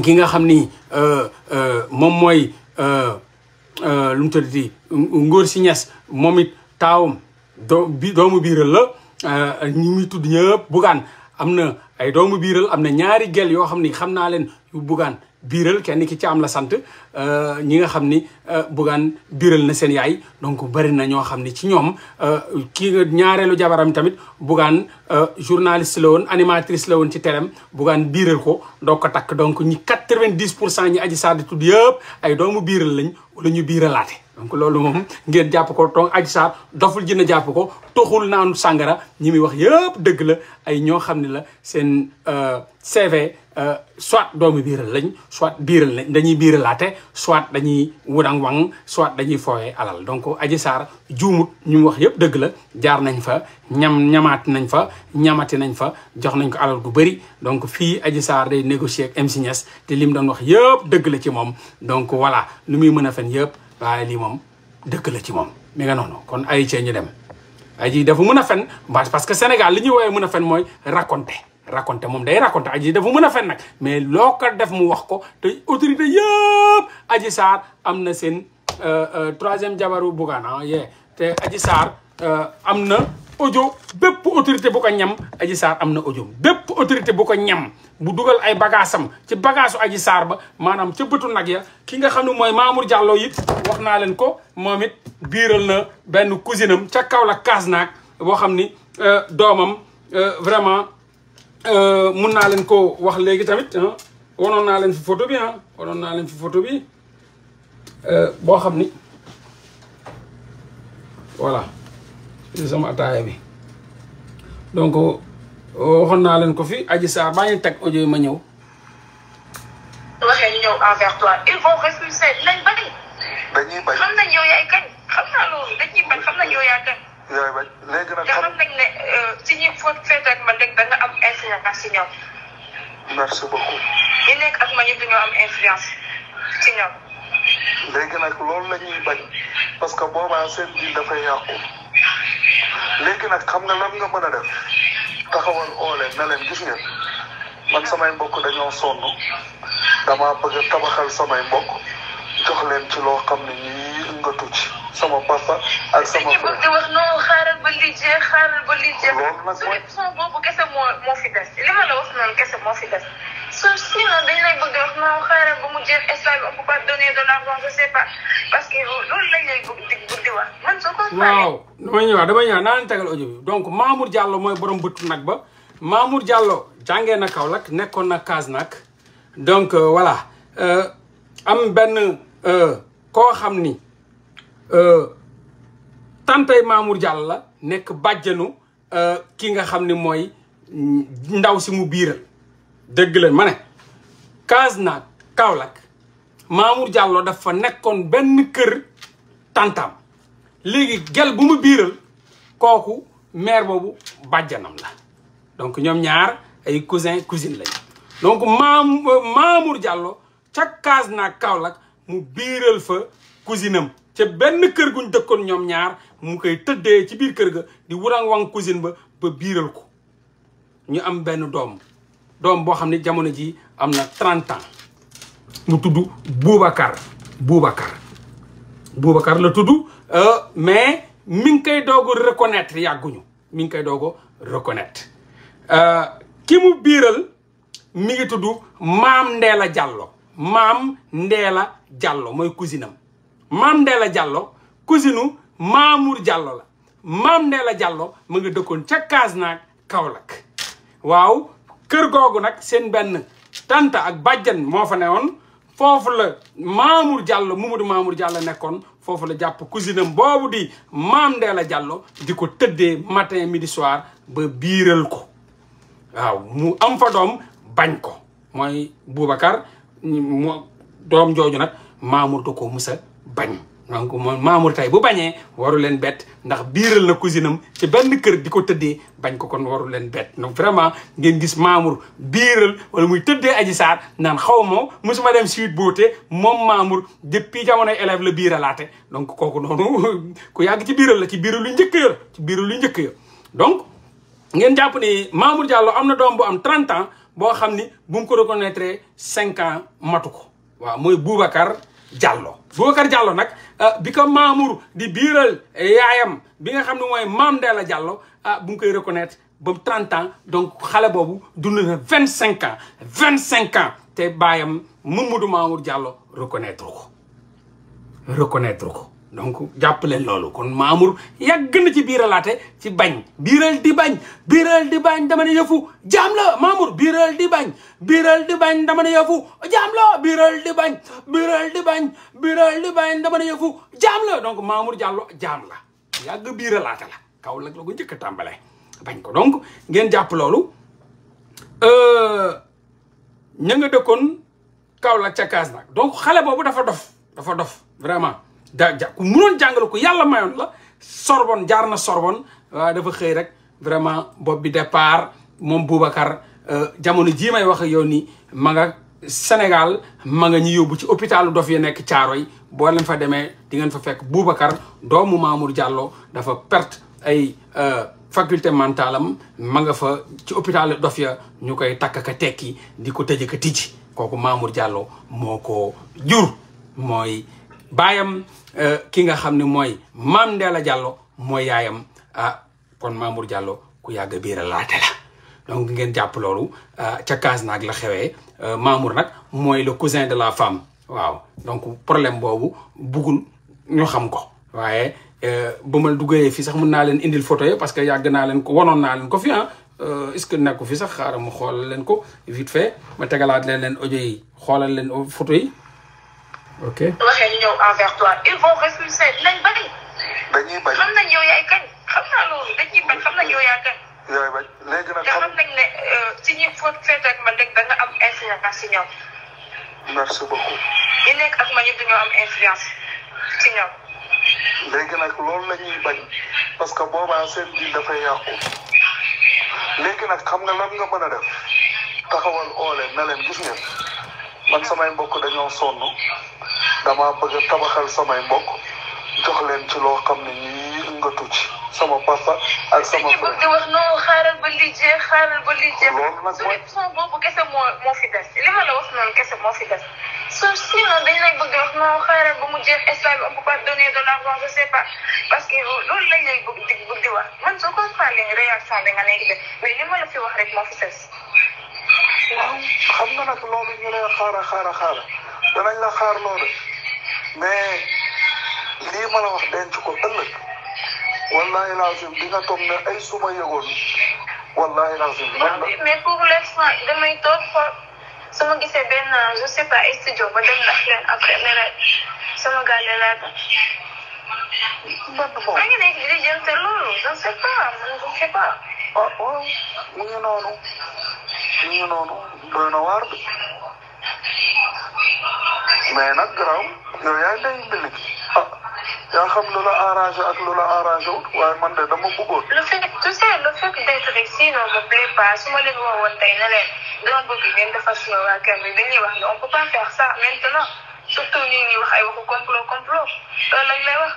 ki nga xam ni euh, euh, moom mooy euh, lu mu tëdd di ngóor si moom it taawam doo bi doomu biiral la ñi muy tudd ñëpp bugaan am na ay doomu biiral am na ñaari gel yoo xam ni xam naa leen yu bugaan biiral kenn ki ci am la sant euh, ñi nga xam ni euh, bugaan biiral na seen yaay donc bari na ñoo xam ni ci ñoom euh, kii ñaareelu jabaram tamit bugaan journaliste la woon animatrice la woon ci telem bugaan biiral ko doo ko takk donc ñi quatre-vingt-dix pour cent ñi aji saar di tudd yëpp ay doomu biiral lañ wala ñu biiralaate donc loolu moom ngeen jàpp ko donc Adji Sarr doful jina jàpp ko toxul naanu sàngara ñi muy wax yëpp dëgg la ay ñoo xam ne la seen euh, CV euh, soit doomu biiral lañ soit biiral lañ dañuy biiralaate soit dañuy wudang wang soit dañuy fooye alal donc Adji Sarr juumut ñu mu wax yëpp dëgg la jaar nañ fa ñam ñamaat nañ fa ñamati nañ fa jox nañ ko alal gu bëri donc fii Adji Sarr day négocier ak MC te li mu doon wax yëpp dëgg la ci moom donc voilà lu muy mën a fen yëpp waaye lii moom dëkk la ci moom mi nga noonu kon ay cee ñu dem aji dafa mën a fen parce que Sénégal li ñuy woowee mën a fen mooy raconter raconter moom day raconter aji dafa mën a fen nag mais loo ko def mu wax ko te autorité yëpp aji Sarr am na seen euh, euh, troisième jabaru Bougane ah yee te aji Sarr euh, am na audio bépp autorité bu ko ñam aji saar am na audio bépp autorité bu ko ñam bu dugal ay bagaasam ci bagaasu aji saar ba maanaam ca bëtu nag ya ki nga xam ne mooy Mamour Diallo it wax naa leen ko moom it biiral na benn cousine am ca kaw la kaas naag boo xam ni euh, doomam euh, vraiment euh, mun naa leen ko wax léegi tamit ah, wanoon naa leen fi photo bi ah naa leen fi photo boo xam ni voilà sama ataaya bi donc waxoon naa leen ko fi Adji Sarr baa ngi teg audio yi ma ñëw. waxee ñu ñëw envers toi ils vont refuser nañ bañ. dañuy bañ xam nañ nañ ne euh, si ñi faut rek da nga am influence si ñoom. am influence si ñoom. nag loolu la bañ parce que boobaa seen biir dafay yàqu. léegi nag xam nga lan nga mën a def taxawal oole ne leen gis ngeen man samay mbokk dañoo sonn dama bëgg tabaxal samay mbokk jox leen ci loo xam ne ñii ngatu ci sama papa ak sama frère. di noonu xaaral ba li xaaral ba li jeex. kese moo moo li ma la wax noonu kese moo fi sauf sinon dañ lay wax dama ñëwaat dama ñëwaat naa leen tegal audio donc Mamour Diallo mooy borom bëtu nag ba Mamour Diallo jàngee na Kaolack nekkoon na nag donc euh, voilà euh, am benn euh, koo xam ni tantay Mamour Diallo la nekk bàjjanu ki nga xam ni mooy mm, ndaw si mu biiral. dëgg la ma ne Kasnack Kaolack Mamour Diallo dafa nekkoon benn kër tantam léegi gel bu mu biiral kooku maire boobu bàjjanam la donc ñoom ñaar ay cousin cousine lañ donc maam Mamour Diallo ca Kasnack Kaolack mu biiral fa cousinam ca benn kër guñ dëkkoon ñoom ñaar mu koy tëddee ci biir kër ga di wurang wang cousine ba ba biiral ko ñu am benn doom doom boo xam ne jamono ji am na 30 mu tudd Boubacar Boubacar Boubacar la tudd euh, mais mi ngi koy doogu reconnaître yàgguñu mi ngi koy doogu reconnaître euh, ki mu biiral mi ngi tudd maam Ndeela Diallo maam Ndeela Diallo mooy cousinam maam Ndeela Diallo cousinu Mamour Diallo la maam Ndeela Diallo mu ngi dëkkoon ca Kasnack Kaolack waaw kër googu nag seen benn tante ak bàjjan moo fa newoon foofu la Mamour Diallo Mamadou Mamour Diallo nekkoon foofu la jàpp cousine am boobu di Mame Ndella Diallo di ko tëddee matin midi soir ba biiral ko waaw mu am fa doom bañ ko mooy Boubacar doom jooju nag Mamour da ko musa bañ donc moom Mamour tey bu bañee waru leen bett ndax biiral na cousine am ci benn kër di ko tëddee bañ ko kon waru leen bett donc vraiment ngeen gis Mamour biiral wala muy tëddee aji Sarr naan xaw ma mosuma dem suite boote moom Mamour depuis jamonoy élève la biiralaate donc kooku noonu ku yàgg ci biiral la ci biiral lu njëkk ya ci biiral lu njëkk donc ngeen jàpp ni Mamour Diallo am na doom bu am 30 ans boo xam ni bu mu ko reconnaître cinq ans matu ko waaw mooy Boubacar Diallo Boubacar Diallo nag euh, bi ko Mamour di biiral yaayam bi nga xam ne mooy Mame Ndella Diallo ah bu ngi koy reconnaître ba mu donc xale boobu dund na 25 ans 25 ans te baayam Mamadou Mamour Diallo reconnaître ko reconnaître ko. donc jàpp leen loolu kon Mamour yàgg na ci biiralaate ci bañ biiral di bañ biiral di bañ dama ne yëfu jaam la Mamour biiral di bañ biiral di bañ dama ne yëfu jaam la biiral di bañ biiral di bañ biiral di bañ dama ne yëfu jaam la donc Mamour Diallo jaam la yàgg biiralaate la kaw lag la ko njëkk a tàmbalee bañ ko donc ngeen jàpp loolu euh, ña nga dëkkoon kaw lag ca kaas nag donc xale boobu dafa dof dafa dof vraiment da ja ku mënoon jàngale ko yàlla mayoon la Sorbonne jaar na sorbon waa dafa xëy rek vraiment bopp bi départ moom Boubacar euh, jamono jii may wax ak yow nii ma Sénégal ma nga ñu yóbbu ci hôpitalu dof ya nekk Caaroy boo leen fa demee di ngeen fa fekk Boubacar doomu Mamour jàlloo dafa perte ay euh, faculté mentale am ma nga fa ci hôpital dof ya ñu koy takk ka tekki di ko tëj ka tijji kooku Mamour Diallo moo ko jur mooy baayam Euh, ki nga xam ne mooy Mame Ndella Diallo mooy yaayam ah kon Mamour Diallo ku yàgg biir laate la donc ngeen jàpp loolu ah, ca kaas naag la xewee euh, Mamour nag mooy le cousin de la femme waaw donc problème boobu buggul ñu xam ko waaye euh, ba ma duggee fii sax mun naa leen indil photo yi parce que yàgg naa leen ko wanoon naa leen ko fi ah est-ce que nekku fi sax xaaral ma xoolal leen ko vite fait ma tegalaat leen leen audio xoolal leen photo yi ok waxee ñu ñëw envers toi ils vont refuser dinañ bañ. dañuy bañ xam nañ yow yaay kañ xam naa loolu dañuy bañ xam nañ yow yaa kañ. yooyu bañ léegi nag xam nañ ne si euh, ñi foog feete ak man rek da nga am influence si ñoom. merci beaucoup. ñi nekk ak man yëpp dañoo am influence si ñoom. léegi nag loolu la ñuy bañ parce que boobaa seen biir dafay yàqu léegi nag xam nga lan nga mën a def taxawal oole na leen gis ngeen man samay mbokk dañoo sonn. dama bëgg a tabaxal samay mbokk jox leen ci loo xam ne ñii yëngatu ci sama papa ak sama frère. di wax noonu xaaral ba li jeex xaaral ba li jeex. loolu nag mooy solution boobu kese moo moo fi des li ma la wax noonu kese xaaral ba mu jeex instant bi on peut pas donner de l'argent je sais pas parce que loolu lañ lay bëgg di bëgg di wax man soo comprendre réaction bi nga nekk de mais li ma fi wax rek moo fi des. waaw ah, xam nga nag loolu ñu lay xaara xaara xaara. danañ la xaar loolu mais lii ma la wax ko ëllëg wallahi lazim di nga toog ne ay suma yëgoon wallahi lazim. man la mais pour l'instant damay benn je sais pas studio après mais nag sama gàll laa ko. maa ngi nekk di jëm te loolu je ne sais pas je ne sais pas. ah waaw ah, mu ngi mais nag garaaw yow yaay ndey mbili ah yaa xam lu la arrangé ak lu la arrangé wut waaye man de dama bëggoon. le fait tu sais le fait d'être ici ne me plaît pas su ma leen woowoon tey ne leen dama bëgg ngeen defar suñu waa kër bi dañuy wax ne on peut pas faire ça maintenant surtout ñu ngi wax ay complot complot loolu lañ lay wax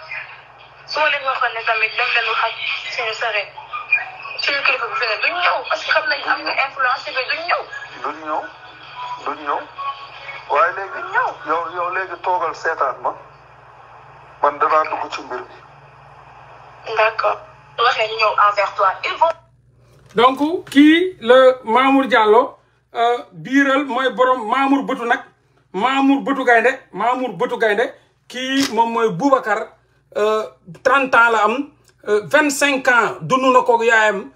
su ma leen waxoon ne tamit dem leen wax ak suñu sareen suñu kilifa bi fi ne duñ ñëw parce que xam nañ am na influence bi duñ ñëw waaye léegi ñëw yow yow léegi toogal seetaan ma man danaa dugg ci mbir mi. d'accord waxee ñëw envers toi il faut. donc kii la Mamour Diallo euh, biiral mooy borom Mamour Bëtu nag Mamour Bëtu gaynde Mamour Bëtu gaynde kii moom mooy Boubacar 30 euh, la am 25 euh, ans dund na koog yaayam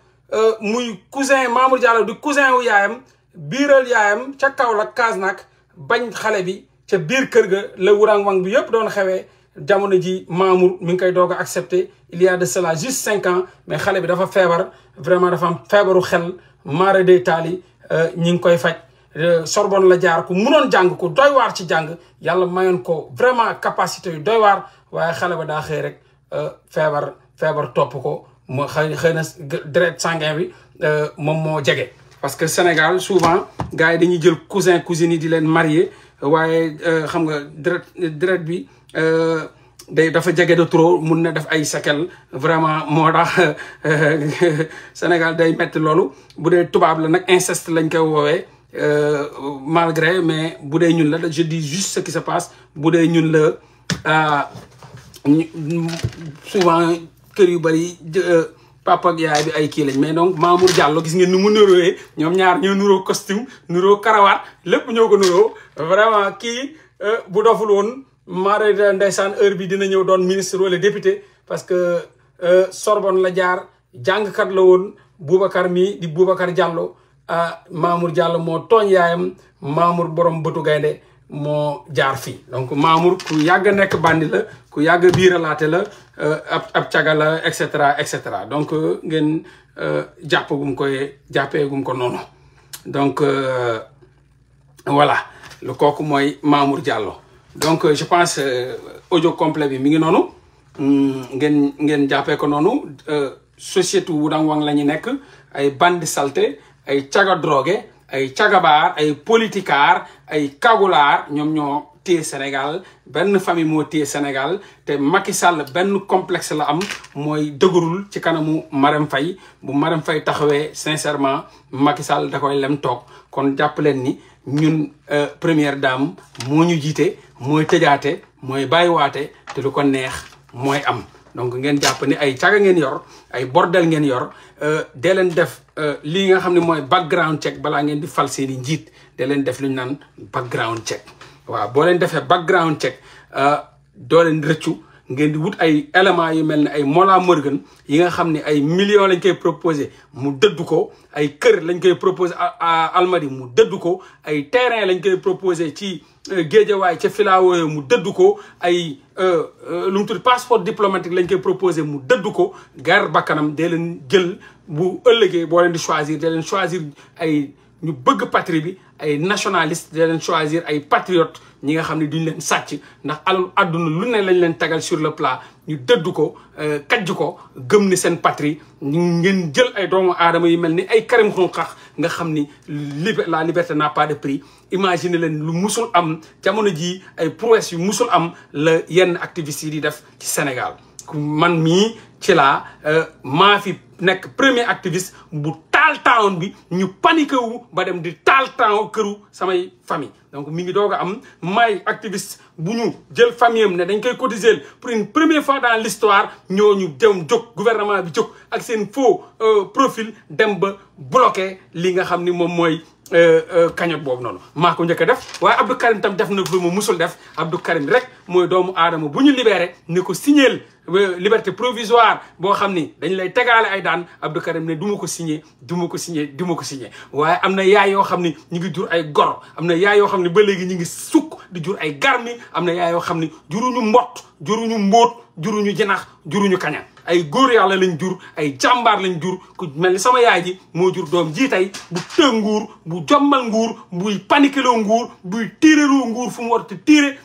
muy cousin Mamour Diallo di cousin wu yaayam. biiral yaayam ca Kaolack Kasnack bañ xale bi ca biir kër ga la wurang wang bi yëpp doon xewe jamono ji Mamour mi ngi koy doog a accepté il y de cela juste cinq ans mais xale bi dafa feebar vraiment dafa am feebaru xel mara day taali euh, ñi ngi koy faj euh, sorbon la jaar ku munoon jàng ku doy waar ci jàng yàlla mayoon ko vraiment capacité yu doy waar waaye xale ba daa xëy rek euh, feebar feebar topp ko mu xëy xëy na deret moom moo jege. parce que Sénégal souvent gars dañuy jël cousin cousine des di euh, xam nga direct bi euh, trop na def ay vraiment euh, Sénégal metti la malgré mais ñun je dis juste ce qui se passe boudé ñun souvent yu papa ak yaay bi ay kii lañ mais donc Mamour Diallo gis ngeen ni mu nuróowee ñoom ñaar ñoo nuróo costume nuróo karawaat lépp ñëw ko nuróo vraiment kii euh, bu doful woon mara ndeysaan heure bi dina ñëw doon ministre wala député parce que euh, Sorbonne la jaar jàngkat la woon Boubacar mii di Boubacar Diallo ah Mamour Diallo moo tooñ yaayam Mamour borom bëtu gaynde moo jaar fii donc Mamour ku yàgg nekk bandi la ku yàgg biiralaate la Euh, ab ab cagala et cetera et cetera donc euh, ngeen euh, jàpp gum koy jàppee gum ko noonu donc voilà lu kooku mooy Mamour Diallo donc je pense audio complet bi mi ngi noonu hmm, ngeen ngeen jàppee ko noonu société wu dang wang la ñu nekk ay bandi salté ay caga drogué ay cagabaar ay politikaar ay kagulaar ñoom ñoo téye Sénégal benn famille moo téye Sénégal te Macky Sall benn complexe la am mooy dëgërul ci kanamu Marème Faye bu Marème Faye taxawee sincèrement Macky Sall da koy lem toog kon jàpp leen ni ñun euh, première dame moo ñu jiite mooy tëjaate mooy bàyyiwaate te lu ko neex mooy am donc ngeen jàpp ni ay caga ngeen yor ay bordel ngeen yor euh, dee leen def euh, lii nga xam ne mooy background check balaa ngeen di fal seeni njiit dee leen def lu ñu naan background check waaw boo leen defee background check euh, doo leen rëccu ngeen di wut ay éléments yu mel ni ay Mollah Morgun yi nga xam ni ay million lañ koy proposé mu dëdd ko ay kër lañ koy proposé à Almadi mu dëdd ko ay terrain lañ koy proposé ci euh, Géejawaay ca Filaawo mu dëdd ko ay euh, lu mu tudd passeport diplomatique lañ koy proposé mu dëdd ko gar bakkanam dee leen jël bu ëllëgee boo leen di choisir dee leen choisir ay ñu bëgg patrie bi ay nationaliste da leen choisir ay patriote ñi nga xam ne duñ leen sàcc ndax alal àdduna lu ne lañ leen tagal sur le plat ñu dëdd ko euh, kajj ko gëm ni seen patrie ñu ngeen jël ay doomu aadama yu mel ni ay Karim xrum nga xam ni la liberté n'a pas de prix imagine leen lu musul am jamono jii ay prouesse yu musul am la yenn activistes yi di def ci Sénégal man mii ci laa euh, maa fi nekk premier activiste bu taal town bi ñu paniqué wu ba dem di taal town këru samay famille donc mi ngi doog a am may activiste bu ñu jël famille am ne dañ koy cotiser pour une fois fois dans l'histoire ñu dem jóg guvernement bi jóg ak seen faux euh, profil dem ba bloqué li nga xam ni moom mooy euh, euh, cagnotte boobu noonu maa ko njëkk def waaye Abdou Karim tam def na lu ma musul def Abdou Karim rek mooy doomu aadama bu ñu libéré ne ko signéel euh, liberté provisoire boo xam ni dañ lay tegaale ay daan Abdou Karim ne duma ko signé du ko siñee du ko signé waaye am na yaay yoo xam ni ñu ngi jur ay goro am na yaay yoo xam ne ba léegi ñu ngi sukk di jur ay garmi am na yaay yoo xam ni juruñu mbott juruñu mbóot juruñu jinax juruñu kaña ay góor yàlla lañ jur ay jàmbaar lañ jur ku mel ni sama yaay ji moo jur doom jii tey bu tënk nguur bu jommal nguur buy panikeloo nguur buy tiireloo nguur fu mu war te tiire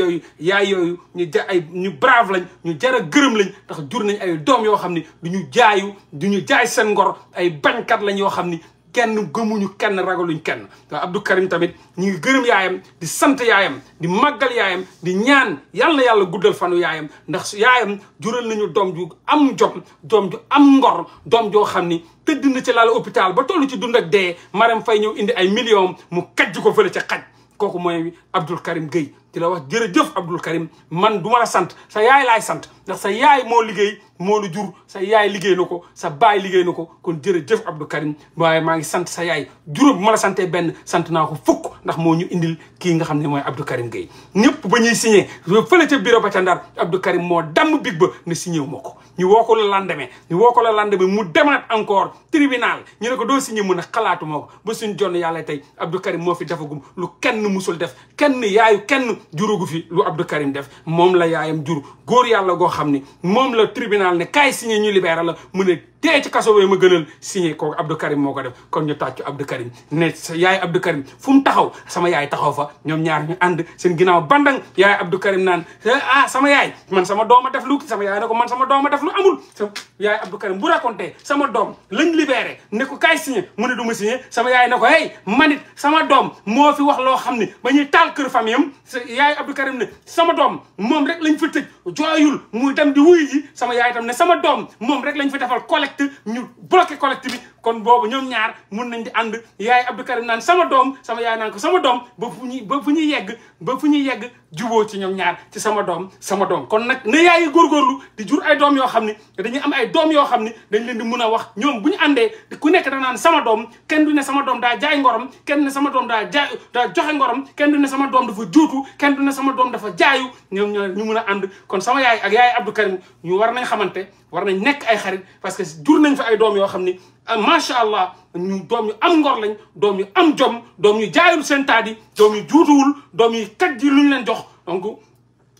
jooyu yaay yooyu ñu ja ay ñu brave lañ ñu jar a gërëm lañ ndax jur nañ ay doom yoo xam ni du jaayu du ñu jaay seen ngor ay bañkat lañ yoo xam ni kenn gëmuñu kenn ragaluñ kenn waaw Abdou Karim tamit ñu ngi gërëm yaayam di sant yaayam di màggal yaayam di ñaan yàlla na yàlla guddal fanu yaayam ndax yaayam jural nañu doom ju am jom doom ju am ngor doom joo xam ni tëdd na ci laal hôpital ba tollu ci dunda ak dee Marème Faye ñëw indi ay million mu kajj ko fële ca xaj kooku mooy Abdou Karim Gueye di la wax jërëjëf Abdul Karim man du ma la sant sa yaay laay sant ndax sa yaay moo liggéey moo lu jur sa yaay liggéey na ko sa baay liggéey na ko kon jërëjëf Abdul Karim waaye maa ngi sant sa yaay juróom bu ma la santee benn sant naa ko fukk ndax moo ñu indil kii nga xam ne mooy Abdou Karim Gueye ñëpp ba ñuy signé fële ca bureau ba ca Ndar Abdou Karim moo damm big ba ne signé ñëw ma ko ñu woo ko la lendemain ñu woo ko la lendemain mu demaat encore tribunal ñu ne ko doo signé mu ne xalaatu moo ko ba suñ jonn yàlla tey Abdou Karim moo fi defagum lu kenn musul def kenn yaayu kenn jurugu fi lu Abdou Karim def moom la yaayam jur góor yàlla goo xam ni moom la tribunal ne kaay signé ñu libéral la mu ne dee ci kaso bee ma gënal signé ko Abdou Karim moo ko def kon ñu tàccu Abdou Karim ne sa yaay Abdou Karim fu mu taxaw sama yaay taxaw fa ñoom ñaar ñu ànd seen ginnaaw bandang yaay Abdou Karim naan eh, ah sama yaay man sama dooma def lu sama yaay ne ko man sama dooma def lu amul sama yaay Abdou bu raconté sama doom lañ libéré ne ko kaay signé mu ne du ma signé sama yaay ne ko hey manit sama doom moo fi wax loo xam ne ba ñuy taal kër famille am yaay Abdou Karim ne sama doom moom rek lañ fa tëj jooyul muy dem di wuyu ji sama yaay tam ne sama doom moom rek lañ fi defal collecte ñu bloqué collecte bi kon boobu ñoom ñaar mun nañ di ànd yaay Abdou Karim naan sama doom sama yaay naan sama doom ba fu ñuy ba fu ñuy yegg ba fu ñuy yegg juboo ci ñoom ñaar ci sama doom sama doom kon nag na yaay yi góorgóorlu ay doom yoo xam ne dañuy am ay doom yoo xam ne dañ leen di a wax ñoom ñu àndee ku nekk da naan sama doom kenn du ne sama doom daa jaay ngorom kenn sama doom daa jaay daa joxe ngorom kenn ne sama doom dafa juutu kenn du ne sama doom dafa jaayu ñoom ñoo ñu mun a ànd kon sama yaay ak yaay Abdou Karim ñu war nañ xamante war nañ nekk ay xarit parce que jur nañ fa ay doom yoo xam ni Euh, macha allah ñu doom yu am ngor lañ doom yu am jom doom yu jaayul seen taat yi doom yu juutuwul doom yi teg ji lu ñu leen jox donc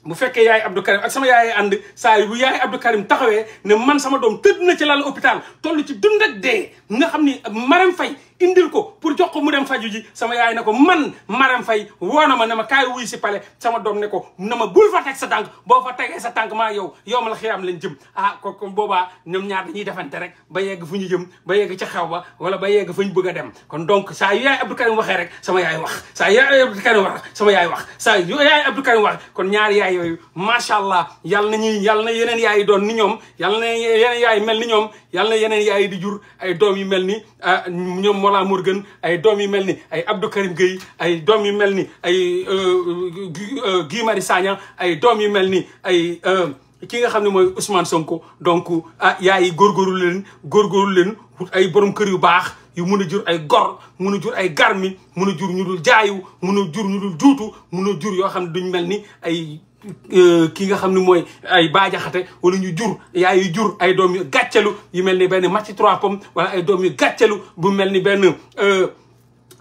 bu fekkee yaay Abdou Karim ak sama yaay ànd saa yi bu yaay Abdou Karim taxawee ne man sama doom tëdd na ci lal hôpital toll ci dund ak dee nga xam ni Marème fay indil ko pour jox ko mu dem faju ji sama yaay ne ko man Marème Faye woo na ma ne ma kaay wuy si pale sama doom ne ko na ma bul fa teg sa tànk boo fa tegee sa tànk maa yow yow ma la xiyaam lañ jëm ah ko kon boobaa ñoom ñaar dañuy defante rek ba yegg fu ñu jëm ba yegg ca xew ba wala ba yegg fa bëgg a dem kon donc saa yu yaay waxee rek sama yaay wax saa yu yaay sama yaay wax saa yu yaay Abdou Karim wax kon ñaari yaay yooyu macha allah yal na ñuy yal na yeneen yaay yi doon ni ñoom yal na yeneen yaay mel ni ñoom yal na yeneen yaay di jur ay doom yu mel ni ah, ñoom Mollah Morgun ay doom yu mel ni ay Abdou Karim Gueye ay doom yu mel ni ay euh, euh, Guy Marius Sagna ay doom yu mel ni ay euh, ki nga xam ne mooy Ousmane Sonko donc ah yaa yi góorgóorlu leen góorgóorlu leen ay borom kër yu baax yu mun a jur ay gor mun a jur ay garmi mun a jur ñu dul jaayu mun jur ñu dul juutu mun jur yoo xam ne duñ mel ni ay Euh, ki nga xam ni mooy ay baajaxate wala ñu jur yaay yu jur ay doom yu gàccelu yu mel ni benn mati trois pomme wala ay doom yu gàccelu bu mel ni benn euh,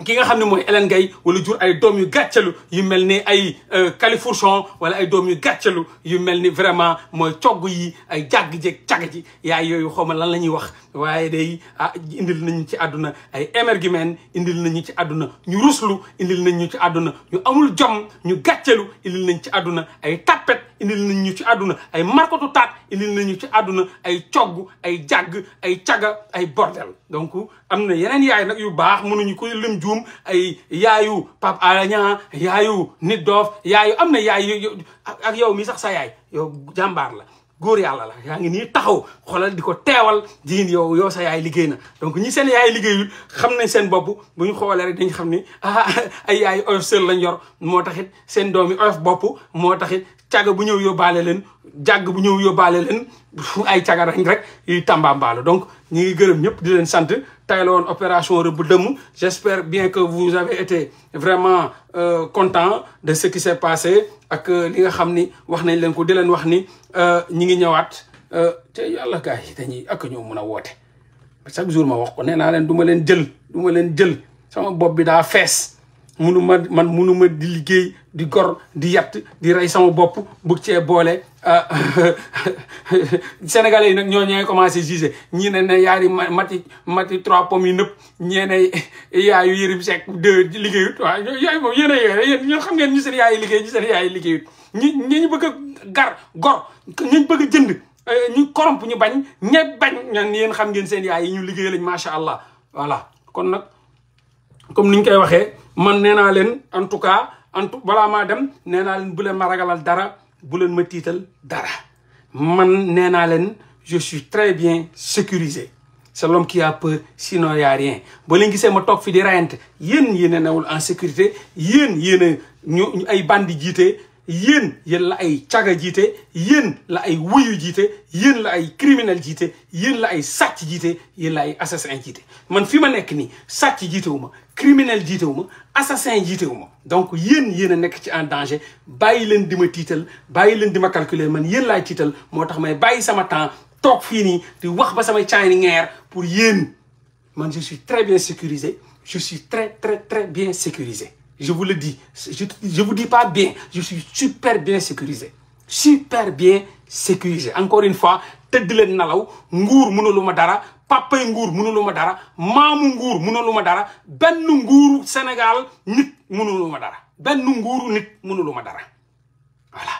ki nga xam ne mooy Hélène Gaye wala jur ay doom yu gàccalu yu mel ni ay Califourchon euh, wala ay doom yu gàccalu yu mel ni vraiment mooy cogg yi ay jàgg jeeg càgg ji yaay yooyu xaw ma lan la ñuy wax waaye dey ah indil nañu ci àdduna ay émergumène indil nañu ci àdduna ñu ruslu indil nañu ci àdduna ñu amul jom ñu gàccalu indil nañ ci àdduna ay tappet indil nañu ci àdduna ay markatu taat indil nañu ci àdduna ay cogg ay jàgg ay caga ay bordel donc am na yeneen yaay nag yu baax mun mënuñu koy lim juum ay yaayu Pape Alé yaayu nit doof yaayu am na yaay yu yow mi sax sa yaay yow jàmbaar la góor yàlla la yaa ngi nii taxaw xoolal di ko teewal jigéen yow yow sa yaay liggéey na donc ñi seen yaay liggéeyul xam nañ seen bopp bu ñu xoolee rek dañ xam ni ah ay yaay oyof sel lañ yor moo taxit seen doom yi oyof bopp moo taxit càgg bu ñëw yóbbaale leen jàgg bu ñëw yóbbaale leen ay cagarañ rek yuy tàmbaambaalu donc ñi ngi gërëm ñëpp di leen sant tey la woon opération rëbb dëmm j'espère bien que vous avez été vraiment euh, content de ce qui s'est passé ak euh, li nga xam ni wax nañ leen ko di leen wax ni euh, ñi ngi ñëwaat te yàlla ka yi dañuy ak ñoo mën a woote chaque jour ma wax ko nee naa leen duma leen jël du leen jël sama bopp bi daa fees munu ma man munu ma di liggéey di gor di yatt di rey sama bopp bëgg cee boole ah, sénégalais yi nag ñoo ñooy commencé jugé ñii ne ne yaari mati mati trois pommes yi nëpp ñee ne yaayu yërim sec deux liggéeyut waaw yooyu moom yéen a yéen xam ngeen ñu seen yaayu liggéey ñu seen yaayu liggéeyut ñi ñi ñu bëgg gar gor ñu bëgg a jënd eh, ñu koromp ñu bañ ñe bañ ñan yéen xam ngeen seen yaay yi ñu liggéey lañ macha allah voilà kon nag comme ni ñu koy waxee man nee naa leen en tout cas en tout maa dem nee naa leen bu ma ragalal dara bu leen ma tiital dara man nee naa leen je suis très bien sécurisé c'est l'homme qui a peur sinon y a rien ba leen gisee ma toog fi di rayante yéen yéen newul en sécurité yéen yéen a ñu ay bandi jiite yéen yéen la ay caga jiite yéen la ay wuyu jiite yéen la ay criminel jiite yéen la ay sàcc jiite yéen ay assassin jiite man fi ma nekk nii sàcc jiite wu ma criminel jiitewu assassin jiitewu donc y'en yéen a ci en danger bayi len dima ma bayi len dima calculer man yeen lay titel motax may bayi sama temps tok fini di wax ba sama caani pour y'en. man je suis très bien sécurisé je suis très très très bien sécurisé je vous le dis je je vous dis pas bien je suis super bien sécurisé super bien sécurisé encore une fois tëdd leen nalaw nguur mënuluma dara papay nguur mënuluma ma dara maamu nguur nguru dara benn nguuru Sénégal nit mënuluma dara benn nguuru nit mënuluma dara voilà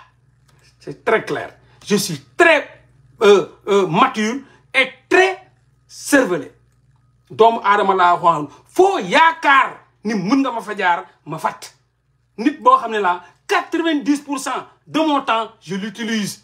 c'est très clair je suis très euh, euh, mature et très cervelé doomu aadama laa waxoon foo yaakaar ni mën nga ma fa jaar ma fat nit boo xam ne quatre pour cent de mon temps je l'utilise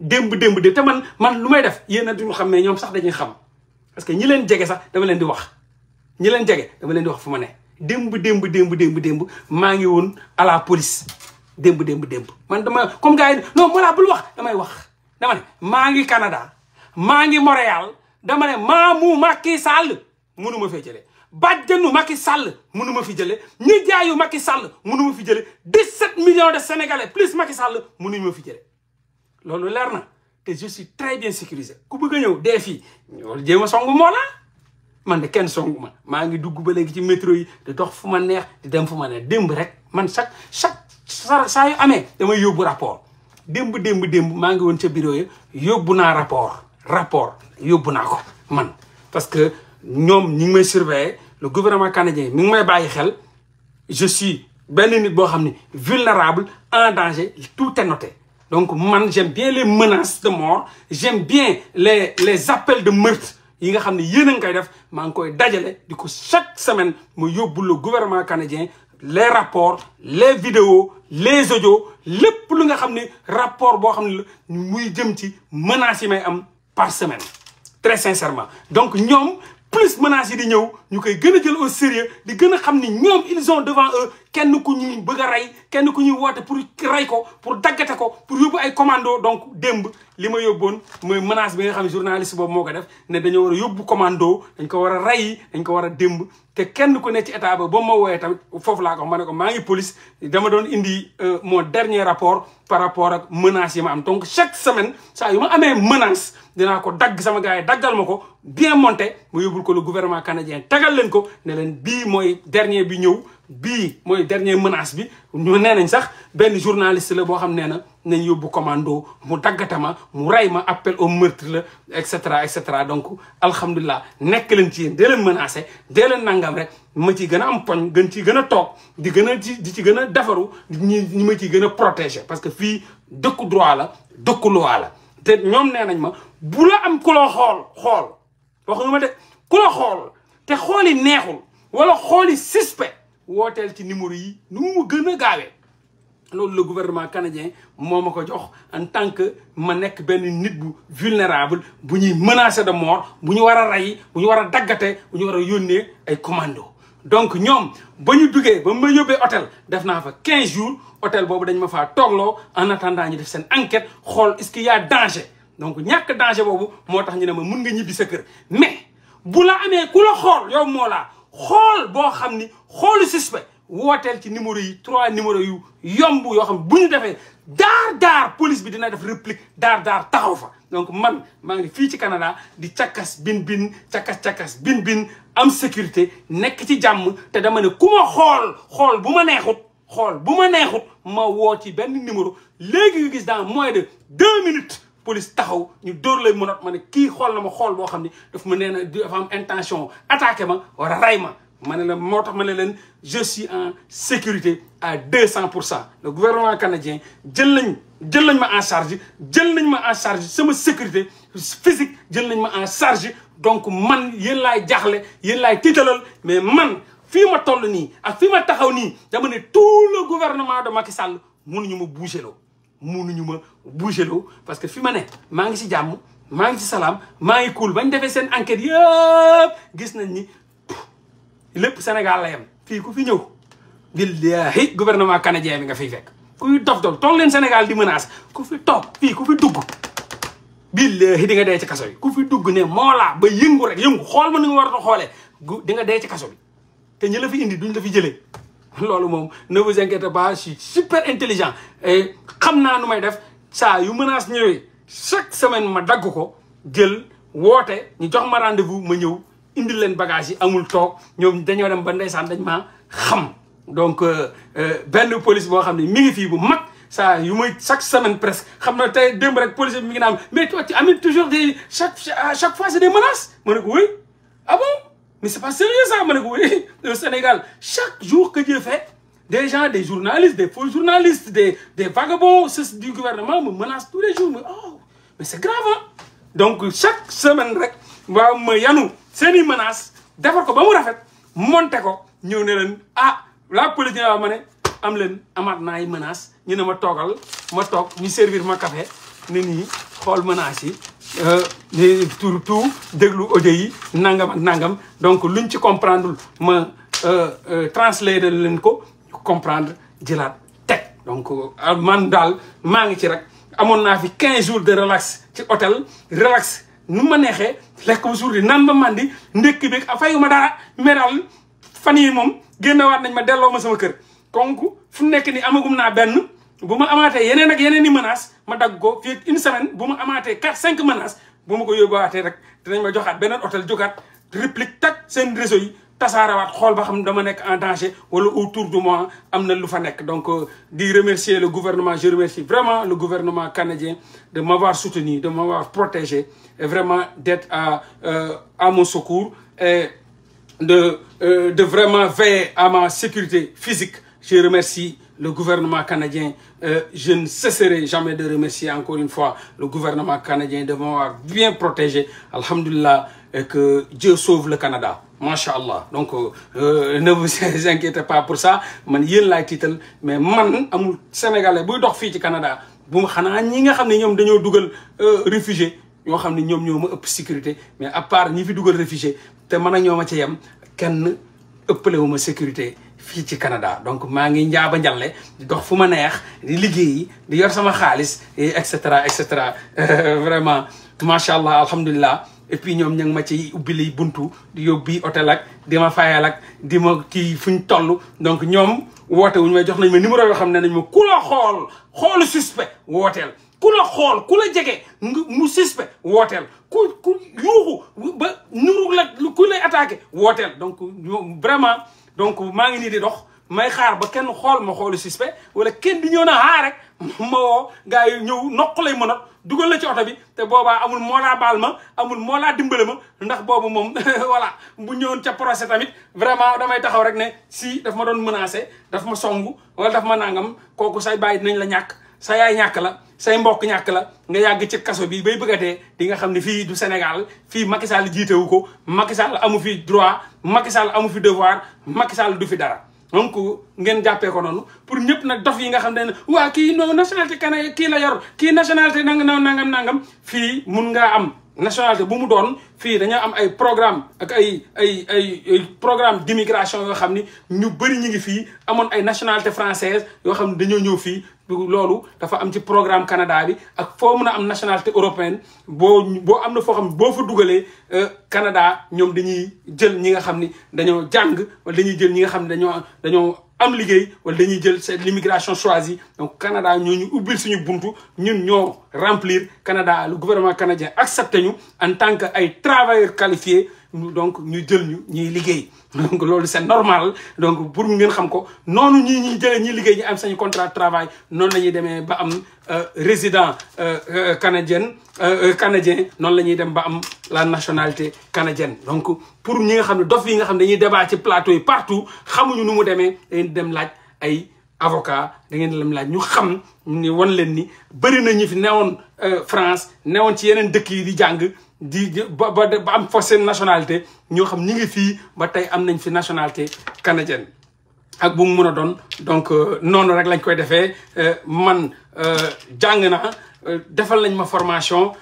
démb démb de te man man lu may def yéen a duñu xam ne ñoom sax dañuy xam parce que ñi leen jege sax dama leen di wax ñi leen jege dama leen di wax fu ma ne démb démb démb démb démb maa ngi woon à la police démb démb démb man dama comme gars yi non moo laa bul wax damay wax dama ne maa ngi Canada maa ngi Montréal dama ne ma maamu Macky Sall mënuma fee jëlee bàjjanu Macky Sall mënuma fi jëlee nijaayu Macky Sall mënuma fi jëlee 17 millions de sénégalais plus Macky Sall mënuñu ma fi jëlee lolu leer na te je suis très bien sécurisé ku bëgg ñëw dé fi ñoo jéem songu mo la man de kenn songu ma maa ngi dugg ba légui ci métro yi di dox fuma neex di dem fuma neex demb rek man sax sax sa yu amé dama yobbu rapport demb demb demb ma ngi won ci bureau yi ya, yobbu na rapport rapport yobbu naa ko man parce que ñom ñi ngi may surveiller le gouvernement canadien mi ngi may bàyyi xel je suis ben nit bo xamni vulnérable en danger tout est noté donc j'aime bien les menaces de mort j'aime bien les les appels de meurtre yi nga que def chaque semaine mu le gouvernement canadien les rapports les vidéos les audios les lu nga rapports, rapport menaces par semaine très sincèrement donc ñoom plus menaces de nous nous ñu au sérieux nous ils ont devant eux kenn ku ñuy bëgg a rey kenn ku ñuy woote pour rey ko pour daggate ko pour yóbbu ay commando donc démb li ma yóbboon mooy menace bi nga xam ne journaliste boobu moo ko def ne dañoo war a yóbbu commando dañ ko war a rey dañ ko war a démb te kenn ku ne ci état ba ba ma wooyee tamit foofu laa ko ma ne ko maa ngi police dama doon indi euh, mon dernier rapport par rapport ak menace yi ma am donc chaque semaine saa ma amee menace dinaa ko dagg sama gars yi daggal ma ko bien monté mu yóbbul ko le gouvernement canadien tagal leen ko ne leen bii mooy dernier bi ñëw bii mooy dernier menace bi ñu nee nañ sax benn journaliste la boo xam nee na nañ yóbbu commando mu ma mu rey ma appel au meurtre la et cetera et cetera donc alhamdulilah nekk leen ci yéen dee leen menacé dee leen nangam rek ma ci gën a am poñ gën ci gën a toog di gën a di ci gën a defaru ñi ñi ma ci gën a protégé parce que fii dëkku droit la dëkku loi la te ñoom nee nañ ma bu la am ku la xool xool waxuñu ma de ku la xool te xooli neexul wala xooli suspect wooteel ci numéro yi nu mu gën a gaawee loolu la gouvernement canadien moo ma ko jox en tant que ma nekk benn nit bu vulnérable bu ñuy menacé de mort bu ñu war a rey bu ñu war a daggate bu ñu war a yónnee ay commando donc ñoom ba ñu duggee ba mu ma yóbbee hôtel def naa fa 15 jours hôtel boobu dañ ma faa toogloo en attendant ñu def seen enquête xool est-ce qu'il y a danger donc ñàkk danger boobu moo tax ñu ne ma mun nga ñibbi sa kër mais bu la amee ku xool yow moo xool boo xam ni xoolu suspect wooteel ci numéro yi trois numéro yu yomb yoo xam bu ñu defee daar daar police bi dina def réplique daar daar taxaw fa donc man maa ngi fii ci Canada di cakkas bin bin cakkas cakkas bin bin am sécurité nekk ci jàmm te dama ne ku xool xool bu ma neexut xool bu ma neexut ma woo ci benn numéro léegi nga gis dans moins de deux minutes police taxaw ñu door lay mënat mané ki xol na ma xol bo xamni daf ma néna dafa am intention attaquer ma war ray ma mané ne la moo ma leen je suis en sécurité à 200%. le gouvernement canadien jël lañ jël lañ ma en charge jël lañ ma en charge sama sécurité physique jël lañ ma en charge donc man yeen lay jaxlé yeen lay tiitalal mais man fi ma toll ni ak fi ma taxaw ni dama né tout le gouvernement de Macky Sall mënuñu ma bouger lo, mënuñu ma bougé lo parce que fi ma ne maa ngi ci jamm ma ngi ci salam ma ngi cool bañ defee sen enquête yépp gis nañ ni lepp Sénégal la yam fi ku fi ñew billahi gouvernement canadien bi nga fek ku yu dof dof tok len Sénégal di menace ku fi top fi ku fi dugg billahi di nga dé ci kasso yi ku fi dugg né moo laa ba yëngu rek yëngu xol ma ni nga war a xolé di nga dé ci kasso bi té ñi la fi indi duñ la fi jëlé lolu mom ne vous inquiétez pas je suis super intelligent et xamna numay def ça, yu menace ñëwee chaque semaine ma dagg ko jël woté ñu jox ma rendez-vous ma ñëw indi leen bagage yi amul tok ñom un dem ba ndaysan dañ ma xam donc euh, euh, police bo mi ngi fi bu mak ça yu may chaque semaine presque xam na rek police mi ngi mais toi tu amènes toujours des chaque chaque fois c'est des menaces ma ko oui ah bon mais c'est pas sérieux ça Je ko oui au Sénégal chaque jour que Dieu fait des des journalistes, des faux journalistes, des, des vagabonds du gouvernement me menacent tous les jours. Mais, oh, mais c'est grave, Donc, chaque semaine, rek, waaw ma yanu seen defar ko ba mu rafet monté ko ñëw ne leen ah la politique waaw ma ne am leen amaat naa ay menaces ñu ne ma toogal ma toog ñu servir ma café ne nii xool menaces yi ni euh, tout déglu audio yi nangam nangam donc luñ ci comprendre ma euh, euh, translater leen ko comprendre jilaat teg donc a euh, man daal maa ngi ci rek amoon naa fi 15 jours de relax ci hôtel relax nu ma neexee lekk ba suur di naan ba màndi ndékk bi fayu ma dara meral fan yi moom génnewaat nañ ma delloo ma sama kër donc fu nekk ni amagum naa benn bu ma amaatee yeneen ak yeneen i menaces ma dagg ko fii une semaine bu ma amaatee 4 5 menaces bu ma ko yóbbuwaatee rek dinañ ma joxaat beneen hôtel jógaat réplique tak seen réseau yi tasarawat ba en danger autour de moi donc euh, di remercier le gouvernement je remercie vraiment le gouvernement canadien de m'avoir soutenu de m'avoir protégé et vraiment d'être à euh, à mon secours et de euh, de vraiment veiller à ma sécurité physique je remercie le gouvernement canadien je ne cesserai jamais de remercier encore une fois le gouvernement canadien de m'avoir bien protégé alhamdulillah et que Dieu sauve le Canada macha allah donc euh, euh, ne vous inquiétez pas pour ça man yel la titre, mais man amul sénégalais buy dox fi ci Canada bu ñi nga euh, réfugié ñoo ñoo ma ëpp sécurité mais à part ñi fi réfugié man ñoo ma sécurité Canada donc maa ngi njaaba njalle di dox fu neex di di sama et vraiment Masha allah et ñoom ña ngi ma ci ubbi liy buntu di yóbbi hôtel ak di ma fayal ak di ma kii fuñ toll donc ñoom woote wuñ may jox nañ ma numéro yoo xam ne nañ ma ku la xool xoolu suspect wooteel ku la xool ku la jege mu suspect wooteel ku ku yuuxu ba nuru la ku lay attaqué wooteel donc vraiment donc maa ngi nii di dox may xaar ba kenn xool ma xoolu suspect wala kenn di ñëw na haa rek moo woo gars yi ñëw noq lay mën a dugal la ci oto bi te boobaa amul moo laa baal ma amul moo laa dimbale ma ndax boobu moom voilà mu ñëwoon ca procès tamit vraiment damay taxaw rek ne si daf ma doon menacé daf ma songu wala daf ma nàngam kooku say bàyyi nañ la ñàkk sa yaay ñàkk la say mbokk ñàkk la nga yàgg ci kaso bi bay bëgg a dee nga xam ne fii du Sénégal fii Macky Sall jiitewu ko Macky amu fi droit Macky amu fi devoir Macky du fi dara donc ngeen jàppee noonu pour ñëpp nag dof yi nga xam ne waa kii non nationalité kan kii la yor kii nationalité nangam nangam nangam fii mun ngaa am nationalité bu mu doon fii dañoo am ay programme ak ay ay ay programme d'immigration yoo xam ni ñu bëri ñu ngi fii amoon ay nationalité française yoo xam ne dañoo ñëw fii loolu dafa am ci programme Canada bi ak foo mun a am nationalité européenne boo boo am na foo xam boo fa dugalee euh, Canada ñoom dañuy jël ñi nga xam ni dañoo jàng wala dañuy jël ñi nga xam ne dañoo dañoo am liggéey wala dañuy jël seen l'immigration choisie donc Canada ñoo ñu ubbil suñu buntu ñun ñoo remplir Canada le gouvernement canadien accepté ñu en tant que ay travailleurs qualifiés donc ñu jël ñu ñuy liggéey. donc loolu c'est normal donc pour ngeen xam ko noonu ñi ñuy jëlee ñi liggéey ñi am sañu contrat de travail noonu lañuy ñuy demee ba am euh, résident euh, euh, canadien canadien noonu la ñuy dem ba am la nationalité canadienne donc pour ñi nga xam ne dof yi nga xam ne dañuy débat ci plateau yi partout xamuñu nu mu demee dem laaj ay avocat da ngeen lam laaj ñu xam ni won leen ni bëri na ñu fi newoon France newoon ci yeneen dëkk yi di jàng di ba ba am fa seen nationalité ñoo xam ñi ngi fii ba tey am nañ fi nationalité canadienne ak bu mu mën a doon donc euh, noonu rek lañ koy defee euh, man euh, jàng na defal nañ ma formation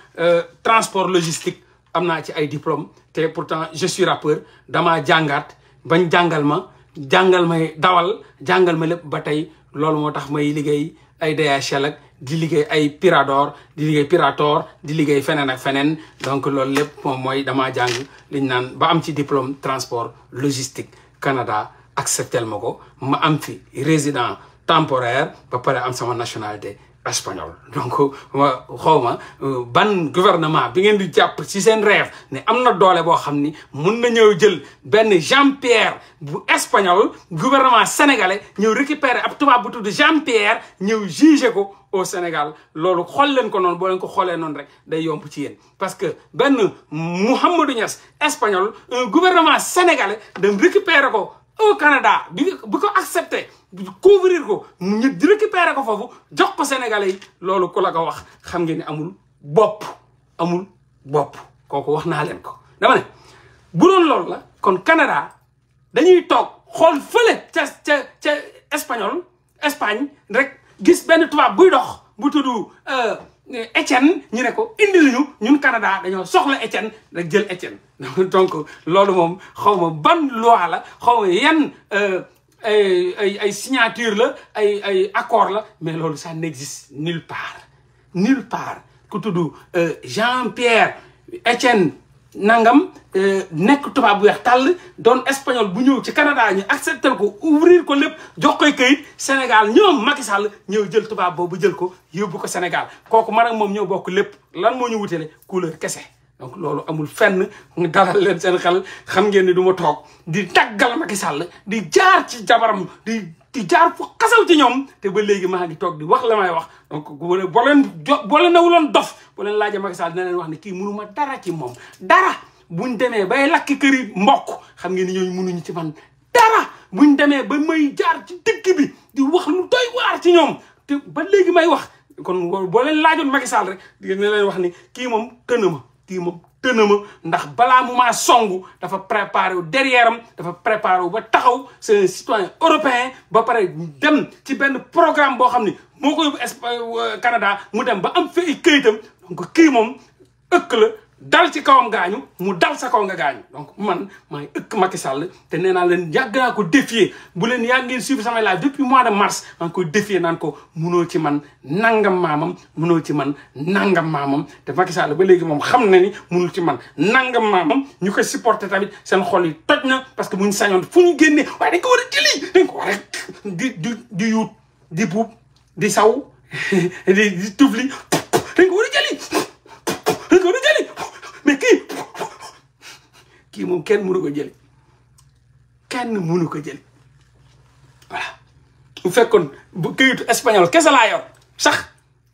transport logistique am naa ci ay diplôme te pourtant je suis rappeur damaa jàngaat bañ jàngal ma jàngal ma dawal jàngal ma lépp ba tey loolu moo tax may liggéey ay DHL ak di a ay Pirador di liggéey Pirator di liggéey fenen ak fenen donc loolu lepp moom mooy jang jàng li ba am ci diplôme transport logistique Canada acceptel ma ma am fi résident temporaire ba paré am sama nationalité espagnol donc xaw ma euh, ban gouvernement bi ngeen di jàpp si seen rêve ne am na doole boo xam ni mun na ñëw jël benn Jean Pierre bu espagnol gouvernement sénégalais ñëw récupérer ab tubaab bu tudd Jean Pierre ñëw jugé ko au Sénégal loolu xool leen ko noonu boo leen ko xoolee noonu rek day yomb ci yéen parce que benn Mouhamadou Niass espagnol un gouvernement sénégalais dem ko au Canada bi bi ko accepté couvrir ko ñu récupérer ko foofu jox ko Sénégalais yi loolu ku la ko wax xam ngeen ne amul bopp amul bopp kooku wax naa leen ko dama ne bu doon loolu la kon Canada dañuy toog xool fële ca ca ca espagnol Espagne rek gis benn tubaab buy dox bu tudd euh, Eh, Etienne ñu ne ko indil ñu ñun Canada dañoo soxla Etienne rek jël Etienne donc loolu moom xaw ma ban loi la xaw ma yan euh, ay ay signature la ay ay accord la mais loolu ça n'existe nulle part nulle part ku tudd euh, Jean Pierre Etienne nangam euh, nekk tubaab bu weex tàll doon espagnol bu ñëw ci Canada ñu accepté ko ouvrir ko lépp jox koy këyit Sénégal ñoom Macky Sall ñëw jël tubaab boobu jël ko yóbbu ko Sénégal kooku man ak moom ñoo bokk lépp lan moo ñu wutale couleur kese. donc loolu amul fenn nga dalal leen seen xel xam ngeen ni du ma toog di tàggal Macky Sall di jaar ci jabaram di. di jaar fu xasaw ci ñoom te ba léegi maa ngi toog di wax la may wax donc boo leen jo boo leen nawuloon dof boo leen laajee Macky Sall dina leen wax ne kii mënuma dara ci moom dara buñ demee bay lakk kër yi mbokk xam ngeen ni ñooñu mënuñu ci man dara buñ demee ba may jaar ci dëkk bi di wax lu doy ci ñoom te ba léegi may wax kon boo leen laajoon Macky Sall rek dina leen wax ni kii moom tëna ma kii moom dëna ma ndax balaa mu maa songu dafa préparé wu derrière dafa préparé wu ba taxaw c'est un citoyen ba pare dem ci benn programme boo xam ni moo ko yóbbu euh, Canada mu dem ba am fi ay këyitam donc kii moom ëkk la dal ci kawam gaañu mu dal sa kaw nga gaañu donc man maay ëkk Macky Sall te nee naa leen yàgg naa ko défier bu leen yàgg ngeen suivre samay live depuis mois de mars maa ngi koy naan ko munoo ci man nangam maamam munoo ci man nangam maamam te Macky ba léegi moom xam na ni munul ci man nangam maamam ñu koy supporter tamit seen xol yi toj na parce que buñ sañoon fu ñu génnee waaye dañ ko war a jëli dañ ko di di di saw di di tufli jëli dañ kii kii moom kenn mënu ko jëli kenn mënu ko jëli voilà bu fekkoon bu këyitu espagnol kese laa yor sax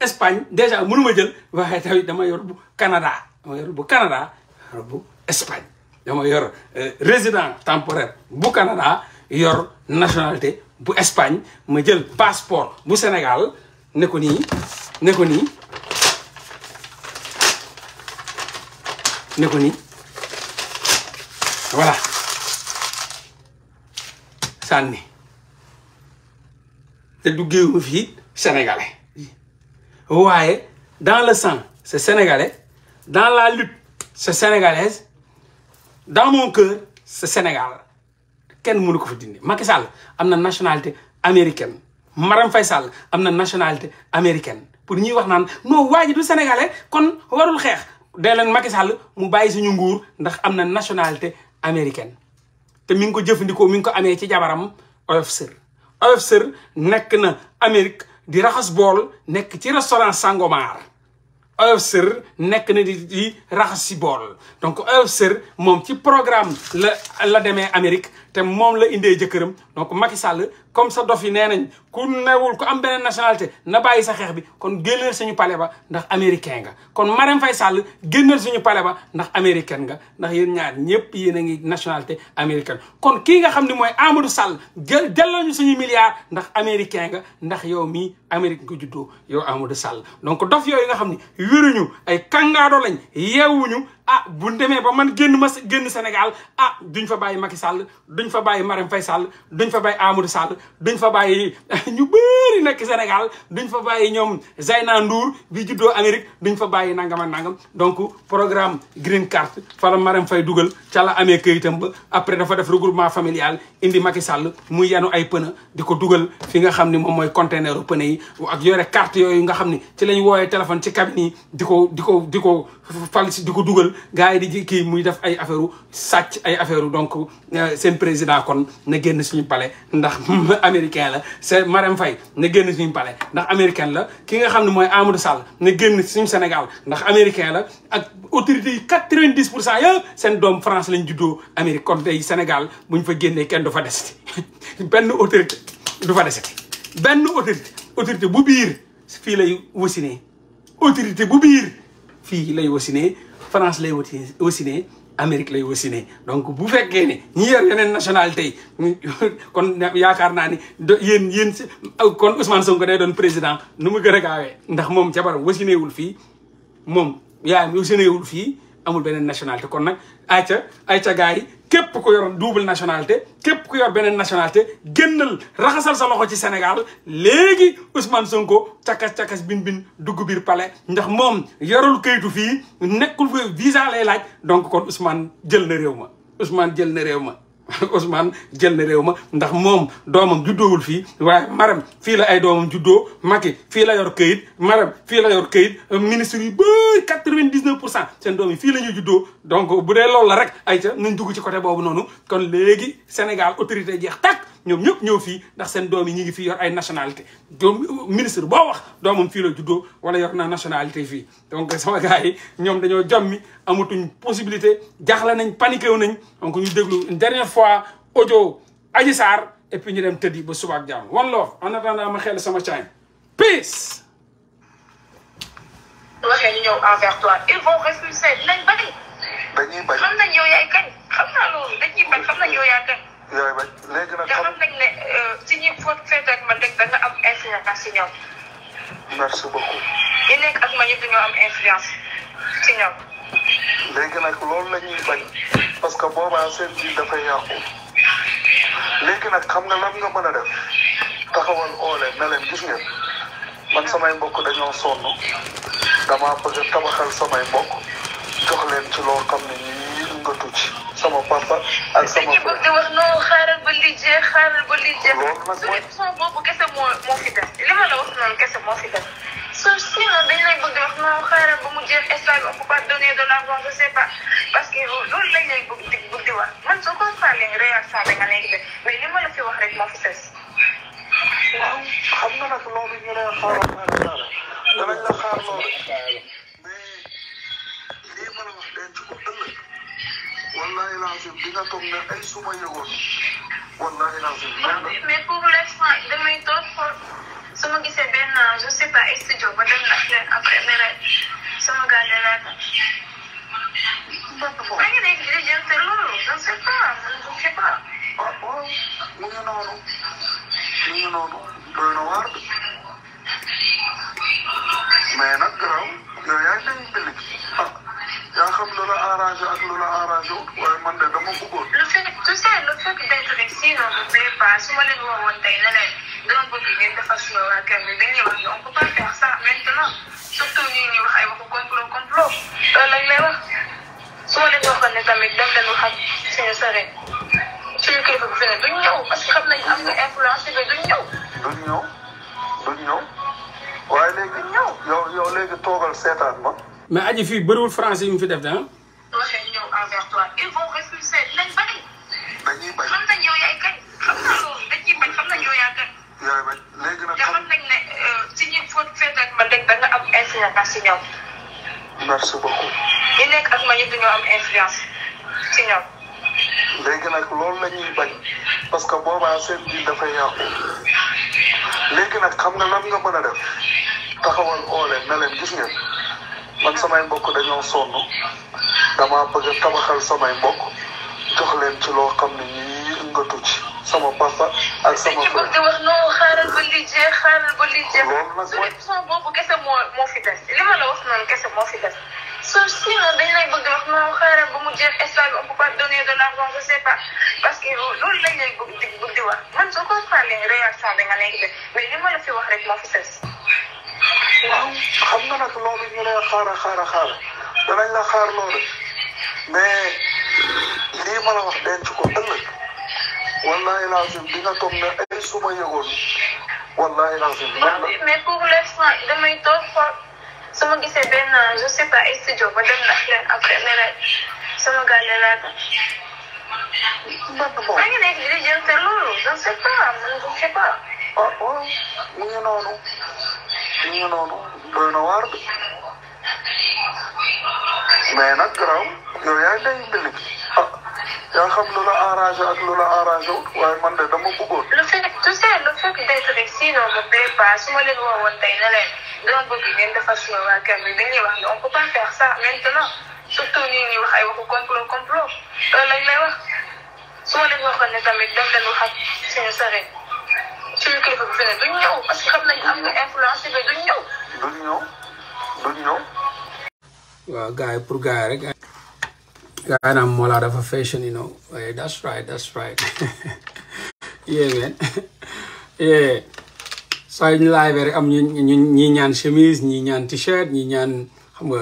Espagne déjà mënu ma jël waaye tamit dama yor bu Canada dama yor bu Canada yor bu Espagne dama yor euh, résident temporaire bu Canada yor nationalité bu Espagne ma jël passeport bu Sénégal ne nii ne nii ne ko ni voilà ni te duggeewuma sénégalais dans le sang c'est sénégalais dans la lutte c'est sénégalaise dans mon cœur c'est Sénégal Personne mënu ko vous dindi Macky Sall a une nationalité américaine Maram Faisal a une nationalité américaine pour nous, wax nous non waa du sénégalais dee leen Macky mu bàyyi suñu nguur ndax am na nationalité américaine te mi ngi ko jëfandikoo mi ngi ko amee ci jabaram oyof sër oyof sër nekk na Amérique di raxas bool nekk ci restaurant Sangomar oyof sër nekk na di raxas si bool donc oyof sër moom ci programme la la demee Amérique te moom la indee jëkkëram donc Macky Sall comme sa dof yi nee nañ ku newul ku am beneen nationalité na bàyyi sa xeex bi kon génneel suñu palais ba ndax américain nga kon Marème Faye Sall génneel suñu palais ndax américain nga ndax yéen ñaar ñëpp yéen a ngi nationalité américaine kon kii nga xam ne mooy Amadou Sall jël delloo ñu suñu milliard ndax américain nga ndax yow mii Amérique nga juddoo yow Amadou Sall donc dof yooyu nga xam ne wéruñu ay kangaado lañ yeewuñu ah bu ñu demee ba man génn ma génn Sénégal ah duñ fa bàyyi maki Sall duñ fa bàyyi Marème Faye Sall duñ fa bàyyi Amadou Sall duñ fa bàyyi ñu bëri nekk Sénégal duñ fa bàyyi ñoom Zeyna nduur bi juddoo Amérique duñ fa bàyyi nangam nangam donc programme Green Card fa la Marème Faye dugal ca la amee këyitam ba après dafa def regroupement familial indi maki sàll muy yanu ay pneu di ko dugal fi nga xam ne moom mooy conteneur pneu yi ak yore carte yooyu nga xam ne ci la ñu woowee téléphone ci cabine yi di ko di ko di ko fal si di ko dugal gars yi di ji muy def ay affaire sàcc ay affaire donc euh, seen président kon na génn suñu bale ndax américain la c'est Marème Faye na génn suñu palais ndax américain la ki nga xam ne mooy Amadou Sall na génn suñu Sénégal ndax américain la ak autorité yi quatre-vingt-dix pour cent yëpp seen doom France lañ juddoo Amérique kon tey Sénégal buñ fa génnee kenn du fa desati benn autorité du fa desati benn autorité autorité bu biir fii lay wasinee autorité bu biir fii lay wasinee France lay wati wasiné Amérique lay wasiné donc bu fekkee ne ñi yor yeneen nationalité kon yaakaar naa ni yéen yéen kon Ousmane Sonko day doon président nu mu gën a gaawee ndax moom jabaram wasiné wul fii moom yaayam wasiné wul fii amul beneen nationalité kon nag ayca ayca gars yi képp ko yor double nationalité képp ku yor beneen nationalité génnal raxasal sa loxo ci Sénégal léegi Ousmane Sonko cakas-cakas bin bin dugg biir palais ndax moom yorul kayitu fii nekkul fa visa lay laaj donc kon Ousmane jël na réew ma Ousmane jël na réew ma Ousmane jël na réew ma ndax moom doomam juddoowul fii waaye maram fii la ay doomam juddoo Macky fii la yor këyit maram fii la yor këyit ministre yi bëri quatre-vingt-dix-neuf pour cent seen doom yi fii la ñuy juddoo donc bu dee loolu la rek ay ca nañ dugg ci côté boobu noonu kon léegi Sénégal autorité jeex tàkk ñoom ñëpp ñëw fii ndax seen doom yi ñu ngi fii yor ay nationalité ministre boo wax doomam fii la juddoo wala yor naa nationalité fii donc sama gars yi ñoom dañoo jommi amatuñ possibilité jaaxle nañ paniqué wu nañ donc ñu déglu une dernière fois audio Adji Sarr et puis ñu dem tëddi ba suba ak jàmm one love en attendant ma xel sama caay peace waxee ñu ñëw envers toi ils vont refuser nañ bañ. dañuy bañ xam nañ yow yaay kañ xam naa loolu yaay kañ. yooyu ba léegi nag. xam nañ ne si euh, ñuy féete ak man rek da nga am si ñoom. merci beaucoup. ñi nekk man yëpp dañoo am influence si léegi nag loolu la ñuy bañ parce que boobaa seen ji dafay yàqu léegi nag xam nga lan nga mën a def taxawal oole na leen gis ngeen man samay mbokk dañoo sonn damaa bëgg a tabaxal samay mbokk jox leen ci loo ne ñii. yëngatu ci sama papa ak sama. dañuy bëgg di wax non xaaral ba li jeex xaaral ba li jeex. loolu nag mooy solution boobu kese moo moo li ma la wax noonu kese moo fi def. solution dañ lay bëgg di wax non xaaral ba mu jeex instant bi pas donner de l'argent je sais pas parce que loolu lañ lay wax man soo ko faalee réaction bi nga léegi de mais li wax rek moo fi des. waaw xam nga nag loolu ñu lay xaaral maa wax wallahi lazim di nga toog ne ay suma yëgoon wallahi lazim mais pour l'instant damay toog xool su ma gisee benn je sais pas studio ba dem na leen après mais nag sama gars de laaj maa ngi nekk di jënte loolu je sais pas je sais pas ah bon mu ngi noonu mu ngi noonu doy na waar mais nag garaaw yow yaa ngi leen bilig ah yaa xam lu la arrangé ak lu la arrangé wut waaye man de dama bëggoon. le fait tu sais le fait d'être rek sinon vous plaît pas su ma leen woowoon tey ne leen dama bëgg ngeen defar suñu waa kër bi dañuy wax ne on peut pas faire ça maintenant surtout ñii ñuy wax ay waxu complot complot loolu lañ lay wax su ma leen waxoon ne tamit dem leen wax ak suñu sëriñ suñu kër bu feneen duñ ñëw parce que xam nañ am nga influence bi duñ ñëw. duñ ñëw duñ ñëw waaye léegi. duñ ñëw yow yow léegi toogal seetaan ma. mais aji fii bëriwul français yi mu fi def de ah. waxee ñëw envers toi ils vont refuser nañ bañ. dañuy bañ xam nañ yow yaay kañ xam naa loolu dañuy bañ xam nañ yow yaa kañ. yaay bañ léegi nag xam nañ ne si ñi faut fekk ak man rek da nga am influence si ñoom. merci beaucoup. ñi nekk ak man it dañoo am influence si ñoom. léegi nag loolu la ñuy bañ parce que boobaa seen biir dafay yàqu léegi nag xam nga lan nga mën a def taxawal oo leen na leen gis ngeen. man samay mbokk dañoo sonn dama bëgg a tabaxal samay mbokk jox leen ci loo xam ne ñii ngatu sama papa ak sama. ci di wax non xaaral ba li jeex xaaral ba li jeex. loolu nag mooy solution boobu kese moo moo li ma la wax noonu kese moo fi des. soo sinon dañ lay bëgg wax non xaaral ba mu jeex instant bi on de l'argent je sais pas parce que loolu lañ lay bëgg di wax man soo ko xaaree réaction bi nga nekk mais li ma la fi wax rek moo fi waaw xam nga nag loolu ñu lay xaara xaara xaara danañ la xaar loolu mais lii ma la wax denc ko ëllëg wallahi lazim di nga toog ne ay suma yëgoon wallahi lazim. mais mais pour l'instant damay ma gisee benn je sais pas studio ba dem na après mais nag sama gàll laa ko. maa ngi nekk di jël te loolu je ne sais pas man ñu ngi noonu bi mais nag garaaw yow xam lu la arrangé ak lu la arrangé wul waaye man de dama bëggoon. lu fekk tu sais lu fekk d'être rek sinon mu plaît pas su ma leen woowoon tey ne leen dama bëgg ngeen defar suma waa kër bi dañuy wax ne on peut pas faire ça maintenant surtout ñu ngi wax ay waxu complot complot loolu lañ lay wax su ma leen waxoon ne tamit daf leen wax ak suñu Türkiye böyle dunya olması kabul edilmiyor. En Fransa böyle dunya. Dunya. Dunya. waaw gars yi pour gars yi rek gars yi naan Mollah dafa fashion you know yeah, that's right that's right yeah man yeah saa yu ñu live rek am ñu ñu ñi ñaan chemise ñi ñaan t-shirt ñi ñaan xam nga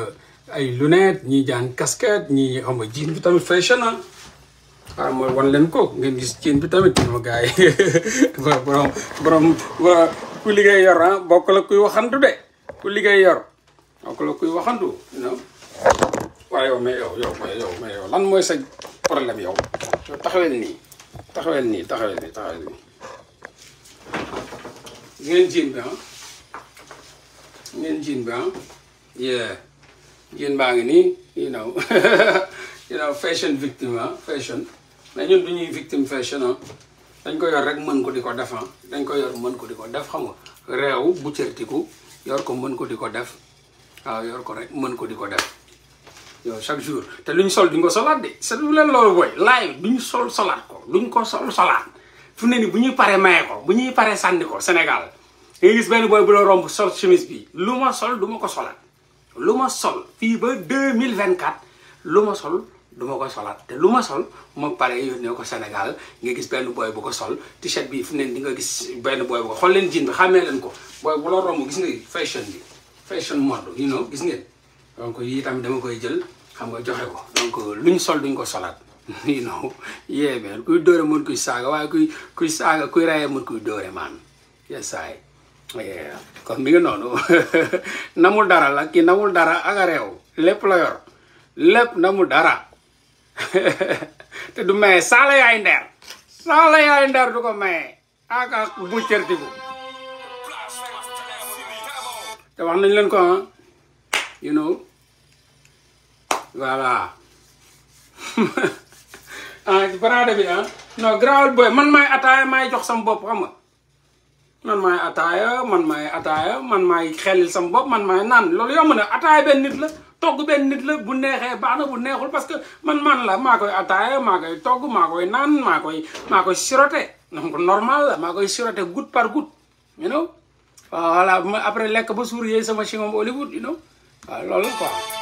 ay lunette ñi ñaan casquette ñi xam nga jean bi tamit fashion ah waaw mooy wan leen ko ngeen gis cin bi tamit ma gars yi borom borom ku liggéey yor ah bokk kuy waxandu de ku liggéey yor bokk la kuy waxantu non waaye yow mais yow yow mais yow lan mooy sa problème yow yow taxawel nii taxawel nii taxawel nii taxawel ngeen jiin bi ah ngeen jiin bi ah yeah jiin baa ngi nii you know fashion victime ah fashion mais ñun du ñuy victime fashion ah dañ ko yor rek mën ko di ko def ah. dañ ko mën ko di def xam nga réew bu cërtiku yor ko mën ko di ko def waaw yor ko rek mën ko di ko def yoo chaque jour te lu ñu sol duñ ko solaat de c'est lu leen loolu booy laay duñ sol solaat ko duñ ko sol solaat fu ne ni bu ñuy paree maye ko bu ñuy paree sànni ko Sénégal nga gis benn booy bu la romb sol chemise bi lu ma sol du ma ko solaat lu ma sol fii ba deux mille vingt quatre lu ma sol du ma ko solaat te lu ma sol moom pare yónnee ko Sénégal nga gis benn booy bu ko sol t-shirt bi fu ne di nga gis benn booy bu ko xool leen jean bi xàmmee leen ko booy bu la romb gis nga fashion bi fashion mode you know gis ngeen donc yii tamit dama koy jël xam nga joxe ko donc lu sol duñ ko solaat you know yee man kuy dóore mën kuy saaga kuy kuy mën kuy dóore maan kon mi ngi noonu namul dara la kii namul dara ak a réew lépp la yor lépp namul dara te du maye saala yaay ndeer saala yaay ndeer du ko maye ak ak bu certigu te wax nañ leen ko ah. you know voilà ah baraada bi ah non grawal booy man maay ataaya maay jox sama bopp xam nga man maay ataaya man maay ataaya man maay xelil sam bopp man maay naan loolu yomb na ataaya benn nit la togg benn nit la bu neexee baax na bu neexul parce que man man la maa koy ataaya maakoy koy togg maa koy naan maa maa koy sirote donc normal la maa koy sirote goutte par goutte you know voilà après lekk ba suur yooyu sama chimam Hollywood you know waaw loolu la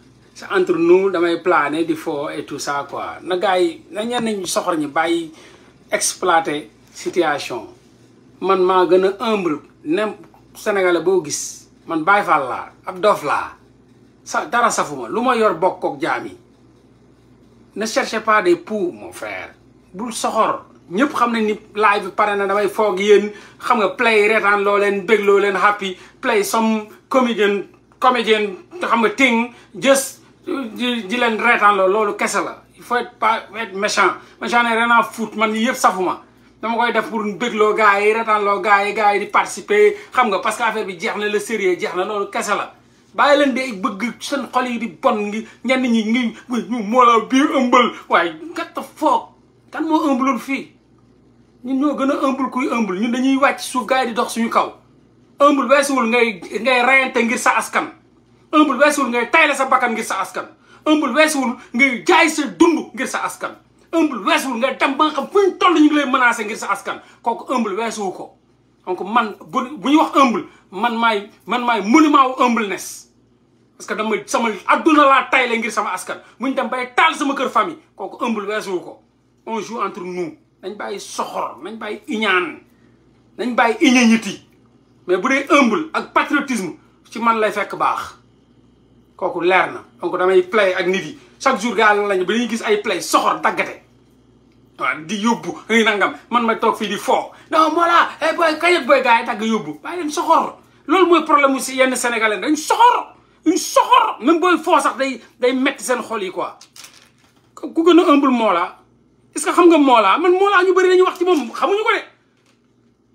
c'est entre nous damay plané di fo et tout ça quoi na gars na ñenn ñu soxor ñi bàyyi exploiter situation man maa gën a humble nem sénégalais boo gis man Baay Faal laa ab dof laa sa dara safuma lu ma yor bokk ak jaam yi ne cherchez pas des poux mon frère bul soxor ñëpp xam na ni live bi pare na damay foog yéen xam nga play reetaan loo leen bégloo leen happy play some comédien comédien xam nga ting just di leen reetaan la loolu kese la il faut être pas être méchant méchant ne rien à foutre man yëpp safuma dama koy def pour bégloo gars yi reetaanloo gars yi gars yi di participer xam nga parce que bi jeex na le sérieux jeex na loolu kese la bàyyi leen di bëgg seen xol yi di bon ngi ñenn ñi ñu moo la biir ëmbal waaye kat a foog kan moo ëmbalul fii ñun ñoo gën a ëmbul kuy ëmbul ñu dañuy wàcc su gars di dox suñu kaw ëmbul weesuwul ngay ngay reyante ngir sa askan ëmbul weesuwul ngay tayle sa bakkan ngir sa askan ëmbul weesuwul ngay jaay sa dund ngir sa askan ëmbul weesuwul ngay dem ba nga xam fu ñu toll ñu ngi lay menacé ngir sa askan kooku wees wu ko donc man bu bu ñu wax ëmbul man maay man maay monument wu ëmbulness parce que dama sama adduna laa tayle ngir sama askan bu dem bay taal sama kër famille kooku ëmbul weesuwu ko on jour entre nous nañ bàyyi soxor nañ bàyyi iñaan nañ bàyyi iñañiti mais bu dee ëmbul ak patriotisme ci man lay fekk baax kooku leer na donc damay play ak nit yi chaque jour gaa lañu ba dañuy gis ay play soxor daggate waaw di yóbbu ay nangam man ma toog fii di foo non voilà eh booy kañet booy gaa yi tàgg yóbbu bàyyi leen soxor loolu mooy problème mu si yenn sénégalais dañ soxor ñu na même booy foo sax day day metti seen xol yi quoi ku gën a ëmbul Mollah est-ce que xam nga moolaa man moolaa ñu bëri dañuy wax ci moom xamuñu ko de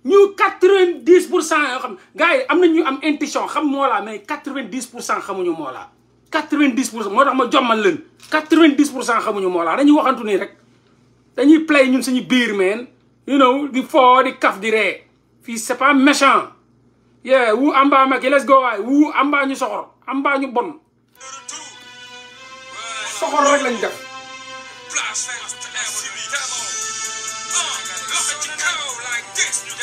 ñu quatre-vingt-dix pour cent yoo xam gars yi am na ñu am intuition xam Mollah mais quatre-vingt-dix pour cent xamuñu Mollah quatre-vingt-dix moo tax ma jommal leen quatre-vingt-dix pour cent xamuñu Mollah dañuy waxantu nii rek dañuy play ñun suñu biir meen you know di foo di kaf di ree fii c'est pas méchant yeah wu amba maki let's go waay wu amba ñu soxor amba ñu bon soxor rek lañ def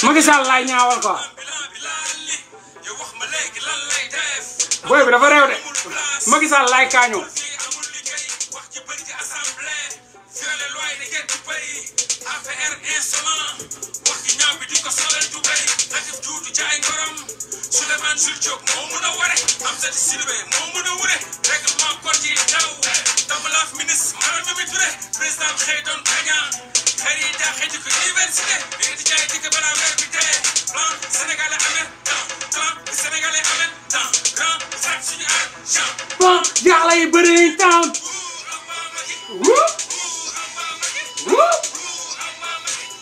Macky Sall laay ñaawal quoi. booy bi dafa réew de Macky Sall laay kaañoo. APR insolent wax ji ñaaw bi di ko solal du bëri Latif Doudou jaay ngorom Souleymane Jules Diop moo mun a ware Amsatou Sidibé moo mun a wure règlement code yi daw damalaaf ministre Mara Mimi Touré président xëy doon kaña xëy yi daaxe di ko université léegi di jaay dikk balaa weer bi dee plan sénégalais amel temps plan sénégalais amel temps grand sac suñu argent plan jaaxle yi bëri temps Woo!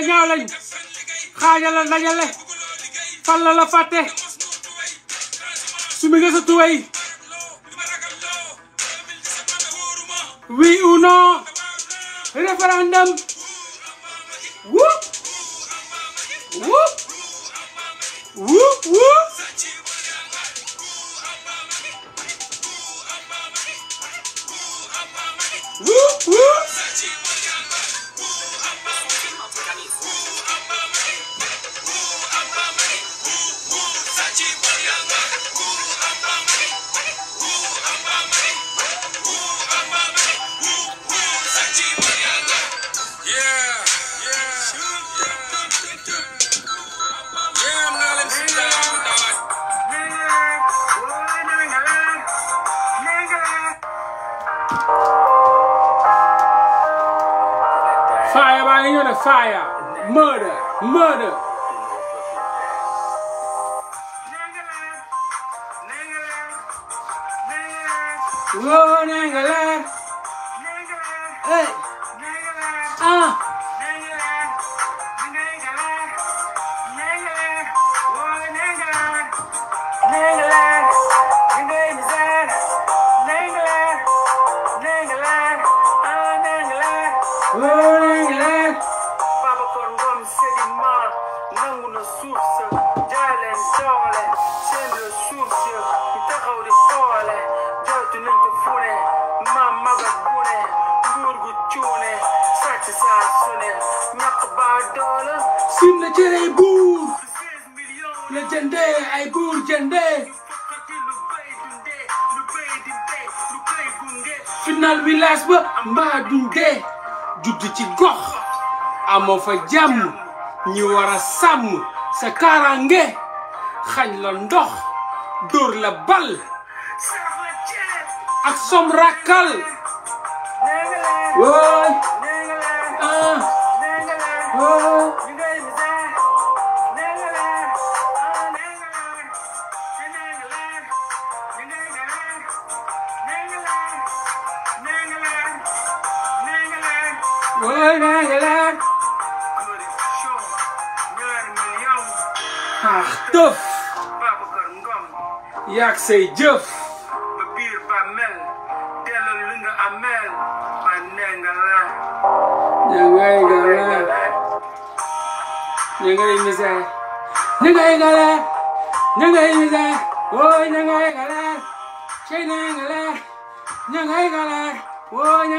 la ñaaw lañ xaajala dajale falla su mi nga sa tuway oui ou non référendum jam jàmm ñu wara sam sa kaaraange xagn la ndox dor la bal ak som baax tëf Babacar Ngom yaag say jëf ba biir ba mel dellal li nga ameel ba nee nga laay ña ngay nga laay ña ngay misère ña ngay nga laay ña ngay misère woo ña ngay nga laay cey nee nga laay ña ngay nga laay woo ña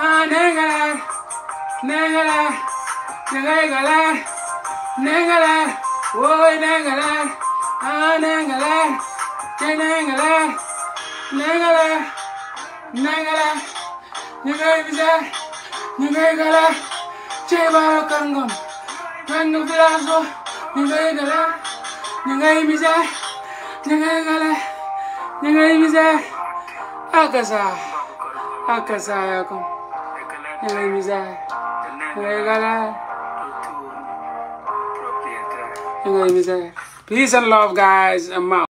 nengala nengala nengai gala nengala ôi nengala a nengala cái nengala nengala nengala nengai bisa nengai gala chơi bao kangam kangam philazo nengai gala nengai bisa nengai gala nengai bisa akasa akasa yakum Nilaibiza. Nilagala. Nilaibiza. Peace and love, guys. I'm out.